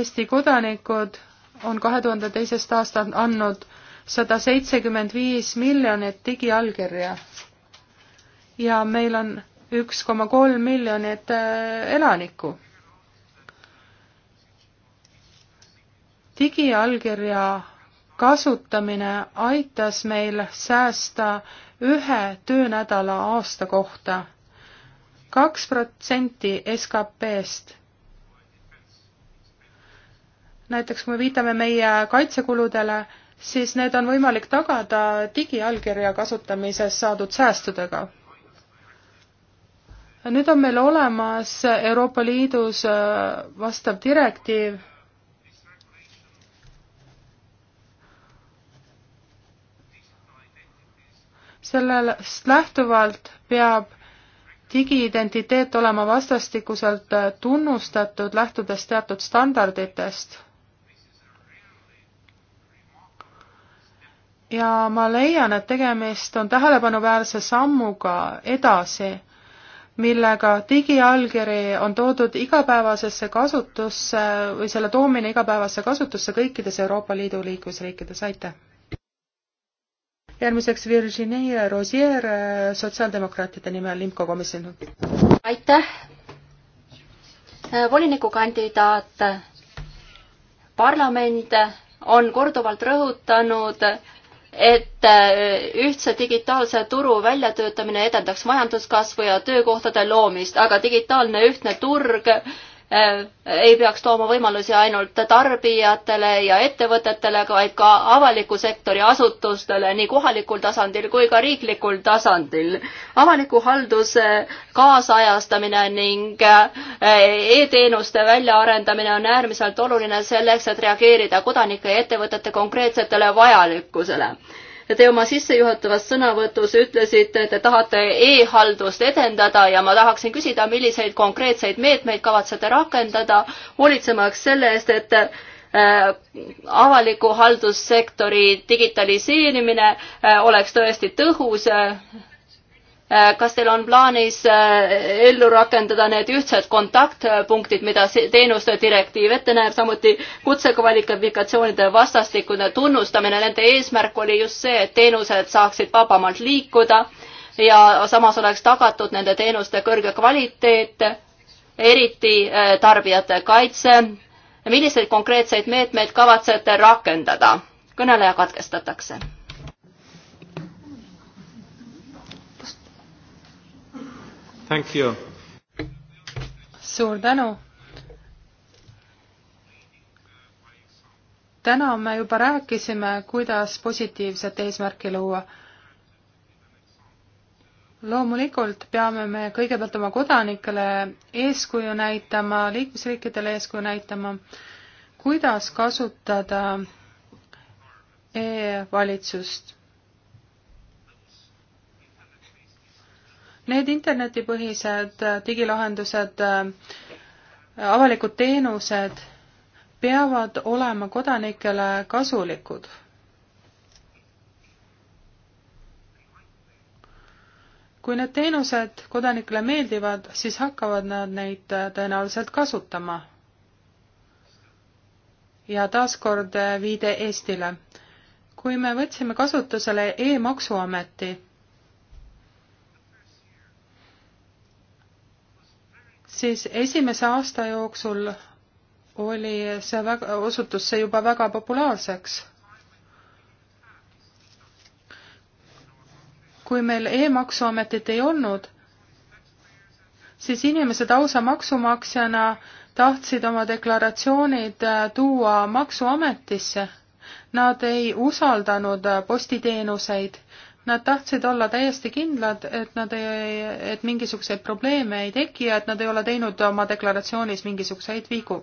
Speaker 3: Eesti kodanikud on kahe tuhande teisest aastast andnud sada seitsekümmend viis miljonit digiallkirja. ja meil on üks koma kolm miljonit äh, elanikku. digiallkirja kasutamine aitas meil säästa ühe töönädala aasta kohta kaks protsenti SKP-st. näiteks kui me viitame meie kaitsekuludele, siis need on võimalik tagada digiallkirja kasutamisest saadud säästudega. nüüd on meil olemas Euroopa Liidus äh, vastav direktiiv sellest lähtuvalt peab digiidentiteet olema vastastikuselt tunnustatud, lähtudes teatud standarditest. ja ma leian, et tegemist on tähelepanuväärse sammuga edasi, millega digiallkiri on toodud igapäevasesse kasutusse või selle toomine igapäevasse kasutusse kõikides Euroopa Liidu liikmesriikides, aitäh! järgmiseks Virginie Rosier äh, sotsiaaldemokraatide nimel IMCO komisjoni.
Speaker 1: aitäh! Äh, volinikukandidaat, äh, parlament on korduvalt rõhutanud, et äh, ühtse digitaalse turu väljatöötamine edendaks majanduskasvu ja töökohtade loomist, aga digitaalne ühtne turg Äh, ei peaks tooma võimalusi ainult tarbijatele ja ettevõtetele, vaid ka avaliku sektori asutustele nii kohalikul tasandil kui ka riiklikul tasandil. avaliku halduse kaasajastamine ning äh, e-teenuste väljaarendamine on äärmiselt oluline selleks, et reageerida kodanike ja ettevõtete konkreetsetele vajalikkusele Te oma sissejuhatavas sõnavõtus ütlesite, et te tahate e-haldust edendada ja ma tahaksin küsida, milliseid konkreetseid meetmeid kavatsete rakendada, hoolitsemaks selle eest, et äh, avaliku haldussektori digitaliseerimine äh, oleks tõesti tõhus äh, Äh, kas teil on plaanis äh, ellu rakendada need ühtsed kontaktpunktid, mida teenuste direktiiv ette näeb, samuti kutsekvalifikatsioonide vastastikune tunnustamine, nende eesmärk oli just see, et teenused saaksid vabamalt liikuda ja samas oleks tagatud nende teenuste kõrge kvaliteet, eriti äh, tarbijate kaitse. milliseid konkreetseid meetmeid kavatsete rakendada? kõneleja katkestatakse suur
Speaker 3: tänu. täna me juba rääkisime, kuidas positiivset eesmärki luua. loomulikult peame me kõigepealt oma kodanikele eeskuju näitama, liikmesriikidele eeskuju näitama, kuidas kasutada e-valitsust Need internetipõhised äh, digilahendused, äh, avalikud teenused peavad olema kodanikele kasulikud. kui need teenused kodanikele meeldivad, siis hakkavad nad neid äh, tõenäoliselt kasutama. ja taaskord viide Eestile. kui me võtsime kasutusele e-maksuameti, siis esimese aasta jooksul oli see väga, osutus see juba väga populaarseks kui meil e-maksuametit ei olnud, siis inimesed ausa maksumaksjana tahtsid oma deklaratsioonid äh, tuua Maksuametisse. Nad ei usaldanud postiteenuseid, Nad tahtsid olla täiesti kindlad, et nad ei, et mingisuguseid probleeme ei teki ja et nad ei ole teinud oma deklaratsioonis mingisuguseid vigu.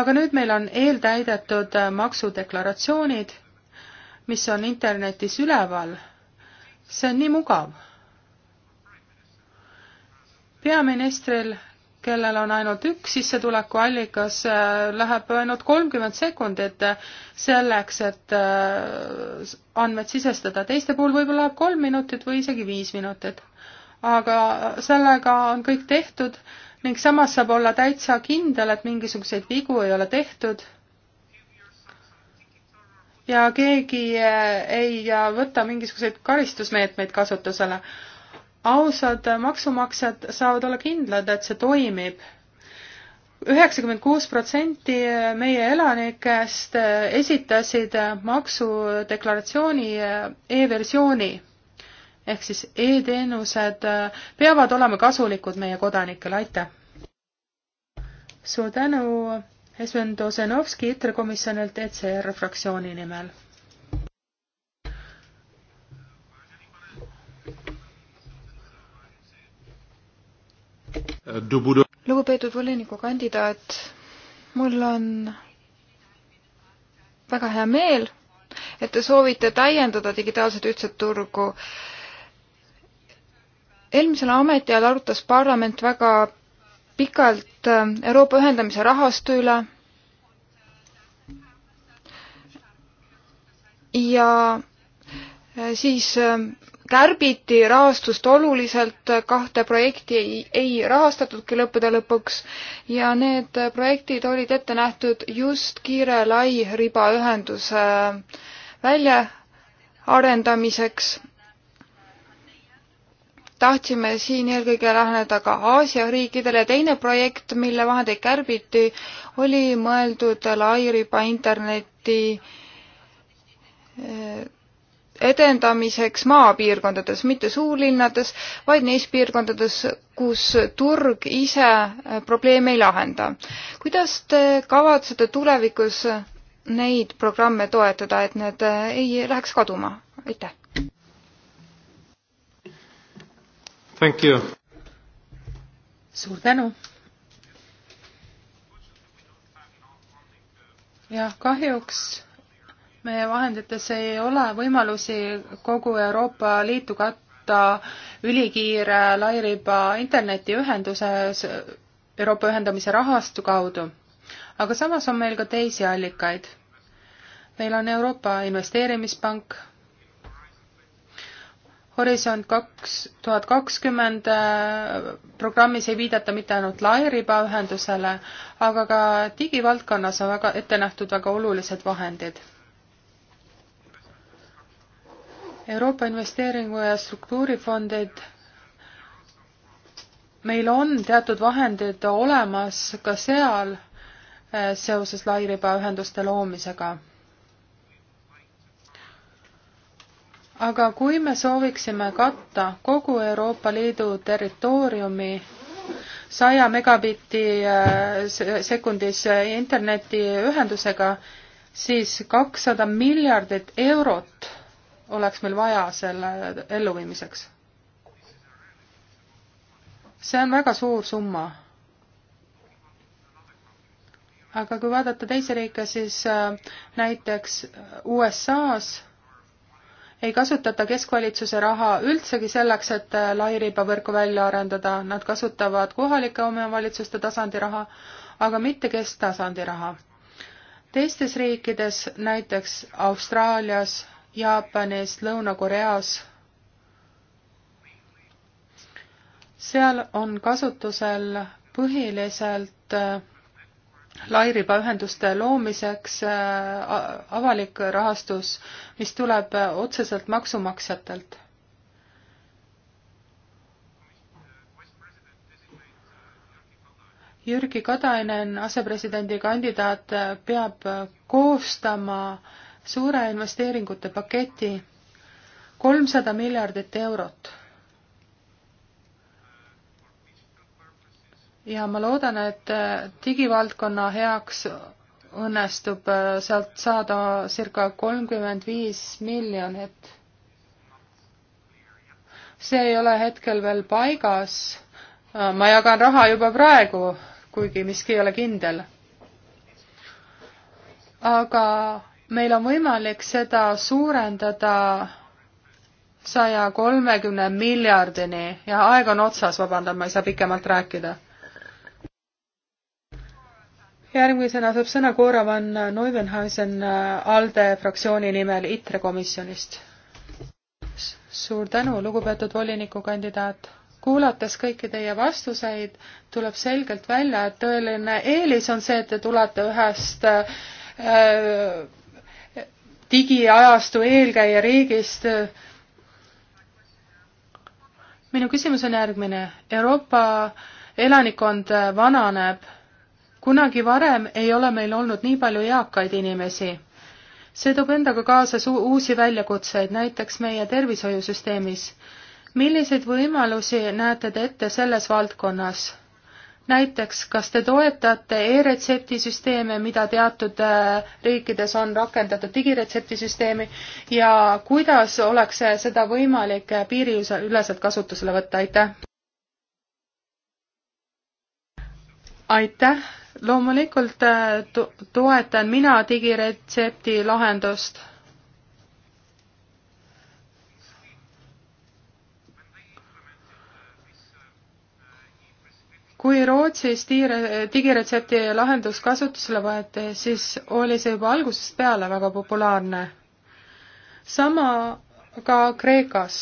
Speaker 3: aga nüüd meil on eeltäidetud äh, maksudeklaratsioonid, mis on internetis üleval. see on nii mugav. peaministril kellel on ainult üks sissetulekuallikas, äh, läheb ainult kolmkümmend sekundit äh, selleks, et äh, andmed sisestada, teiste puhul võib-olla läheb kolm minutit või isegi viis minutit. aga sellega on kõik tehtud ning samas saab olla täitsa kindel, et mingisuguseid vigu ei ole tehtud ja keegi ei võta mingisuguseid karistusmeetmeid kasutusele ausad maksumaksjad saavad olla kindlad, et see toimib. üheksakümmend kuus protsenti meie elanikest esitasid maksudeklaratsiooni e-versiooni ehk siis e-teenused peavad olema kasulikud meie kodanikele, aitäh! suur tänu, Sven Dozenovski, ITRE komisjonilt ECR fraktsiooni nimel
Speaker 4: lugupeetud volinikukandidaat, mul on väga hea meel, et te soovite täiendada digitaalset ühtset turgu. eelmisel ametiajal arutas parlament väga pikalt äh, Euroopa ühendamise rahastu üle ja äh, siis äh, kärbiti rahastust oluliselt, kahte projekti ei, ei rahastatudki lõppude lõpuks ja need projektid olid ette nähtud just kiire lai ribaühenduse väljaarendamiseks. tahtsime siin eelkõige läheneda ka Aasia riikidele ja teine projekt, mille vahendeid kärbiti, oli mõeldud lairiba interneti eh, edendamiseks maapiirkondades, mitte suurlinnades, vaid neis piirkondades, kus turg ise äh, probleeme ei lahenda. kuidas te kavatsete tulevikus neid programme toetada, et need äh, ei läheks kaduma? aitäh!
Speaker 3: suur tänu! jah, kahjuks meie vahendites ei ole võimalusi kogu Euroopa Liitu katta ülikiire lairiba internetiühenduses Euroopa ühendamise rahastu kaudu. aga samas on meil ka teisi allikaid. meil on Euroopa Investeerimispank, Horisont kaks tuhat kakskümmend programmis ei viidata mitte ainult lairibaühendusele, aga ka digivaldkonnas on väga ette nähtud väga olulised vahendid Euroopa Investeeringu- ja Struktuurifondid meil on teatud vahendid olemas ka seal eh, seoses lairibaühenduste loomisega. aga kui me sooviksime katta kogu Euroopa Liidu territooriumi saja megabitti eh, sekundis eh, internetiühendusega, siis kakssada miljardit eurot oleks meil vaja selle elluviimiseks? see on väga suur summa. aga kui vaadata teisi riike, siis äh, näiteks USA-s ei kasutata keskvalitsuse raha üldsegi selleks, et äh, lairibavõrku välja arendada, nad kasutavad kohalike omavalitsuste tasandi raha, aga mitte kesktasandi raha. teistes riikides, näiteks Austraalias, Jaapanis, Lõuna-Koreas. seal on kasutusel põhiliselt äh, lairibaühenduste loomiseks äh, avalik rahastus, mis tuleb äh, otseselt maksumaksjatelt Jürgi Katainen, asepresidendi kandidaat, peab koostama suure investeeringute paketi kolmsada miljardit eurot. ja ma loodan, et äh, digivaldkonna heaks õnnestub äh, sealt saada circa kolmkümmend viis miljonit. see ei ole hetkel veel paigas. Äh, ma jagan raha juba praegu, kuigi miski ei ole kindel. aga meil on võimalik seda suurendada saja kolmekümne miljardini ja aeg on otsas, vabandan, ma ei saa pikemalt rääkida. järgmisena saab sõna Cora van Neuvenhuisen äh, ALDE fraktsiooni nimel ITRE komisjonist. suur tänu, lugupeetud volinikukandidaat. kuulates kõiki teie vastuseid, tuleb selgelt välja, et tõeline eelis on see, et te tulete ühest äh, digiajastu eelkäija riigist. minu küsimus on järgmine. Euroopa elanikkond vananeb. kunagi varem ei ole meil olnud nii palju eakaid inimesi. see toob endaga kaasa uusi väljakutseid, näiteks meie tervishoiusüsteemis. milliseid võimalusi näete te ette selles valdkonnas? näiteks, kas te toetate e-retseptisüsteeme, mida teatud äh, riikides on rakendatud digiretseptisüsteemi ja kuidas oleks seda võimalik äh, piiriüleselt kasutusele võtta, aitäh! aitäh, loomulikult äh, toetan mina digiretsepti lahendust kui Rootsis tiire, digiretsepti lahendus kasutusele võeti, siis oli see juba algusest peale väga populaarne. sama ka Kreekas.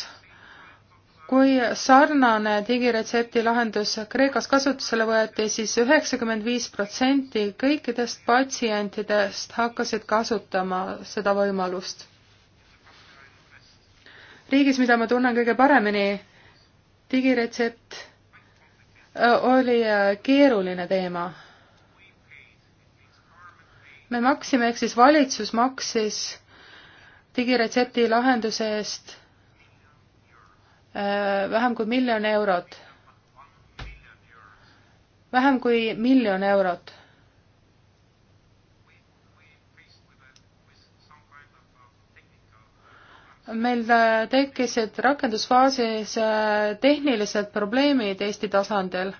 Speaker 3: kui sarnane digiretsepti lahendus Kreekas kasutusele võeti siis, siis üheksakümmend viis protsenti kõikidest patsientidest hakkasid kasutama seda võimalust. riigis, mida ma tunnen kõige paremini, digiretsept oli äh, keeruline teema. me maksime, ehk siis valitsus maksis digiretsepti lahenduse eest äh, vähem kui miljon eurot. vähem kui miljon eurot meil tekkisid rakendusfaasis äh, tehnilised probleemid Eesti tasandil.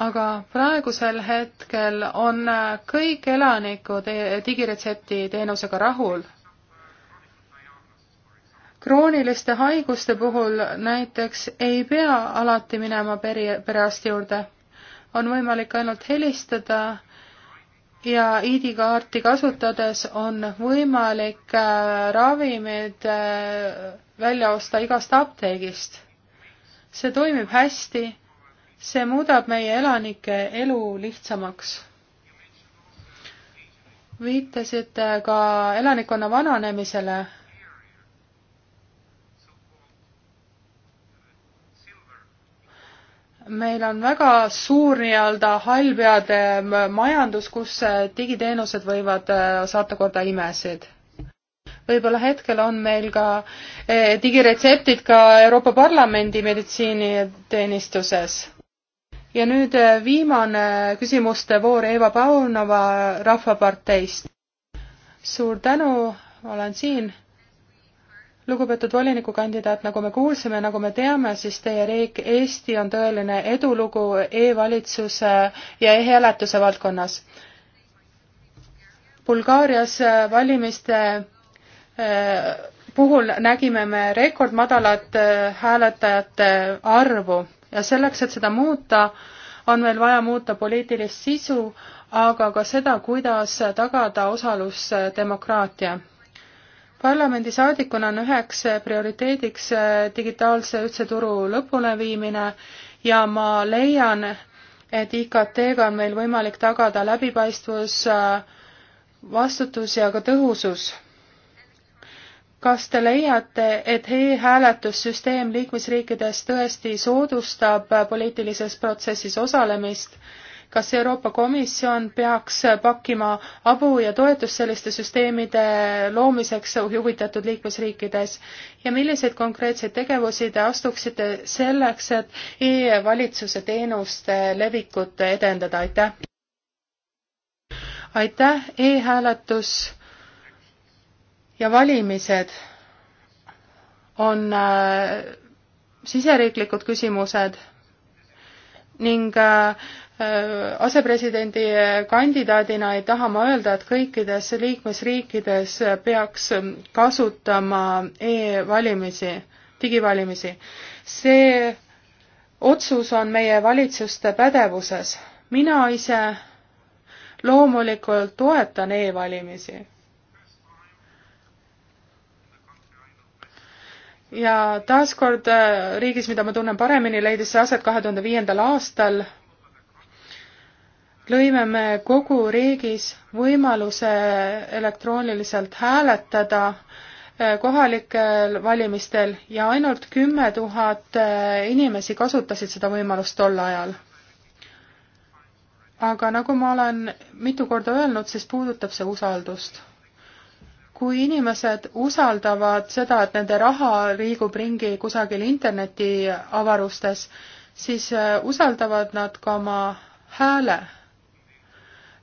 Speaker 3: aga praegusel hetkel on äh, kõik elanikud äh, digiretsepti teenusega rahul. krooniliste haiguste puhul näiteks ei pea alati minema peri, perearsti juurde. on võimalik ainult helistada ja ID-kaarti kasutades on võimalik äh, ravimid äh, välja osta igast apteegist. see toimib hästi, see muudab meie elanike elu lihtsamaks. viitasite ka elanikkonna vananemisele meil on väga suur nii-öelda hallpeade majandus, kus äh, digiteenused võivad äh, saata korda imesid. võib-olla hetkel on meil ka äh, digiretseptid ka Euroopa Parlamendi meditsiiniteenistuses. ja nüüd viimane küsimuste voor Eva Paunova Rahvaparteist. suur tänu, olen siin lugupeetud volinikukandidaat, nagu me kuulsime, nagu me teame, siis teie riik Eesti on tõeline edulugu e-valitsuse ja e-hääletuse valdkonnas. Bulgaarias valimiste eh, puhul nägime me rekordmadalat eh, hääletajate arvu ja selleks, et seda muuta, on meil vaja muuta poliitilist sisu, aga ka seda, kuidas tagada osalus eh, demokraatia parlamendisaadikuna on üheks äh, prioriteediks äh, digitaalse ühtse turu lõpuleviimine ja ma leian, et IKT-ga on meil võimalik tagada läbipaistvus, äh, vastutus ja ka tõhusus. kas te leiate, et e-hääletussüsteem liikmesriikides tõesti soodustab poliitilises protsessis osalemist kas Euroopa Komisjon peaks pakkima abu ja toetust selliste süsteemide loomiseks huvitatud liikmesriikides ja milliseid konkreetseid tegevusi te astuksite selleks, et e-valitsuse teenuste levikut edendada, aitäh! aitäh e, e-hääletus ja valimised on äh, siseriiklikud küsimused ning äh, Äh, asepresidendi äh, kandidaadina ei taha ma öelda, et kõikides liikmesriikides äh, peaks ähm, kasutama e-valimisi, digivalimisi. see otsus on meie valitsuste pädevuses. mina ise loomulikult toetan e-valimisi. ja taaskord riigis, mida ma tunnen paremini, leidis see aset kahe tuhande viiendal aastal lõime me kogu riigis võimaluse elektrooniliselt hääletada eh, kohalikel valimistel ja ainult kümme tuhat eh, inimesi kasutasid seda võimalust tol ajal. aga nagu ma olen mitu korda öelnud, siis puudutab see usaldust. kui inimesed usaldavad seda, et nende raha liigub ringi kusagil interneti avarustes, siis eh, usaldavad nad ka oma hääle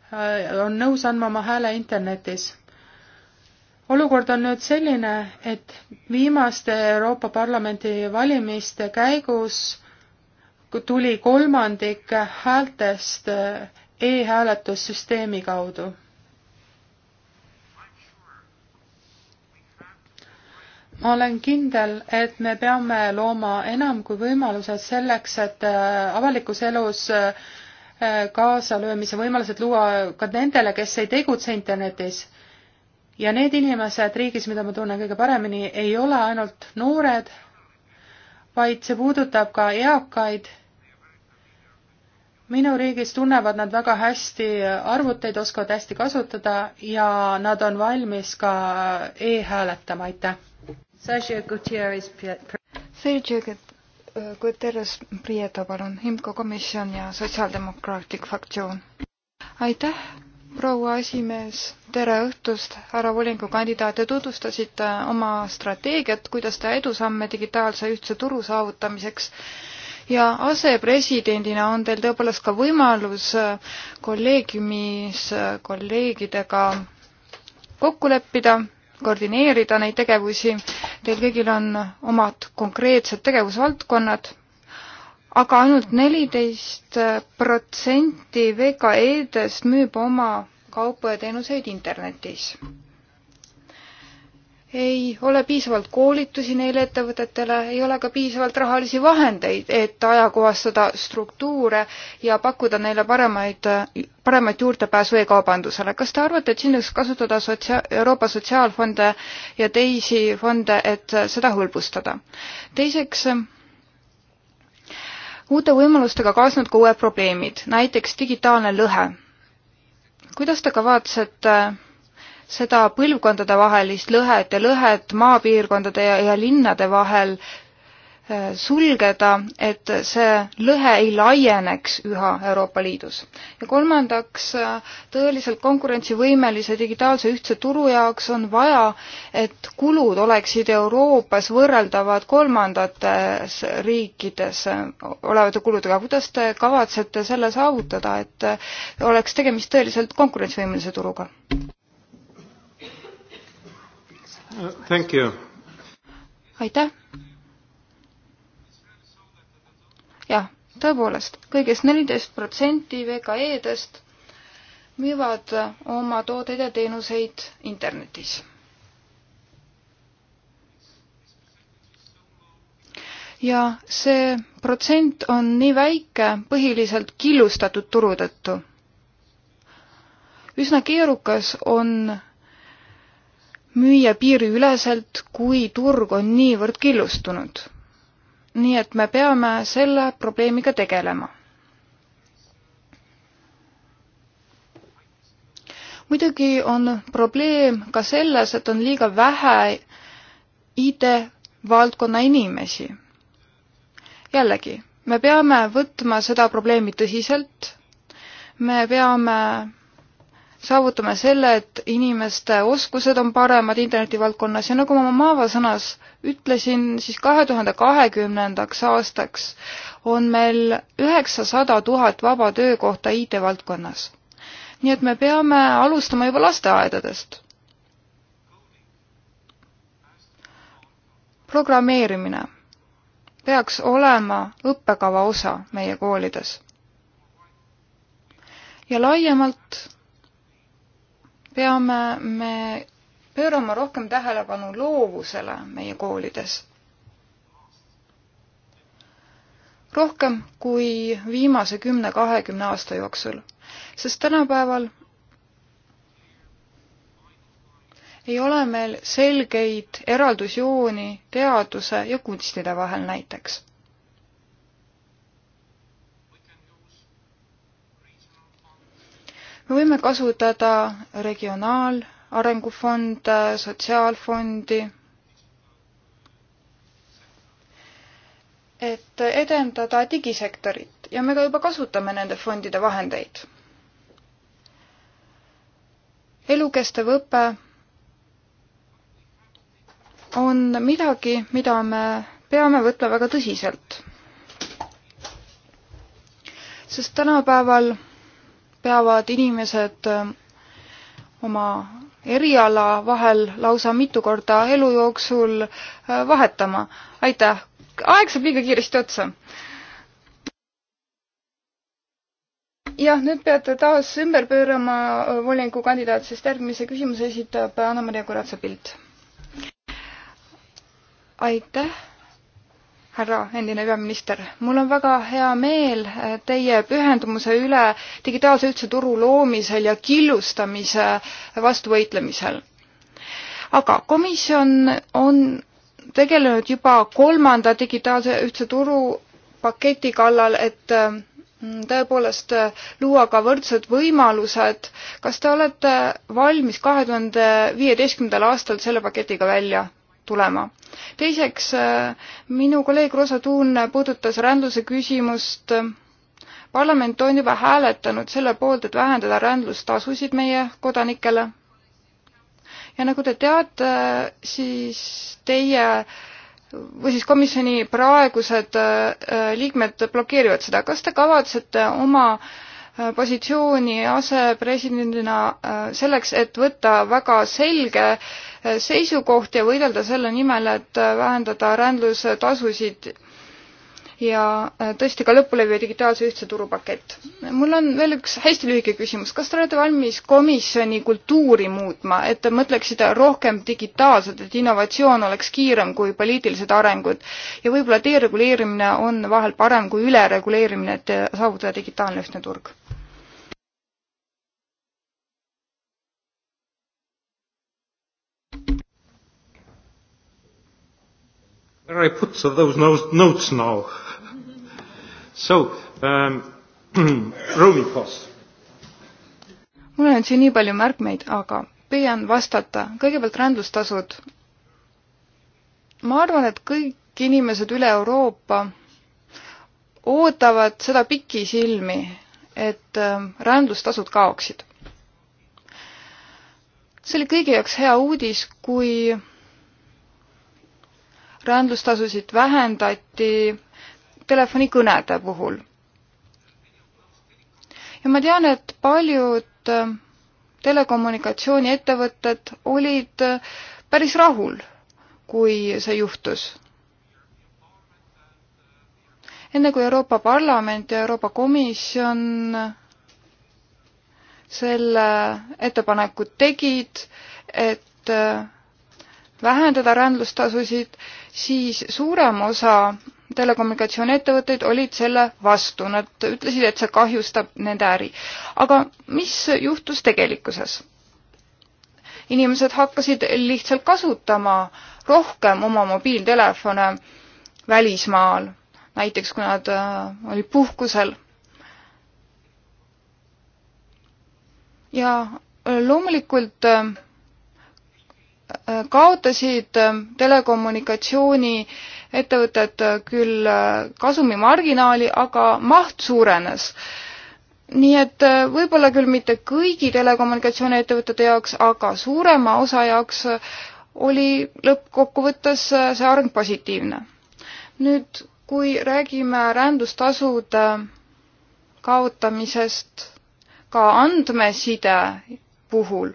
Speaker 3: Äh, on nõus andma oma hääle internetis. olukord on nüüd selline, et viimaste Euroopa Parlamendi valimiste käigus tuli kolmandik häältest äh, e-hääletussüsteemi kaudu. ma olen kindel, et me peame looma enam kui võimalused selleks, et äh, avalikus elus äh, kaasalöömise võimalused luua ka nendele, kes ei tegutse internetis. ja need inimesed riigis, mida ma tunnen kõige paremini, ei ole ainult noored, vaid see puudutab ka eakaid. minu riigis tunnevad nad väga hästi arvuteid, oskavad hästi kasutada ja nad on valmis ka e-hääletama, aitäh. Sergio Gutierrez Sergio
Speaker 4: Guterres Prieto, palun, IMCO komisjon ja Sotsiaaldemokraatlik fraktsioon. aitäh, proua esimees, tere õhtust, härra volinikukandidaat, te tutvustasite oma strateegiat, kuidas teha edusamme digitaalse ühtse turu saavutamiseks ja asepresidendina on teil tõepoolest ka võimalus äh, kolleegiumis äh, kolleegidega kokku leppida, koordineerida neid tegevusi Teil kõigil on omad konkreetsed tegevusvaldkonnad, aga ainult neliteist protsenti VKE-dest müüb oma kaupu ja teenuseid internetis ei ole piisavalt koolitusi neile ettevõtetele, ei ole ka piisavalt rahalisi vahendeid, et ajakohastada struktuure ja pakkuda neile paremaid, paremat juurdepääsu e-kaubandusele. kas te arvate, et siin võiks kasutada sotsia-, Euroopa Sotsiaalfonde ja teisi fonde, et seda hõlbustada? teiseks, uute võimalustega kaasnevad ka uued probleemid, näiteks digitaalne lõhe. kuidas te kavatsete seda põlvkondadevahelist lõhet ja lõhet maapiirkondade ja, ja linnade vahel äh, sulgeda, et see lõhe ei laieneks üha Euroopa Liidus. ja kolmandaks, äh, tõeliselt konkurentsivõimelise digitaalse ühtse turu jaoks on vaja, et kulud oleksid Euroopas võrreldavad kolmandates riikides äh, olevate kuludega. kuidas te kavatsete selle saavutada, et oleks tegemist tõeliselt konkurentsivõimelise turuga? Thank you. aitäh. jah, tõepoolest kõigest, kõigest neliteist protsenti VKE-dest müüvad oma tooteid ja teenuseid internetis. ja see protsent on nii väike põhiliselt killustatud turu tõttu. üsna keerukas on müüa piiriüleselt, kui turg on niivõrd killustunud. nii et me peame selle probleemiga tegelema. muidugi on probleem ka selles, et on liiga vähe IT-valdkonna inimesi. jällegi, me peame võtma seda probleemi tõsiselt, me peame saavutame selle, et inimeste oskused on paremad interneti valdkonnas ja nagu ma oma maavasõnas ütlesin, siis kahe tuhande kahekümnendaks aastaks on meil üheksasada tuhat vaba töökohta IT valdkonnas. nii et me peame alustama juba lasteaedadest. programmeerimine peaks olema õppekava osa meie koolides. ja laiemalt peame me pöörama rohkem tähelepanu loovusele meie koolides. rohkem kui viimase kümne-kahekümne aasta jooksul, sest tänapäeval ei ole meil selgeid eraldusjooni teaduse ja kunstide vahel näiteks. me võime kasutada regionaalarengufonde, sotsiaalfondi, et edendada digisektorit ja me ka juba kasutame nende fondide vahendeid. elukestev õpe on midagi, mida me peame võtma väga tõsiselt. sest tänapäeval peavad inimesed ähm, oma eriala vahel lausa mitu korda elu jooksul äh, vahetama. aitäh, aeg saab liiga kiiresti otsa. jah, nüüd peate taas ümber pöörama äh, volinikukandidaat, sest järgmise küsimuse esitab äh, Anna-Maria Kuratsa-Pilt. aitäh härra endine peaminister, mul on väga hea meel äh, teie pühendumuse üle digitaalse ühtse turu loomisel ja killustamise vastu võitlemisel. aga komisjon on tegelenud juba kolmanda digitaalse ühtse turu paketi kallal, et äh, mm, tõepoolest äh, luua ka võrdsed võimalused. kas te olete valmis kahe tuhande viieteistkümnendal aastal selle paketiga välja tulema. teiseks, äh, minu kolleeg Rosa Tuun puudutas rändluse küsimust. parlament on juba hääletanud selle poolt, et vähendada rändlustasusid meie kodanikele. ja nagu te teate, siis teie või siis komisjoni praegused äh, liikmed blokeerivad seda. kas te kavatsete oma äh, positsiooni asepresidendina selleks, et võtta väga selge seisukoht ja võidelda selle nimel, et vähendada rändlustasusid ja äh, tõesti ka lõpule viia digitaalse ühtse turupakett. mul on veel üks hästi lühike küsimus, kas te olete valmis komisjoni kultuuri muutma, et te mõtleksite rohkem digitaalselt, et innovatsioon oleks kiirem kui poliitilised arengud ja võib-olla dereguleerimine on vahel parem kui ülereguleerimine, et saavutada digitaalne ühtne turg?
Speaker 2: Where I put those notes now? So um, roaming costs.
Speaker 4: mul on siin nii palju märkmeid, aga püüan vastata. kõigepealt rändlustasud. ma arvan, et kõik inimesed üle Euroopa ootavad seda pikisilmi, et ähm, rändlustasud kaoksid. see oli kõigi jaoks hea uudis, kui rändlustasusid vähendati telefonikõnede puhul. ja ma tean, et paljud telekommunikatsiooniettevõtted olid päris rahul, kui see juhtus. enne kui Euroopa Parlament ja Euroopa Komisjon selle ettepaneku tegid, et vähendada rändlustasusid, siis suurem osa telekommunikatsiooniettevõtteid olid selle vastu, nad ütlesid, et see kahjustab nende äri. aga mis juhtus tegelikkuses? inimesed hakkasid lihtsalt kasutama rohkem oma mobiiltelefone välismaal, näiteks kui nad äh, olid puhkusel. ja loomulikult äh, kaotasid äh, telekommunikatsiooni ettevõtted äh, küll äh, kasumimarginaali, aga maht suurenes. nii et võib-olla küll mitte kõigi telekommunikatsiooniettevõtete jaoks, aga suurema osa jaoks oli lõppkokkuvõttes see areng positiivne. nüüd, kui räägime rändustasude kaotamisest ka andmeside puhul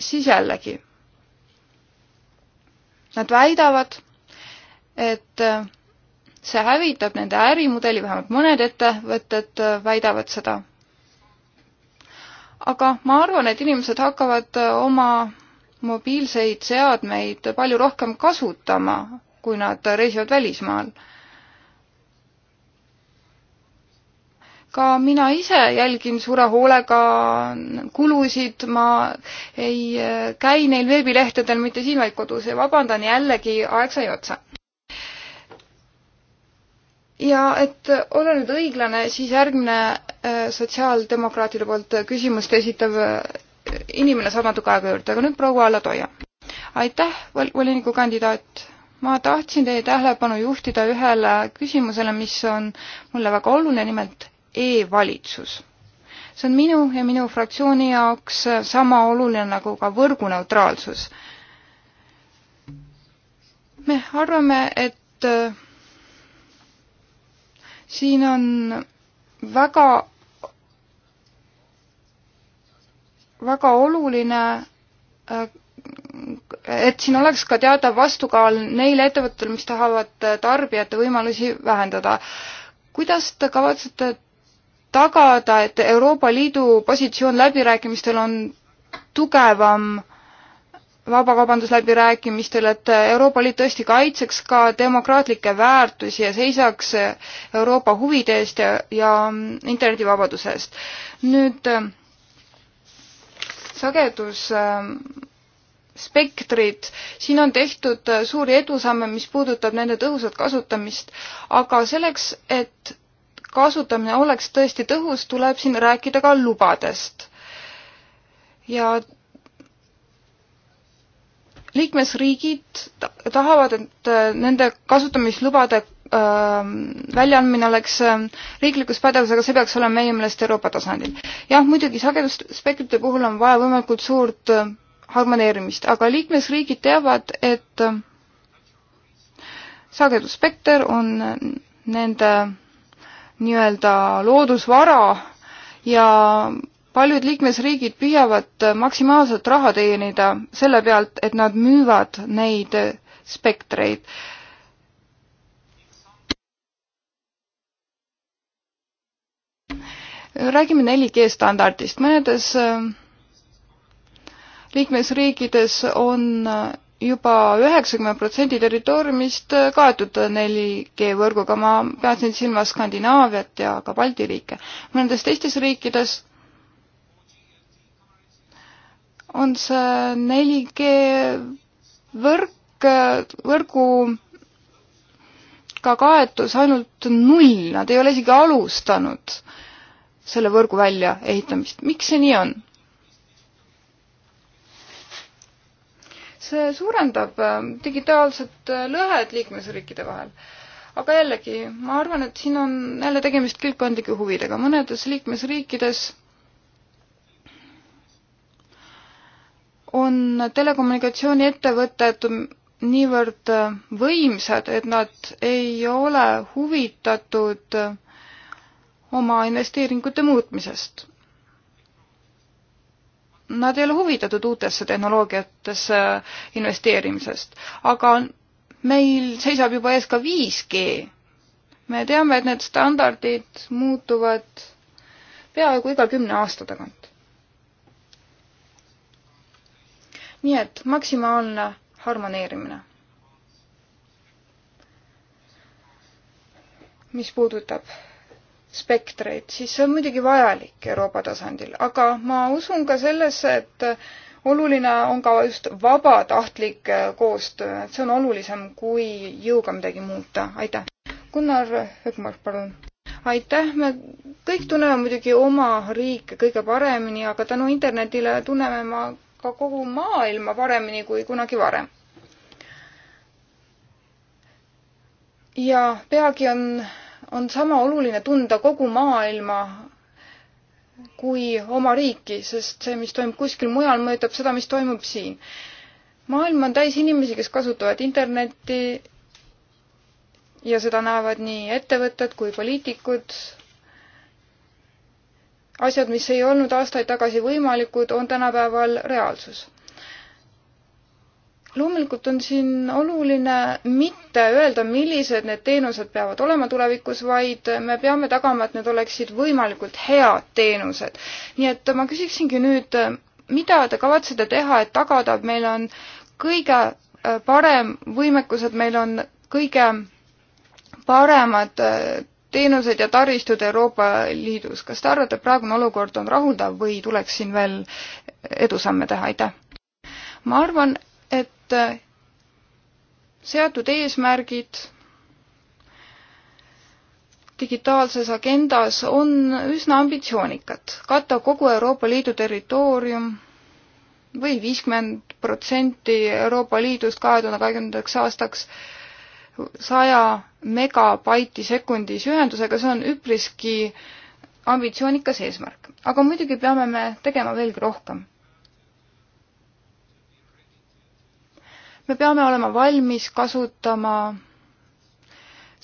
Speaker 4: siis jällegi, nad väidavad, et see hävitab nende ärimudeli, vähemalt mõned ettevõtted väidavad seda. aga ma arvan, et inimesed hakkavad oma mobiilseid seadmeid palju rohkem kasutama, kui nad reisivad välismaal ka mina ise jälgin suure hoolega kulusid, ma ei äh, käi neil veebilehtedel mitte siin, vaid kodus ja vabandan jällegi, aeg sai otsa. ja et olla nüüd õiglane, siis järgmine äh, sotsiaaldemokraatide poolt küsimust esitav äh, inimene saab natuke aega juurde, aga nüüd proua Alatoia. aitäh, volinikukandidaat ma tahtsin teie tähelepanu juhtida ühele küsimusele, mis on mulle väga oluline, nimelt e-valitsus. see on minu ja minu fraktsiooni jaoks sama oluline nagu ka võrguneutraalsus. me arvame, et äh, siin on väga, väga oluline äh, et siin oleks ka teatav vastukaal neile ettevõttele, mis tahavad tarbijate võimalusi vähendada. kuidas te kavatsete tagada, et Euroopa Liidu positsioon läbirääkimistel on tugevam vabakaubandusläbirääkimistel, et Euroopa Liit tõesti kaitseks ka demokraatlikke väärtusi ja seisaks Euroopa huvide eest ja, ja internetivabaduse eest. nüüd sagedusspektrid, ähm, siin on tehtud suuri edusamme, mis puudutab nende tõhusat kasutamist, aga selleks, et kasutamine oleks tõesti tõhus, tuleb siin rääkida ka lubadest. ja liikmesriigid tahavad, et äh, nende kasutamislubade ähm, väljaandmine oleks ähm, riiklikus pädevuses, aga see peaks olema meie meelest Euroopa tasandil. jah, muidugi sagedusspektrite puhul on vaja võimalikult suurt äh, harmoneerimist, aga liikmesriigid teavad, et äh, sagedusspekter on nende nii-öelda loodusvara ja paljud liikmesriigid püüavad maksimaalselt raha teenida selle pealt, et nad müüvad neid spektreid. räägime 4G e standardist, mõnedes äh, liikmesriikides on äh, juba üheksakümmend protsenti territooriumist kaetud 4G võrguga, ma pean siin silmas Skandinaaviat ja ka Balti riike. mõnedes teistes riikides on see 4G võrk, võrguga kaetus ainult null, nad ei ole isegi alustanud selle võrgu väljaehitamist. miks see nii on? see suurendab äh, digitaalsed äh, lõhed liikmesriikide vahel. aga jällegi, ma arvan, et siin on jälle tegemist kildkondlike huvidega, mõnedes liikmesriikides on telekommunikatsiooniettevõtted niivõrd äh, võimsad, et nad ei ole huvitatud oma investeeringute muutmisest nad ei ole huvitatud uutesse tehnoloogiatesse investeerimisest. aga meil seisab juba ees ka 5G. me teame, et need standardid muutuvad peaaegu iga kümne aasta tagant. nii et maksimaalne harmoneerimine. mis puudutab spektreid, siis see on muidugi vajalik Euroopa tasandil, aga ma usun ka sellesse, et oluline on ka just vabatahtlik äh, koostöö, et see on olulisem kui jõuga midagi muuta, aitäh. Gunnar Hökmark, palun. aitäh, me kõik tunneme muidugi oma riike kõige paremini, aga tänu internetile tunneme ma ka kogu maailma paremini kui kunagi varem. ja peagi on on sama oluline tunda kogu maailma kui oma riiki, sest see, mis toimub kuskil mujal, mõjutab seda, mis toimub siin. maailm on täis inimesi, kes kasutavad internetti ja seda näevad nii ettevõtted kui poliitikud. asjad, mis ei olnud aastaid tagasi võimalikud, on tänapäeval reaalsus loomulikult on siin oluline mitte öelda, millised need teenused peavad olema tulevikus, vaid me peame tagama, et need oleksid võimalikult head teenused. nii et ma küsiksingi nüüd, mida te kavatsete teha, et tagada, et meil on kõige äh, parem võimekus, et meil on kõige paremad äh, teenused ja taristud Euroopa Liidus. kas te arvate, et praegune olukord on rahuldav või tuleks siin veel edusamme teha, aitäh? ma arvan, et äh, seatud eesmärgid digitaalses agendas on üsna ambitsioonikad, katta kogu Euroopa Liidu territoorium või viiskümmend protsenti Euroopa Liidust kahe tuhande kahekümnendaks aastaks saja megabaiti sekundis ühendusega, see on üpriski ambitsioonikas eesmärk. aga muidugi peame me tegema veelgi rohkem. me peame olema valmis kasutama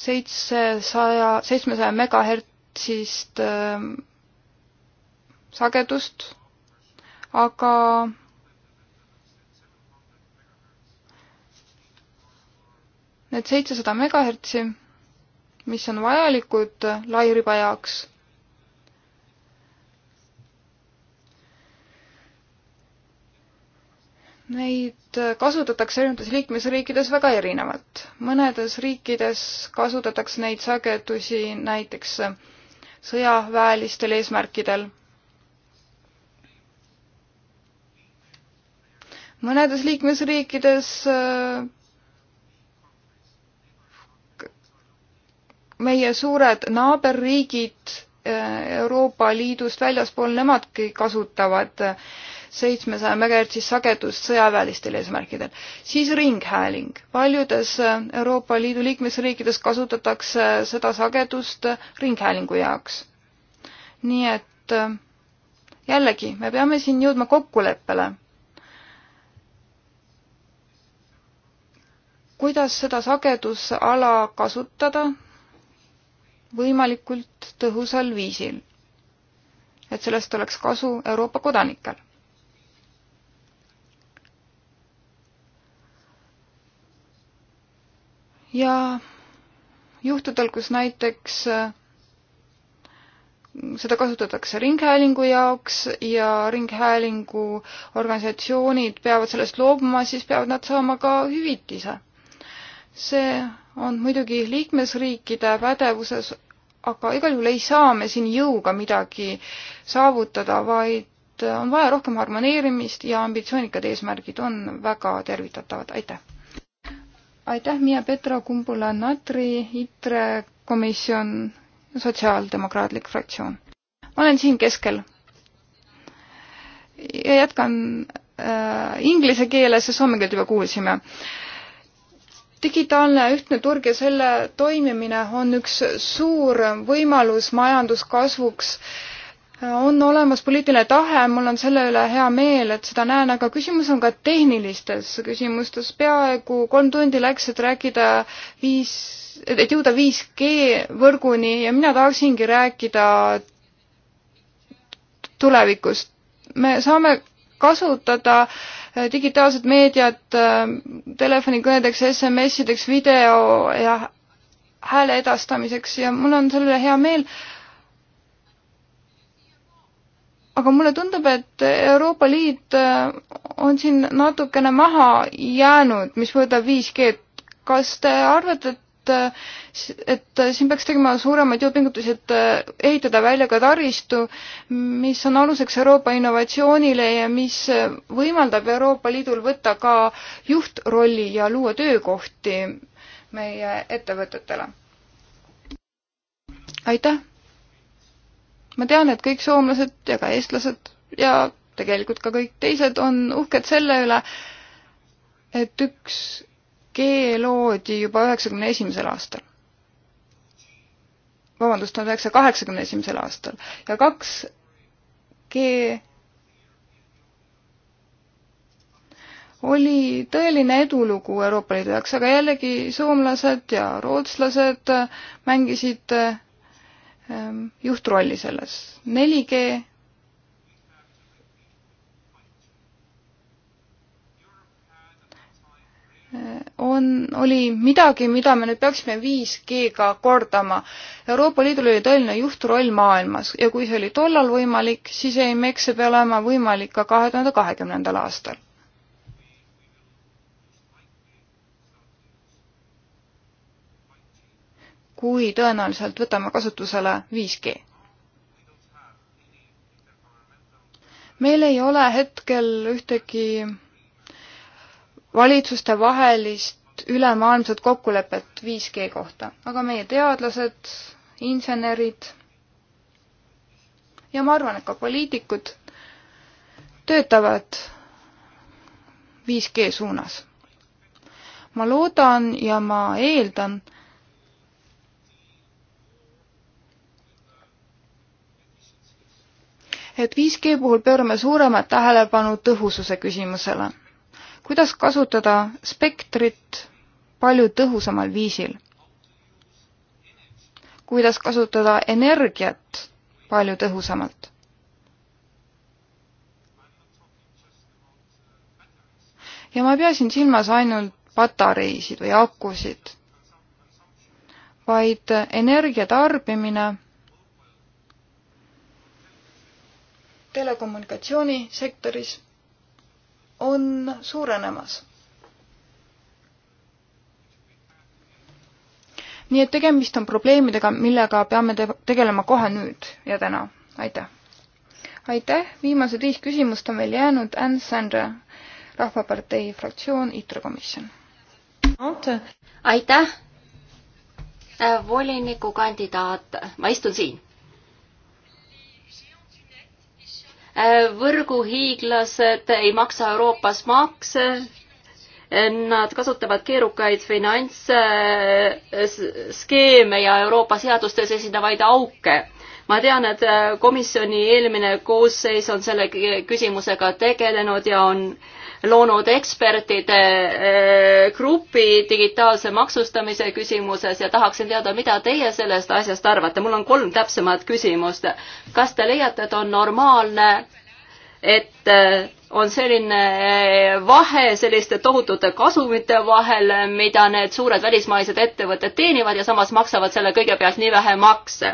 Speaker 4: seitsesaja, seitsmesaja megahertsist äh, sagedust, aga need seitsesada megahertsi, mis on vajalikud lairiba jaoks Neid äh, kasutatakse erinevates liikmesriikides väga erinevalt. mõnedes riikides kasutatakse neid sagedusi näiteks äh, sõjaväelistel eesmärkidel. mõnedes liikmesriikides äh, meie suured naaberriigid Euroopa Liidust väljaspool, nemadki kasutavad seitsmesaja megahertsist sagedust sõjaväelistel eesmärkidel. siis ringhääling. paljudes äh, Euroopa Liidu liikmesriikides kasutatakse äh, seda sagedust äh, ringhäälingu jaoks. nii et jällegi, me peame siin jõudma kokkuleppele. kuidas seda sagedusala kasutada võimalikult tõhusal viisil, et sellest oleks kasu Euroopa kodanikel ja juhtudel, kus näiteks äh, seda kasutatakse ringhäälingu jaoks ja ringhäälingu organisatsioonid peavad sellest loobuma, siis peavad nad saama ka hüvitise. see on muidugi liikmesriikide pädevuses, aga igal juhul ei saa me siin jõuga midagi saavutada, vaid on vaja rohkem harmoneerimist ja ambitsioonikad eesmärgid on väga tervitatavad, aitäh! aitäh, Miia Petro, Kumbula Natri, ITRE komisjon, Sotsiaaldemokraatlik fraktsioon. ma olen siin keskel. ja jätkan äh, inglise keeles ja soome keelt juba kuulsime. digitaalne ühtne turg ja selle toimimine on üks suur võimalus majanduskasvuks äh, on olemas poliitiline tahe, mul on selle üle hea meel, et seda näen, aga küsimus on ka tehnilistes küsimustes. peaaegu kolm tundi läks, et rääkida viis, et jõuda 5G võrguni ja mina tahaksingi rääkida tulevikust. me saame kasutada äh, digitaalset meediat äh, telefonikõnedeks, SMS-ideks, video ja hääle edastamiseks ja mul on selle üle hea meel aga mulle tundub, et Euroopa Liit äh, on siin natukene maha jäänud, mis puudutab 5G-d. kas te arvate, et, äh, et siin peaks tegema suuremaid jõupingutusi, et äh, ehitada välja ka taristu, mis on aluseks Euroopa innovatsioonile ja mis võimaldab Euroopa Liidul võtta ka juhtrolli ja luua töökohti meie ettevõtetele? aitäh! ma tean, et kõik soomlased ja ka eestlased ja tegelikult ka kõik teised on uhked selle üle, et üks G loodi juba üheksakümne esimesel aastal. vabandust, tuhande üheksasaja kaheksakümne esimesel aastal ja kaks G oli tõeline edulugu Euroopa Liidu jaoks, aga jällegi soomlased ja rootslased mängisid Ähm, juhtrolli selles. 4G äh, on, oli midagi, mida me nüüd peaksime 5G-ga kordama. Euroopa Liidul oli tõeline juhtroll maailmas ja kui see oli tollal võimalik, siis ei, eks see peab olema võimalik ka kahe tuhande kahekümnendal aastal kui tõenäoliselt võtame kasutusele 5G. meil ei ole hetkel ühtegi valitsuste vahelist ülemaailmset kokkulepet 5G kohta, aga meie teadlased, insenerid ja ma arvan, et ka poliitikud töötavad 5G suunas. ma loodan ja ma eeldan, et 5G puhul pöörame suuremat tähelepanu tõhususe küsimusele. kuidas kasutada spektrit palju tõhusamal viisil? kuidas kasutada energiat palju tõhusamalt? ja ma ei pea siin silmas ainult patareisid või akusid, vaid energia tarbimine telekommunikatsioonisektoris on suurenemas. nii et tegemist on probleemidega, millega peame te tegelema kohe nüüd ja täna. aitäh! aitäh, viimased viis küsimust on veel jäänud, Ann Sandra, Rahvapartei fraktsioon, ITRE komisjon.
Speaker 1: aitäh, äh, volinikukandidaat, ma istun siin võrguhiiglased ei maksa Euroopas makse, nad kasutavad keerukaid finantsskeeme ja Euroopa seadustes esinevaid auke ma tean, et äh, komisjoni eelmine koosseis on selle küsimusega tegelenud ja on loonud ekspertide äh, grupi digitaalse maksustamise küsimuses ja tahaksin teada, mida teie sellest asjast arvate. mul on kolm täpsemat küsimust. kas te leiate, et on normaalne, et äh, on selline eh, vahe selliste tohutute kasumite vahel, mida need suured välismaised ettevõtted teenivad ja samas maksavad selle kõige pealt nii vähe makse.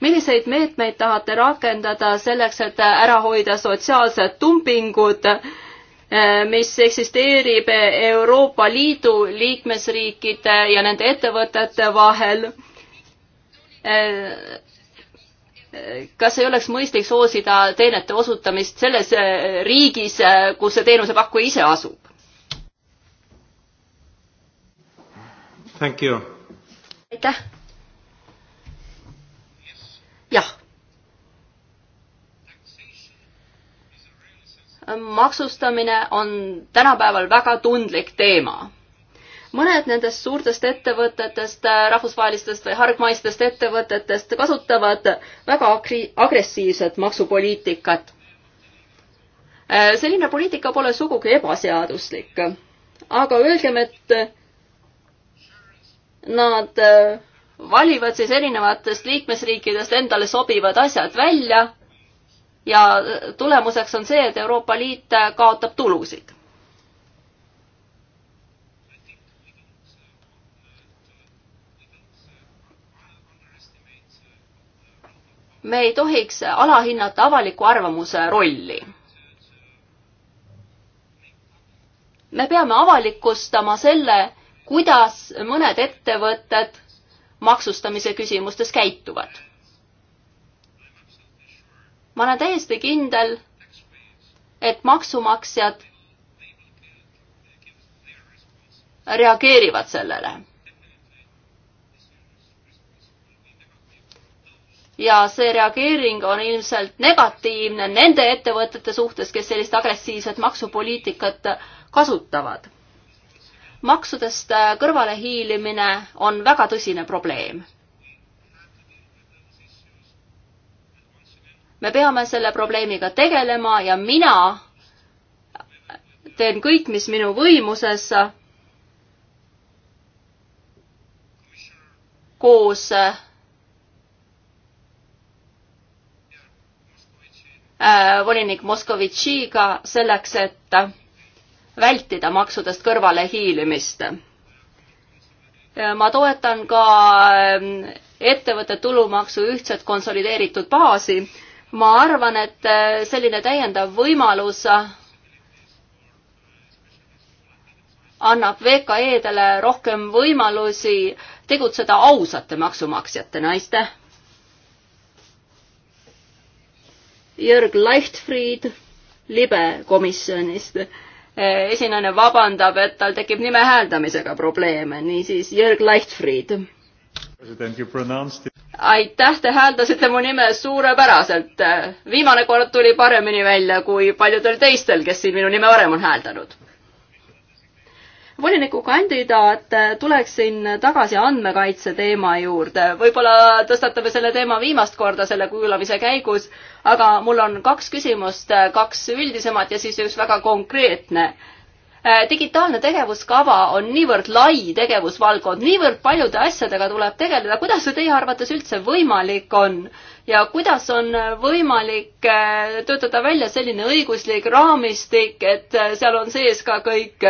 Speaker 1: milliseid meetmeid tahate rakendada selleks, et ära hoida sotsiaalsed dumpingud, eh, mis eksisteerib Euroopa Liidu liikmesriikide ja nende ettevõtete vahel? Eh, kas ei oleks mõistlik soosida teenete osutamist selles äh, riigis, äh, kus see teenusepakkuja ise asub?
Speaker 2: aitäh.
Speaker 1: jah. maksustamine on tänapäeval väga tundlik teema mõned nendest suurtest ettevõtetest, äh, rahvusvahelistest või hargmaistest ettevõtetest kasutavad väga agressiivset maksupoliitikat. Äh, selline poliitika pole sugugi ebaseaduslik, aga öelgem, et nad äh, valivad siis erinevatest liikmesriikidest endale sobivad asjad välja ja tulemuseks on see, et Euroopa Liit kaotab tulusid me ei tohiks alahinnata avaliku arvamuse rolli. me peame avalikustama selle, kuidas mõned ettevõtted maksustamise küsimustes käituvad. ma olen täiesti kindel, et maksumaksjad reageerivad sellele ja see reageering on ilmselt negatiivne nende ettevõtete suhtes, kes sellist agressiivset maksupoliitikat kasutavad. maksudest kõrvalehiilimine on väga tõsine probleem. me peame selle probleemiga tegelema ja mina teen kõik, mis minu võimuses koos Äh, volinik Moskovitšiga selleks, et vältida maksudest kõrvalehiilimist. ma toetan ka ähm, ettevõtte tulumaksu ühtset konsolideeritud baasi. ma arvan, et äh, selline täiendav võimalus annab VKE-dele rohkem võimalusi tegutseda ausate maksumaksjatena, aitäh! Jörg Leichtfried libe komisjonist. Eh, esinejana vabandab, et tal tekib nime hääldamisega probleeme, niisiis Jörg Leichtfried. aitäh, te hääldasite mu nime suurepäraselt. Eh, viimane kord tuli paremini välja kui paljudel teistel, kes siin minu nime varem on hääldanud volinikukandidaat, eh, tuleksin tagasi andmekaitse teema juurde. võib-olla tõstatame selle teema viimast korda selle kuulamise käigus, aga mul on kaks küsimust, eh, kaks üldisemat ja siis üks väga konkreetne. Eh, digitaalne tegevuskava on niivõrd lai tegevusvaldkond, niivõrd paljude asjadega tuleb tegeleda, kuidas see teie arvates üldse võimalik on? ja kuidas on äh, võimalik äh, töötada välja selline õiguslik raamistik, et äh, seal on sees ka kõik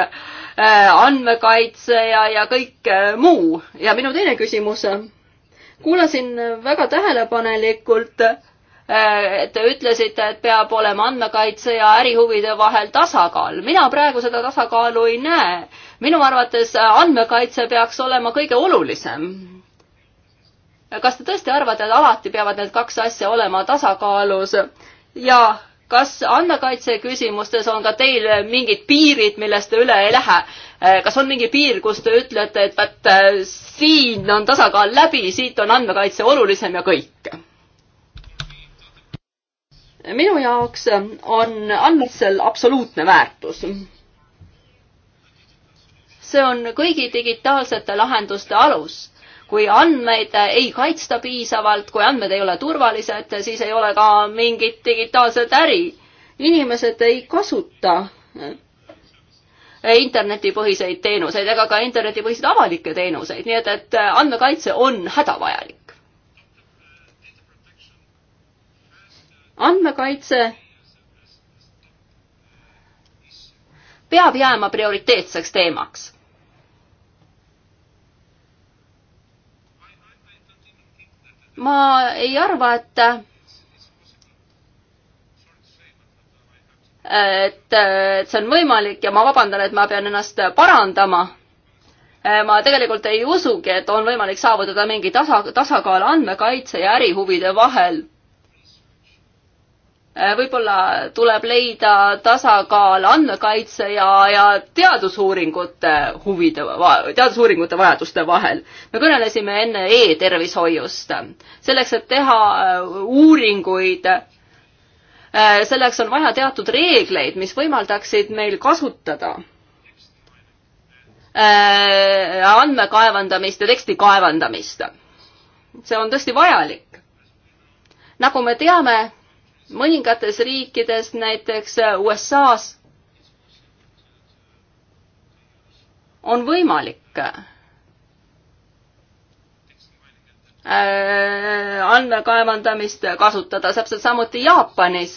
Speaker 1: andmekaitse ja, ja kõik muu. ja minu teine küsimus. kuulasin väga tähelepanelikult, et te ütlesite, et peab olema andmekaitse ja ärihuvide vahel tasakaal. mina praegu seda tasakaalu ei näe. minu arvates andmekaitse peaks olema kõige olulisem kas te tõesti arvate, et alati peavad need kaks asja olema tasakaalus ja kas andmekaitse küsimustes on ka teil mingid piirid, millest te üle ei lähe? kas on mingi piir, kus te ütlete, et vot siin on tasakaal läbi, siit on andmekaitse olulisem ja kõik? minu jaoks on andmetel absoluutne väärtus. see on kõigi digitaalsete lahenduste alus kui andmeid ei kaitsta piisavalt, kui andmed ei ole turvalised, siis ei ole ka mingit digitaalset äri. inimesed ei kasuta internetipõhiseid teenuseid ega ka internetipõhiseid avalikke teenuseid, nii et, et andmekaitse on hädavajalik. andmekaitse peab jääma prioriteetseks teemaks ma ei arva, et et, et see on võimalik ja ma vabandan, et ma pean ennast parandama. ma tegelikult ei usugi, et on võimalik saavutada mingi tasa, tasakaal andmekaitse ja ärihuvide vahel Äh, võib-olla tuleb leida tasakaal andmekaitse ja, ja teadusuuringute huvide, teadusuuringute vajaduste vahel. me kõnelesime enne e-tervishoiust. selleks, et teha äh, uuringuid, äh, selleks on vaja teatud reegleid, mis võimaldaksid meil kasutada andmekaevandamist ja teksti kaevandamist. see on tõesti vajalik. nagu me teame, mõningates riikides, näiteks äh, USA-s, on võimalik äh, äh, andmekaevandamist kasutada, täpselt samuti Jaapanis.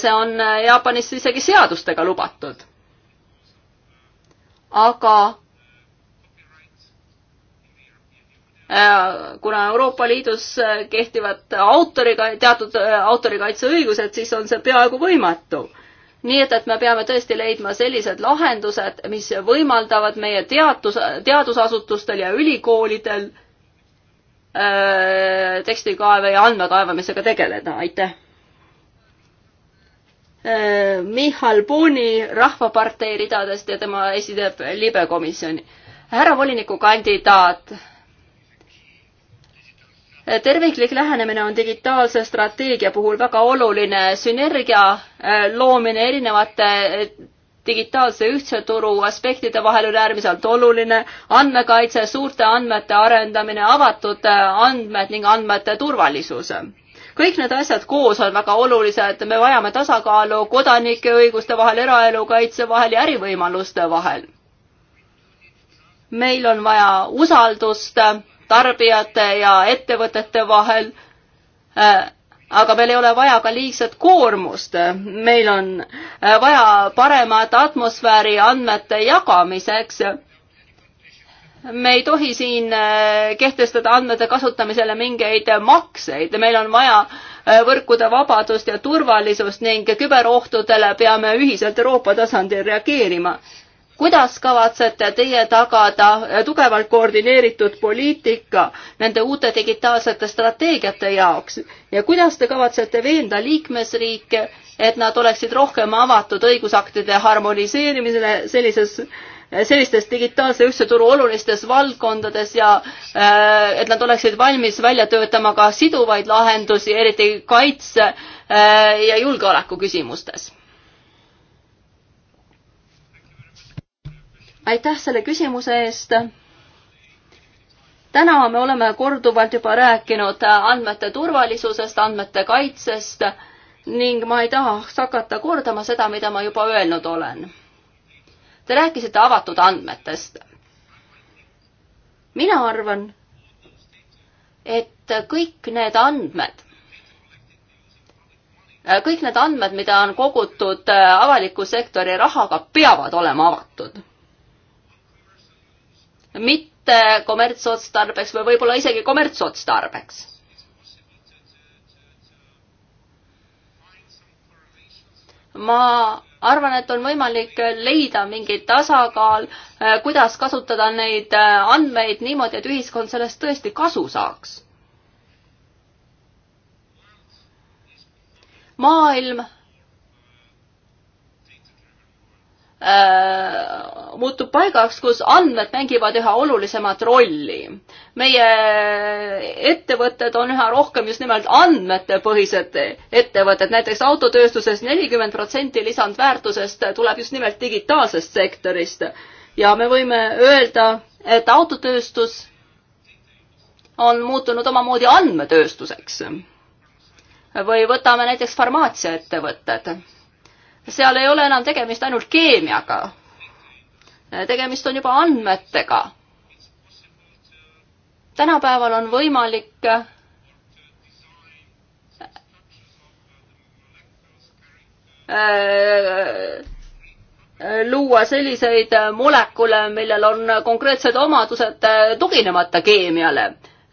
Speaker 1: see on Jaapanis isegi seadustega lubatud. aga Äh, kuna Euroopa Liidus äh, kehtivad autoriga, teatud äh, autorikaitseõigused, siis on see peaaegu võimatu. nii et, et me peame tõesti leidma sellised lahendused, mis võimaldavad meie teadus, teadusasutustel ja ülikoolidel öö, tekstikaeve ja andmekaevamisega tegeleda, aitäh. Michal Puuni Rahvapartei ridadest ja tema esineb libekomisjoni. härra volinikukandidaat terviklik lähenemine on digitaalse strateegia puhul väga oluline, sünergia äh, loomine erinevate äh, digitaalse ühtse turu aspektide vahel on äärmiselt oluline, andmekaitse, suurte andmete arendamine, avatud äh, andmed ning andmete turvalisus. kõik need asjad koos on väga olulised, me vajame tasakaalu kodanike õiguste vahel, eraelu kaitse vahel ja ärivõimaluste vahel. meil on vaja usaldust tarbijate ja ettevõtete vahel. Äh, aga meil ei ole vaja ka liigset koormust, meil on äh, vaja paremat atmosfääri andmete jagamiseks me ei tohi siin äh, kehtestada andmete kasutamisele mingeid makseid, meil on vaja võrkude vabadust ja turvalisust ning küberohtudele peame ühiselt Euroopa tasandil reageerima kuidas kavatsete teie tagada tugevalt koordineeritud poliitika nende uute digitaalsete strateegiate jaoks ja kuidas te kavatsete veenda liikmesriike, et nad oleksid rohkem avatud õigusaktide harmoniseerimisele sellises sellistes digitaalse ühtse turu olulistes valdkondades ja äh, et nad oleksid valmis välja töötama ka siduvaid lahendusi, eriti kaitse äh, ja julgeoleku küsimustes aitäh selle küsimuse eest. täna me oleme korduvalt juba rääkinud andmete turvalisusest, andmete kaitsest ning ma ei tahaks hakata kordama seda, mida ma juba öelnud olen. Te rääkisite avatud andmetest. mina arvan, et kõik need andmed, kõik need andmed, mida on kogutud avaliku sektori rahaga, peavad olema avatud mitte kommertsotstarbeks või võib-olla isegi kommertsotstarbeks. ma arvan, et on võimalik leida mingi tasakaal, eh, kuidas kasutada neid eh, andmeid niimoodi, et ühiskond sellest tõesti kasu saaks. maailm Äh, muutub paigaks, kus andmed mängivad üha olulisemat rolli. meie ettevõtted on üha rohkem just nimelt andmetepõhised ettevõtted, näiteks autotööstuses nelikümmend protsenti lisandväärtusest tuleb just nimelt digitaalsest sektorist ja me võime öelda, et autotööstus on muutunud omamoodi andmetööstuseks. või võtame näiteks farmaatsiaettevõtted seal ei ole enam tegemist ainult keemiaga. tegemist on juba andmetega. tänapäeval on võimalik äh, luua selliseid molekule, millel on konkreetsed omadused tuginemata keemiale.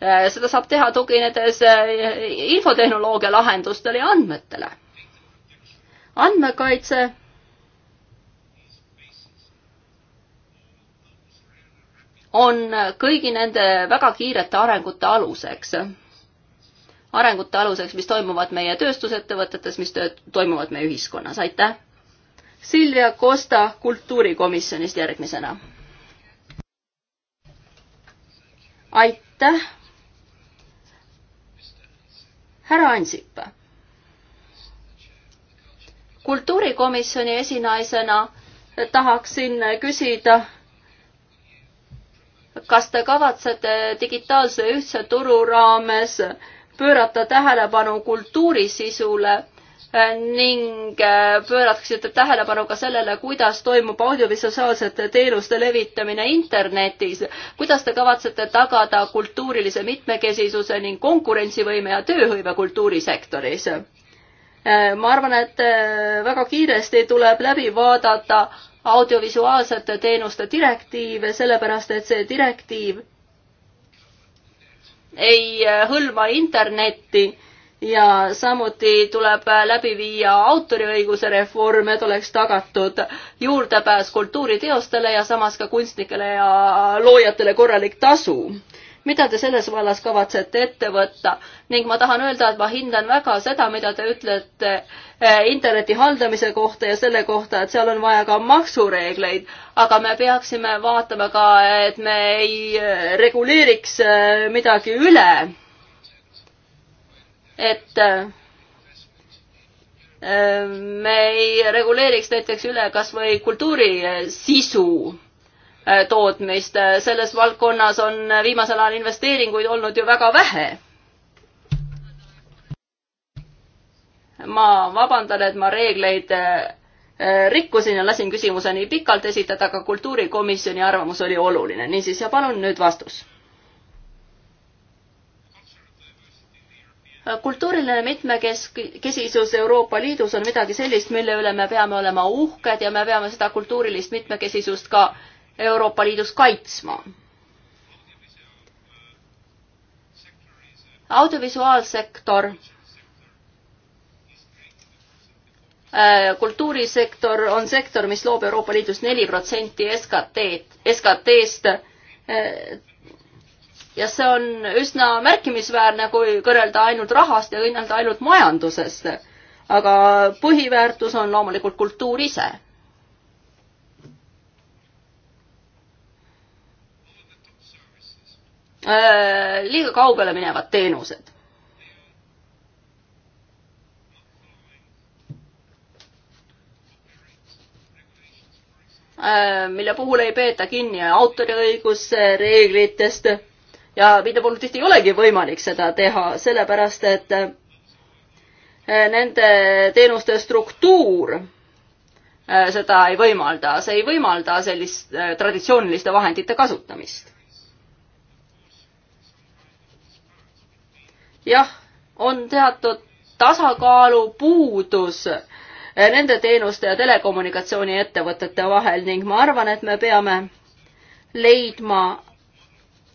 Speaker 1: Äh, seda saab teha tuginedes äh, infotehnoloogia lahendustele ja andmetele andmekaitse on kõigi nende väga kiirete arengute aluseks. arengute aluseks, mis toimuvad meie tööstusettevõtetes, mis töö, toimuvad meie ühiskonnas, aitäh. Silvia Kosta kultuurikomisjonist järgmisena. aitäh. härra Ansip kultuurikomisjoni esinaisena tahaksin küsida, kas te kavatsete digitaalse ühtse turu raames pöörata tähelepanu kultuuri sisule ning pööraksite tähelepanu ka sellele, kuidas toimub audiovisuaalsete teenuste levitamine internetis, kuidas te kavatsete tagada kultuurilise mitmekesisuse ning konkurentsivõime ja tööhõive kultuurisektoris? Äh, ma arvan, et äh, väga kiiresti tuleb läbi vaadata audiovisuaalsete teenuste direktiiv, sellepärast et see direktiiv ei äh, hõlma internetti ja samuti tuleb läbi viia autoriõiguse reform, et oleks tagatud juurdepääs kultuuriteostele ja samas ka kunstnikele ja loojatele korralik tasu mida te selles vallas kavatsete ette võtta? ning ma tahan öelda, et ma hindan väga seda, mida te ütlete eh, interneti haldamise kohta ja selle kohta, et seal on vaja ka maksureegleid, aga me peaksime vaatama ka, et me ei eh, reguleeriks eh, midagi üle. et me ei reguleeriks näiteks üle kas või kultuuri sisu Äh, tootmist. selles valdkonnas on viimasel ajal investeeringuid olnud ju väga vähe. ma vabandan, et ma reegleid äh, rikkusin ja lasin küsimuse nii pikalt esitada, aga kultuurikomisjoni arvamus oli oluline. niisiis, ja palun nüüd vastus. kultuuriline mitmekesisus Euroopa Liidus on midagi sellist, mille üle me peame olema uhked ja me peame seda kultuurilist mitmekesisust ka äh, Euroopa Liidus kaitsma. audiovisuaalsektor, äh, kultuurisektor on sektor, mis loob Euroopa Liidus neli protsenti SKT-d, SKT-st äh, ja see on üsna märkimisväärne, kui kõrvelda ainult rahast ja kõnelda ainult majandusest. aga põhiväärtus on loomulikult kultuur ise Äh, liiga kaugele minevad teenused. Äh, mille puhul ei peeta kinni autoriõiguse reeglitest ja mille puhul tihti ei olegi võimalik seda teha, sellepärast et äh, nende teenuste struktuur seda ei võimalda, see ei võimalda sellist traditsiooniliste vahendite kasutamist jah, on teatud tasakaalu puudus eh, nende teenuste ja telekommunikatsiooniettevõtete vahel ning ma arvan, et me peame leidma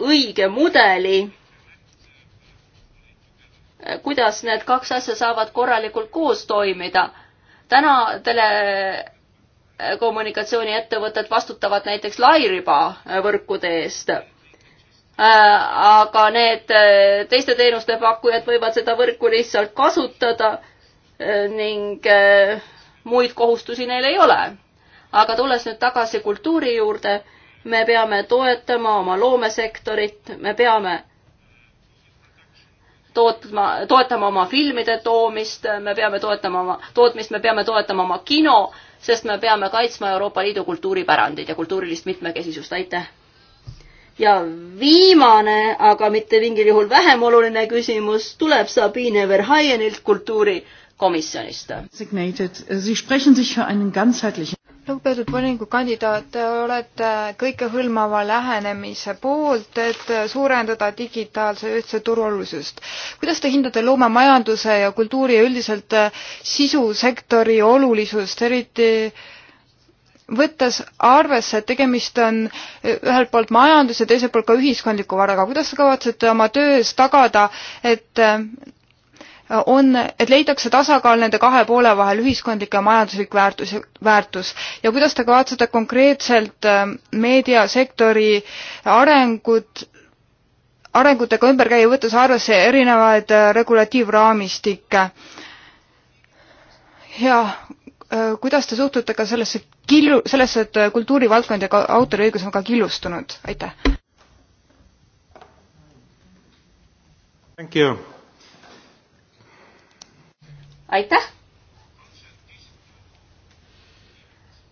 Speaker 1: õige mudeli, eh, kuidas need kaks asja saavad korralikult koos toimida. täna telekommunikatsiooniettevõtted vastutavad näiteks lairibavõrkude eest Äh, aga need äh, teiste teenuste pakkujad võivad seda võrku lihtsalt kasutada äh, ning muid kohustusi neil ei ole. aga tulles nüüd tagasi kultuuri juurde, me peame toetama oma loomesektorit, me peame tootma, toetama oma filmide toomist, me peame toetama oma, tootmist, me peame toetama oma kino, sest me peame kaitsma Euroopa Liidu kultuuripärandit ja kultuurilist mitmekesisust, aitäh! ja viimane, aga mitte mingil juhul vähem oluline küsimus tuleb Sabine Verhaienilt kultuurikomisjonist.
Speaker 4: lugupeetud volinikukandidaat, te olete kõikehõlmava lähenemise poolt, et suurendada digitaalse ühtse turu olulisust. kuidas te hindate loomemajanduse ja kultuuri ja üldiselt sisusektori olulisust, eriti äh, võttes arvesse, et tegemist on eh, ühelt poolt majandus ja teiselt poolt ka ühiskondliku varaga, kuidas te kavatsete oma töös tagada, et eh, on, et leitakse tasakaal nende kahe poole vahel, ühiskondlik ja majanduslik väärtus, väärtus ja kuidas te kavatsete konkreetselt eh, meediasektori arengut, arengutega ümber käia, võttes arvesse erinevaid regulatiivraamistikke? jaa Äh, kuidas te suhtute ka sellesse killu, sellesse, et äh, kultuurivaldkond ja ka autoriõigus on ka killustunud, aitäh!
Speaker 1: aitäh!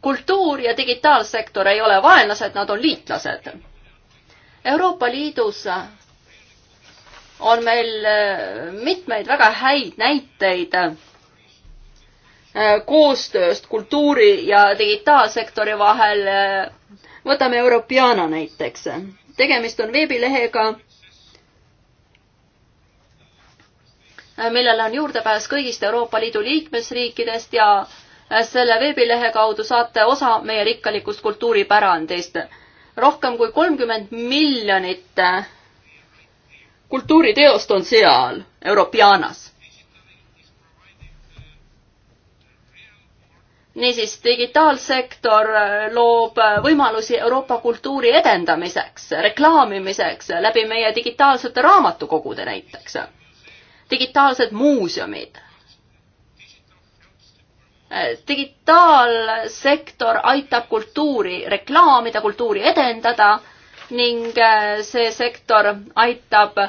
Speaker 1: kultuur ja digitaalsektor ei ole vaenlased, nad on liitlased. Euroopa Liidus on meil äh, mitmeid väga häid näiteid Äh, koostööst kultuuri ja digitaalsektori vahel. võtame Europeana näiteks. tegemist on veebilehega, äh, millele on juurdepääs kõigist Euroopa Liidu liikmesriikidest ja äh, selle veebilehe kaudu saate osa meie rikkalikust kultuuripärandist. rohkem kui kolmkümmend miljonit kultuuriteost on seal Europeanas niisiis, digitaalsektor äh, loob äh, võimalusi Euroopa kultuuri edendamiseks, reklaamimiseks äh, läbi meie digitaalsete raamatukogude näiteks, digitaalsed muuseumid. digitaalsektor aitab kultuuri reklaamida, kultuuri edendada ning see sektor aitab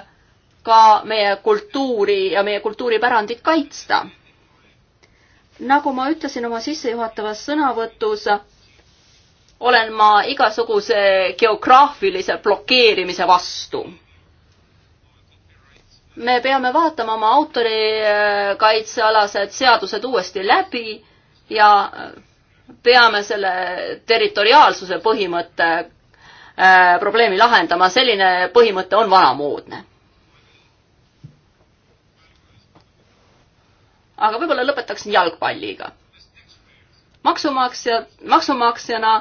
Speaker 1: ka meie kultuuri ja meie kultuuripärandit kaitsta nagu ma ütlesin oma sissejuhatavas sõnavõtus, olen ma igasuguse geograafilise blokeerimise vastu. me peame vaatama oma autorikaitsealased seadused uuesti läbi ja peame selle territoriaalsuse põhimõtte äh, probleemi lahendama, selline põhimõte on vanamoodne. aga võib-olla lõpetaksin jalgpalliga. maksumaksja, maksumaksjana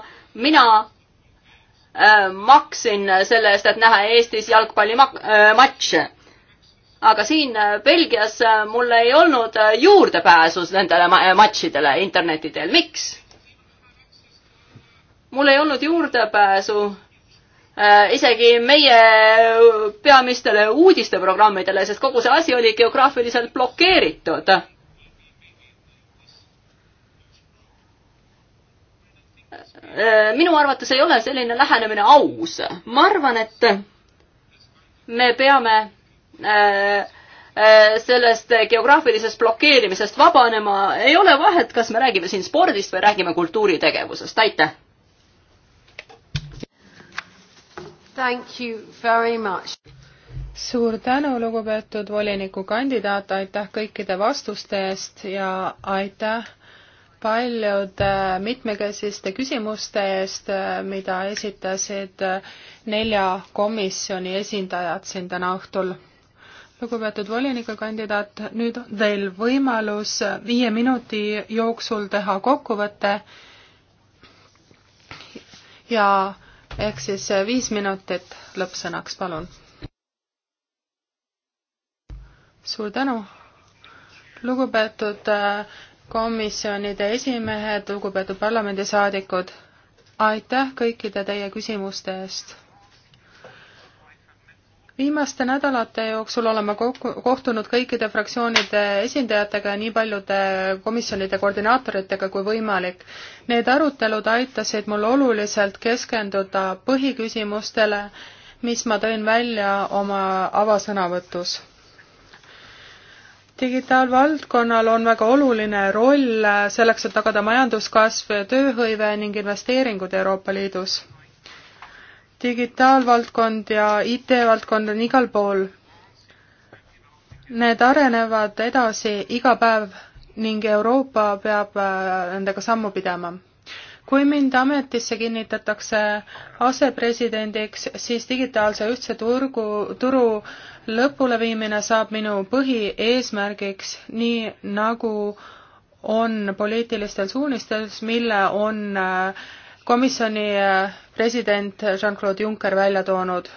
Speaker 1: mina äh, maksin selle eest, et näha Eestis jalgpallimatše äh, aga siin äh, Belgias äh, mul ei olnud äh, juurdepääsu nendele matšidele interneti teel. miks? mul ei olnud juurdepääsu äh, isegi meie peamistele uudisteprogrammidele, sest kogu see asi oli geograafiliselt blokeeritud äh,. Äh, minu arvates ei ole selline lähenemine aus. ma arvan, et me peame äh, äh, sellest geograafilisest blokeerimisest vabanema. ei ole vahet, kas me räägime siin spordist või räägime kultuuritegevusest. aitäh!
Speaker 5: Thank you very much.
Speaker 3: suur tänu, lugupeetud volinikukandidaat, aitäh kõikide vastuste eest ja aitäh paljude äh, mitmekesiste küsimuste eest, äh, mida esitasid äh, nelja komisjoni esindajad siin täna õhtul. lugupeetud volinikukandidaat, nüüd on teil võimalus viie minuti jooksul teha kokkuvõte ja ehk siis viis minutit lõppsõnaks, palun. suur tänu lugupeetud komisjonide esimehed, lugupeetud parlamendisaadikud, aitäh kõikide teie küsimuste eest! viimaste nädalate jooksul oleme kokku, kohtunud kõikide fraktsioonide esindajatega ja nii paljude komisjonide koordinaatoritega kui võimalik. Need arutelud aitasid mul oluliselt keskenduda põhiküsimustele, mis ma tõin välja oma avasõnavõtus digitaalvaldkonnal on väga oluline roll selleks, et tagada majanduskasv, tööhõive ning investeeringud Euroopa Liidus. digitaalvaldkond ja IT-valdkond on igal pool. Need arenevad edasi iga päev ning Euroopa peab äh, nendega sammu pidama kui mind ametisse kinnitatakse asepresidendiks, siis digitaalse ühtse turgu, turu lõpuleviimine saab minu põhieesmärgiks, nii nagu on poliitilistel suunistes, mille on äh, komisjoni äh, president Jean-Claude Juncker välja toonud.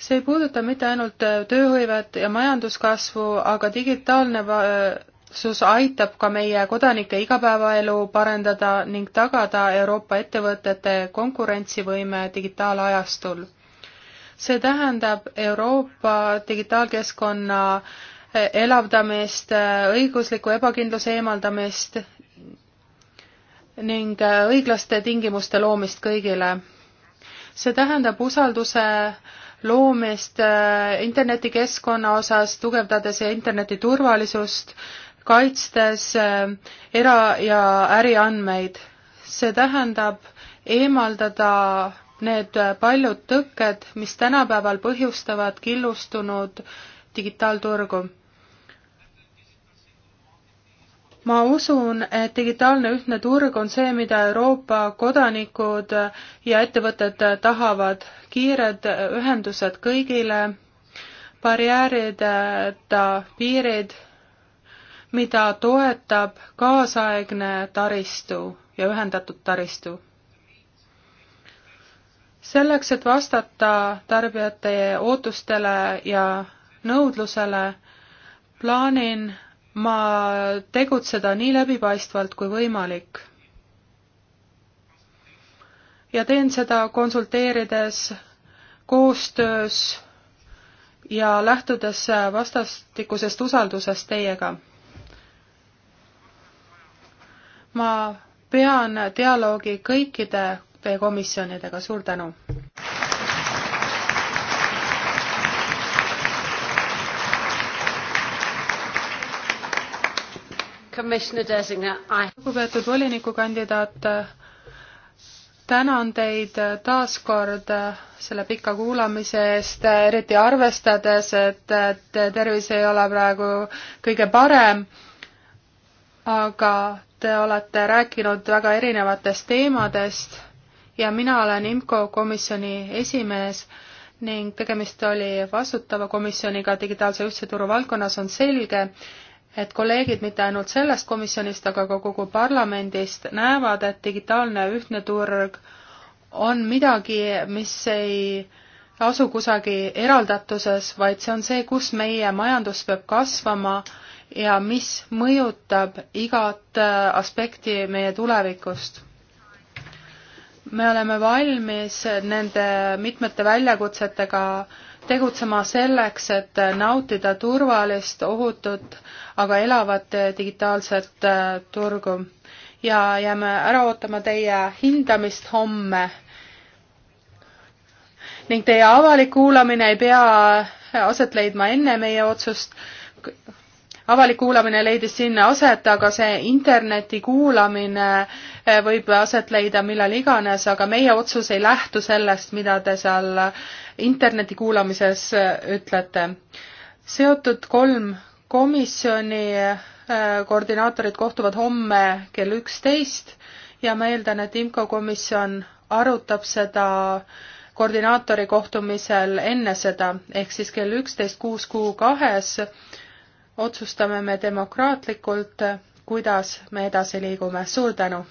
Speaker 3: see ei puuduta mitte ainult äh, tööhõivet ja majanduskasvu, aga digitaalne sus aitab ka meie kodanike igapäevaelu parendada ning tagada Euroopa ettevõtete konkurentsivõime digitaalajastul. see tähendab Euroopa digitaalkeskkonna elavdamist, õigusliku ebakindluse eemaldamist ning õiglaste tingimuste loomist kõigile. see tähendab usalduse loomist internetikeskkonna osas, tugevdades interneti turvalisust kaitstes ähm, era- ja äriandmeid. see tähendab eemaldada need äh, paljud tõkked, mis tänapäeval põhjustavad killustunud digitaalturgu. ma usun, et digitaalne ühtne turg on see, mida Euroopa kodanikud ja ettevõtted tahavad, kiired äh, ühendused kõigile, barjäärideta äh, piirid mida toetab kaasaegne taristu ja ühendatud taristu. selleks, et vastata tarbijate ootustele ja nõudlusele, plaanin ma tegutseda nii läbipaistvalt kui võimalik. ja teen seda konsulteerides koostöös ja lähtudes vastastikusest usaldusest teiega ma pean dialoogi kõikide teie komisjonidega, suur tänu! lugupeetud volinikukandidaat, tänan teid taas kord selle pika kuulamise eest, eriti arvestades, et, et tervis ei ole praegu kõige parem, aga Te olete rääkinud väga erinevatest teemadest ja mina olen IMCO komisjoni esimees ning tegemist oli vastutava komisjoniga digitaalse ühtse turu valdkonnas, on selge, et kolleegid mitte ainult sellest komisjonist, aga ka kogu parlamendist näevad, et digitaalne ühtne turg on midagi, mis ei asu kusagil eraldatuses, vaid see on see, kus meie majandus peab kasvama ja mis mõjutab igat äh, aspekti meie tulevikust. me oleme valmis nende mitmete väljakutsetega tegutsema selleks, et nautida turvalist, ohutut, aga elavat digitaalset äh, turgu. ja jääme ära ootama teie hindamist homme. ning teie avalik kuulamine ei pea aset leidma enne meie otsust, avalik kuulamine leidis sinna aset, aga see interneti kuulamine eh, võib aset leida millal iganes, aga meie otsus ei lähtu sellest, mida te seal interneti kuulamises eh, ütlete. seotud kolm komisjoni eh, koordinaatorid kohtuvad homme kell üksteist ja ma eeldan, et IMCO komisjon arutab seda koordinaatori kohtumisel enne seda, ehk siis kell üksteist kuus kuu kahes otsustame me demokraatlikult, kuidas me edasi liigume. suur tänu!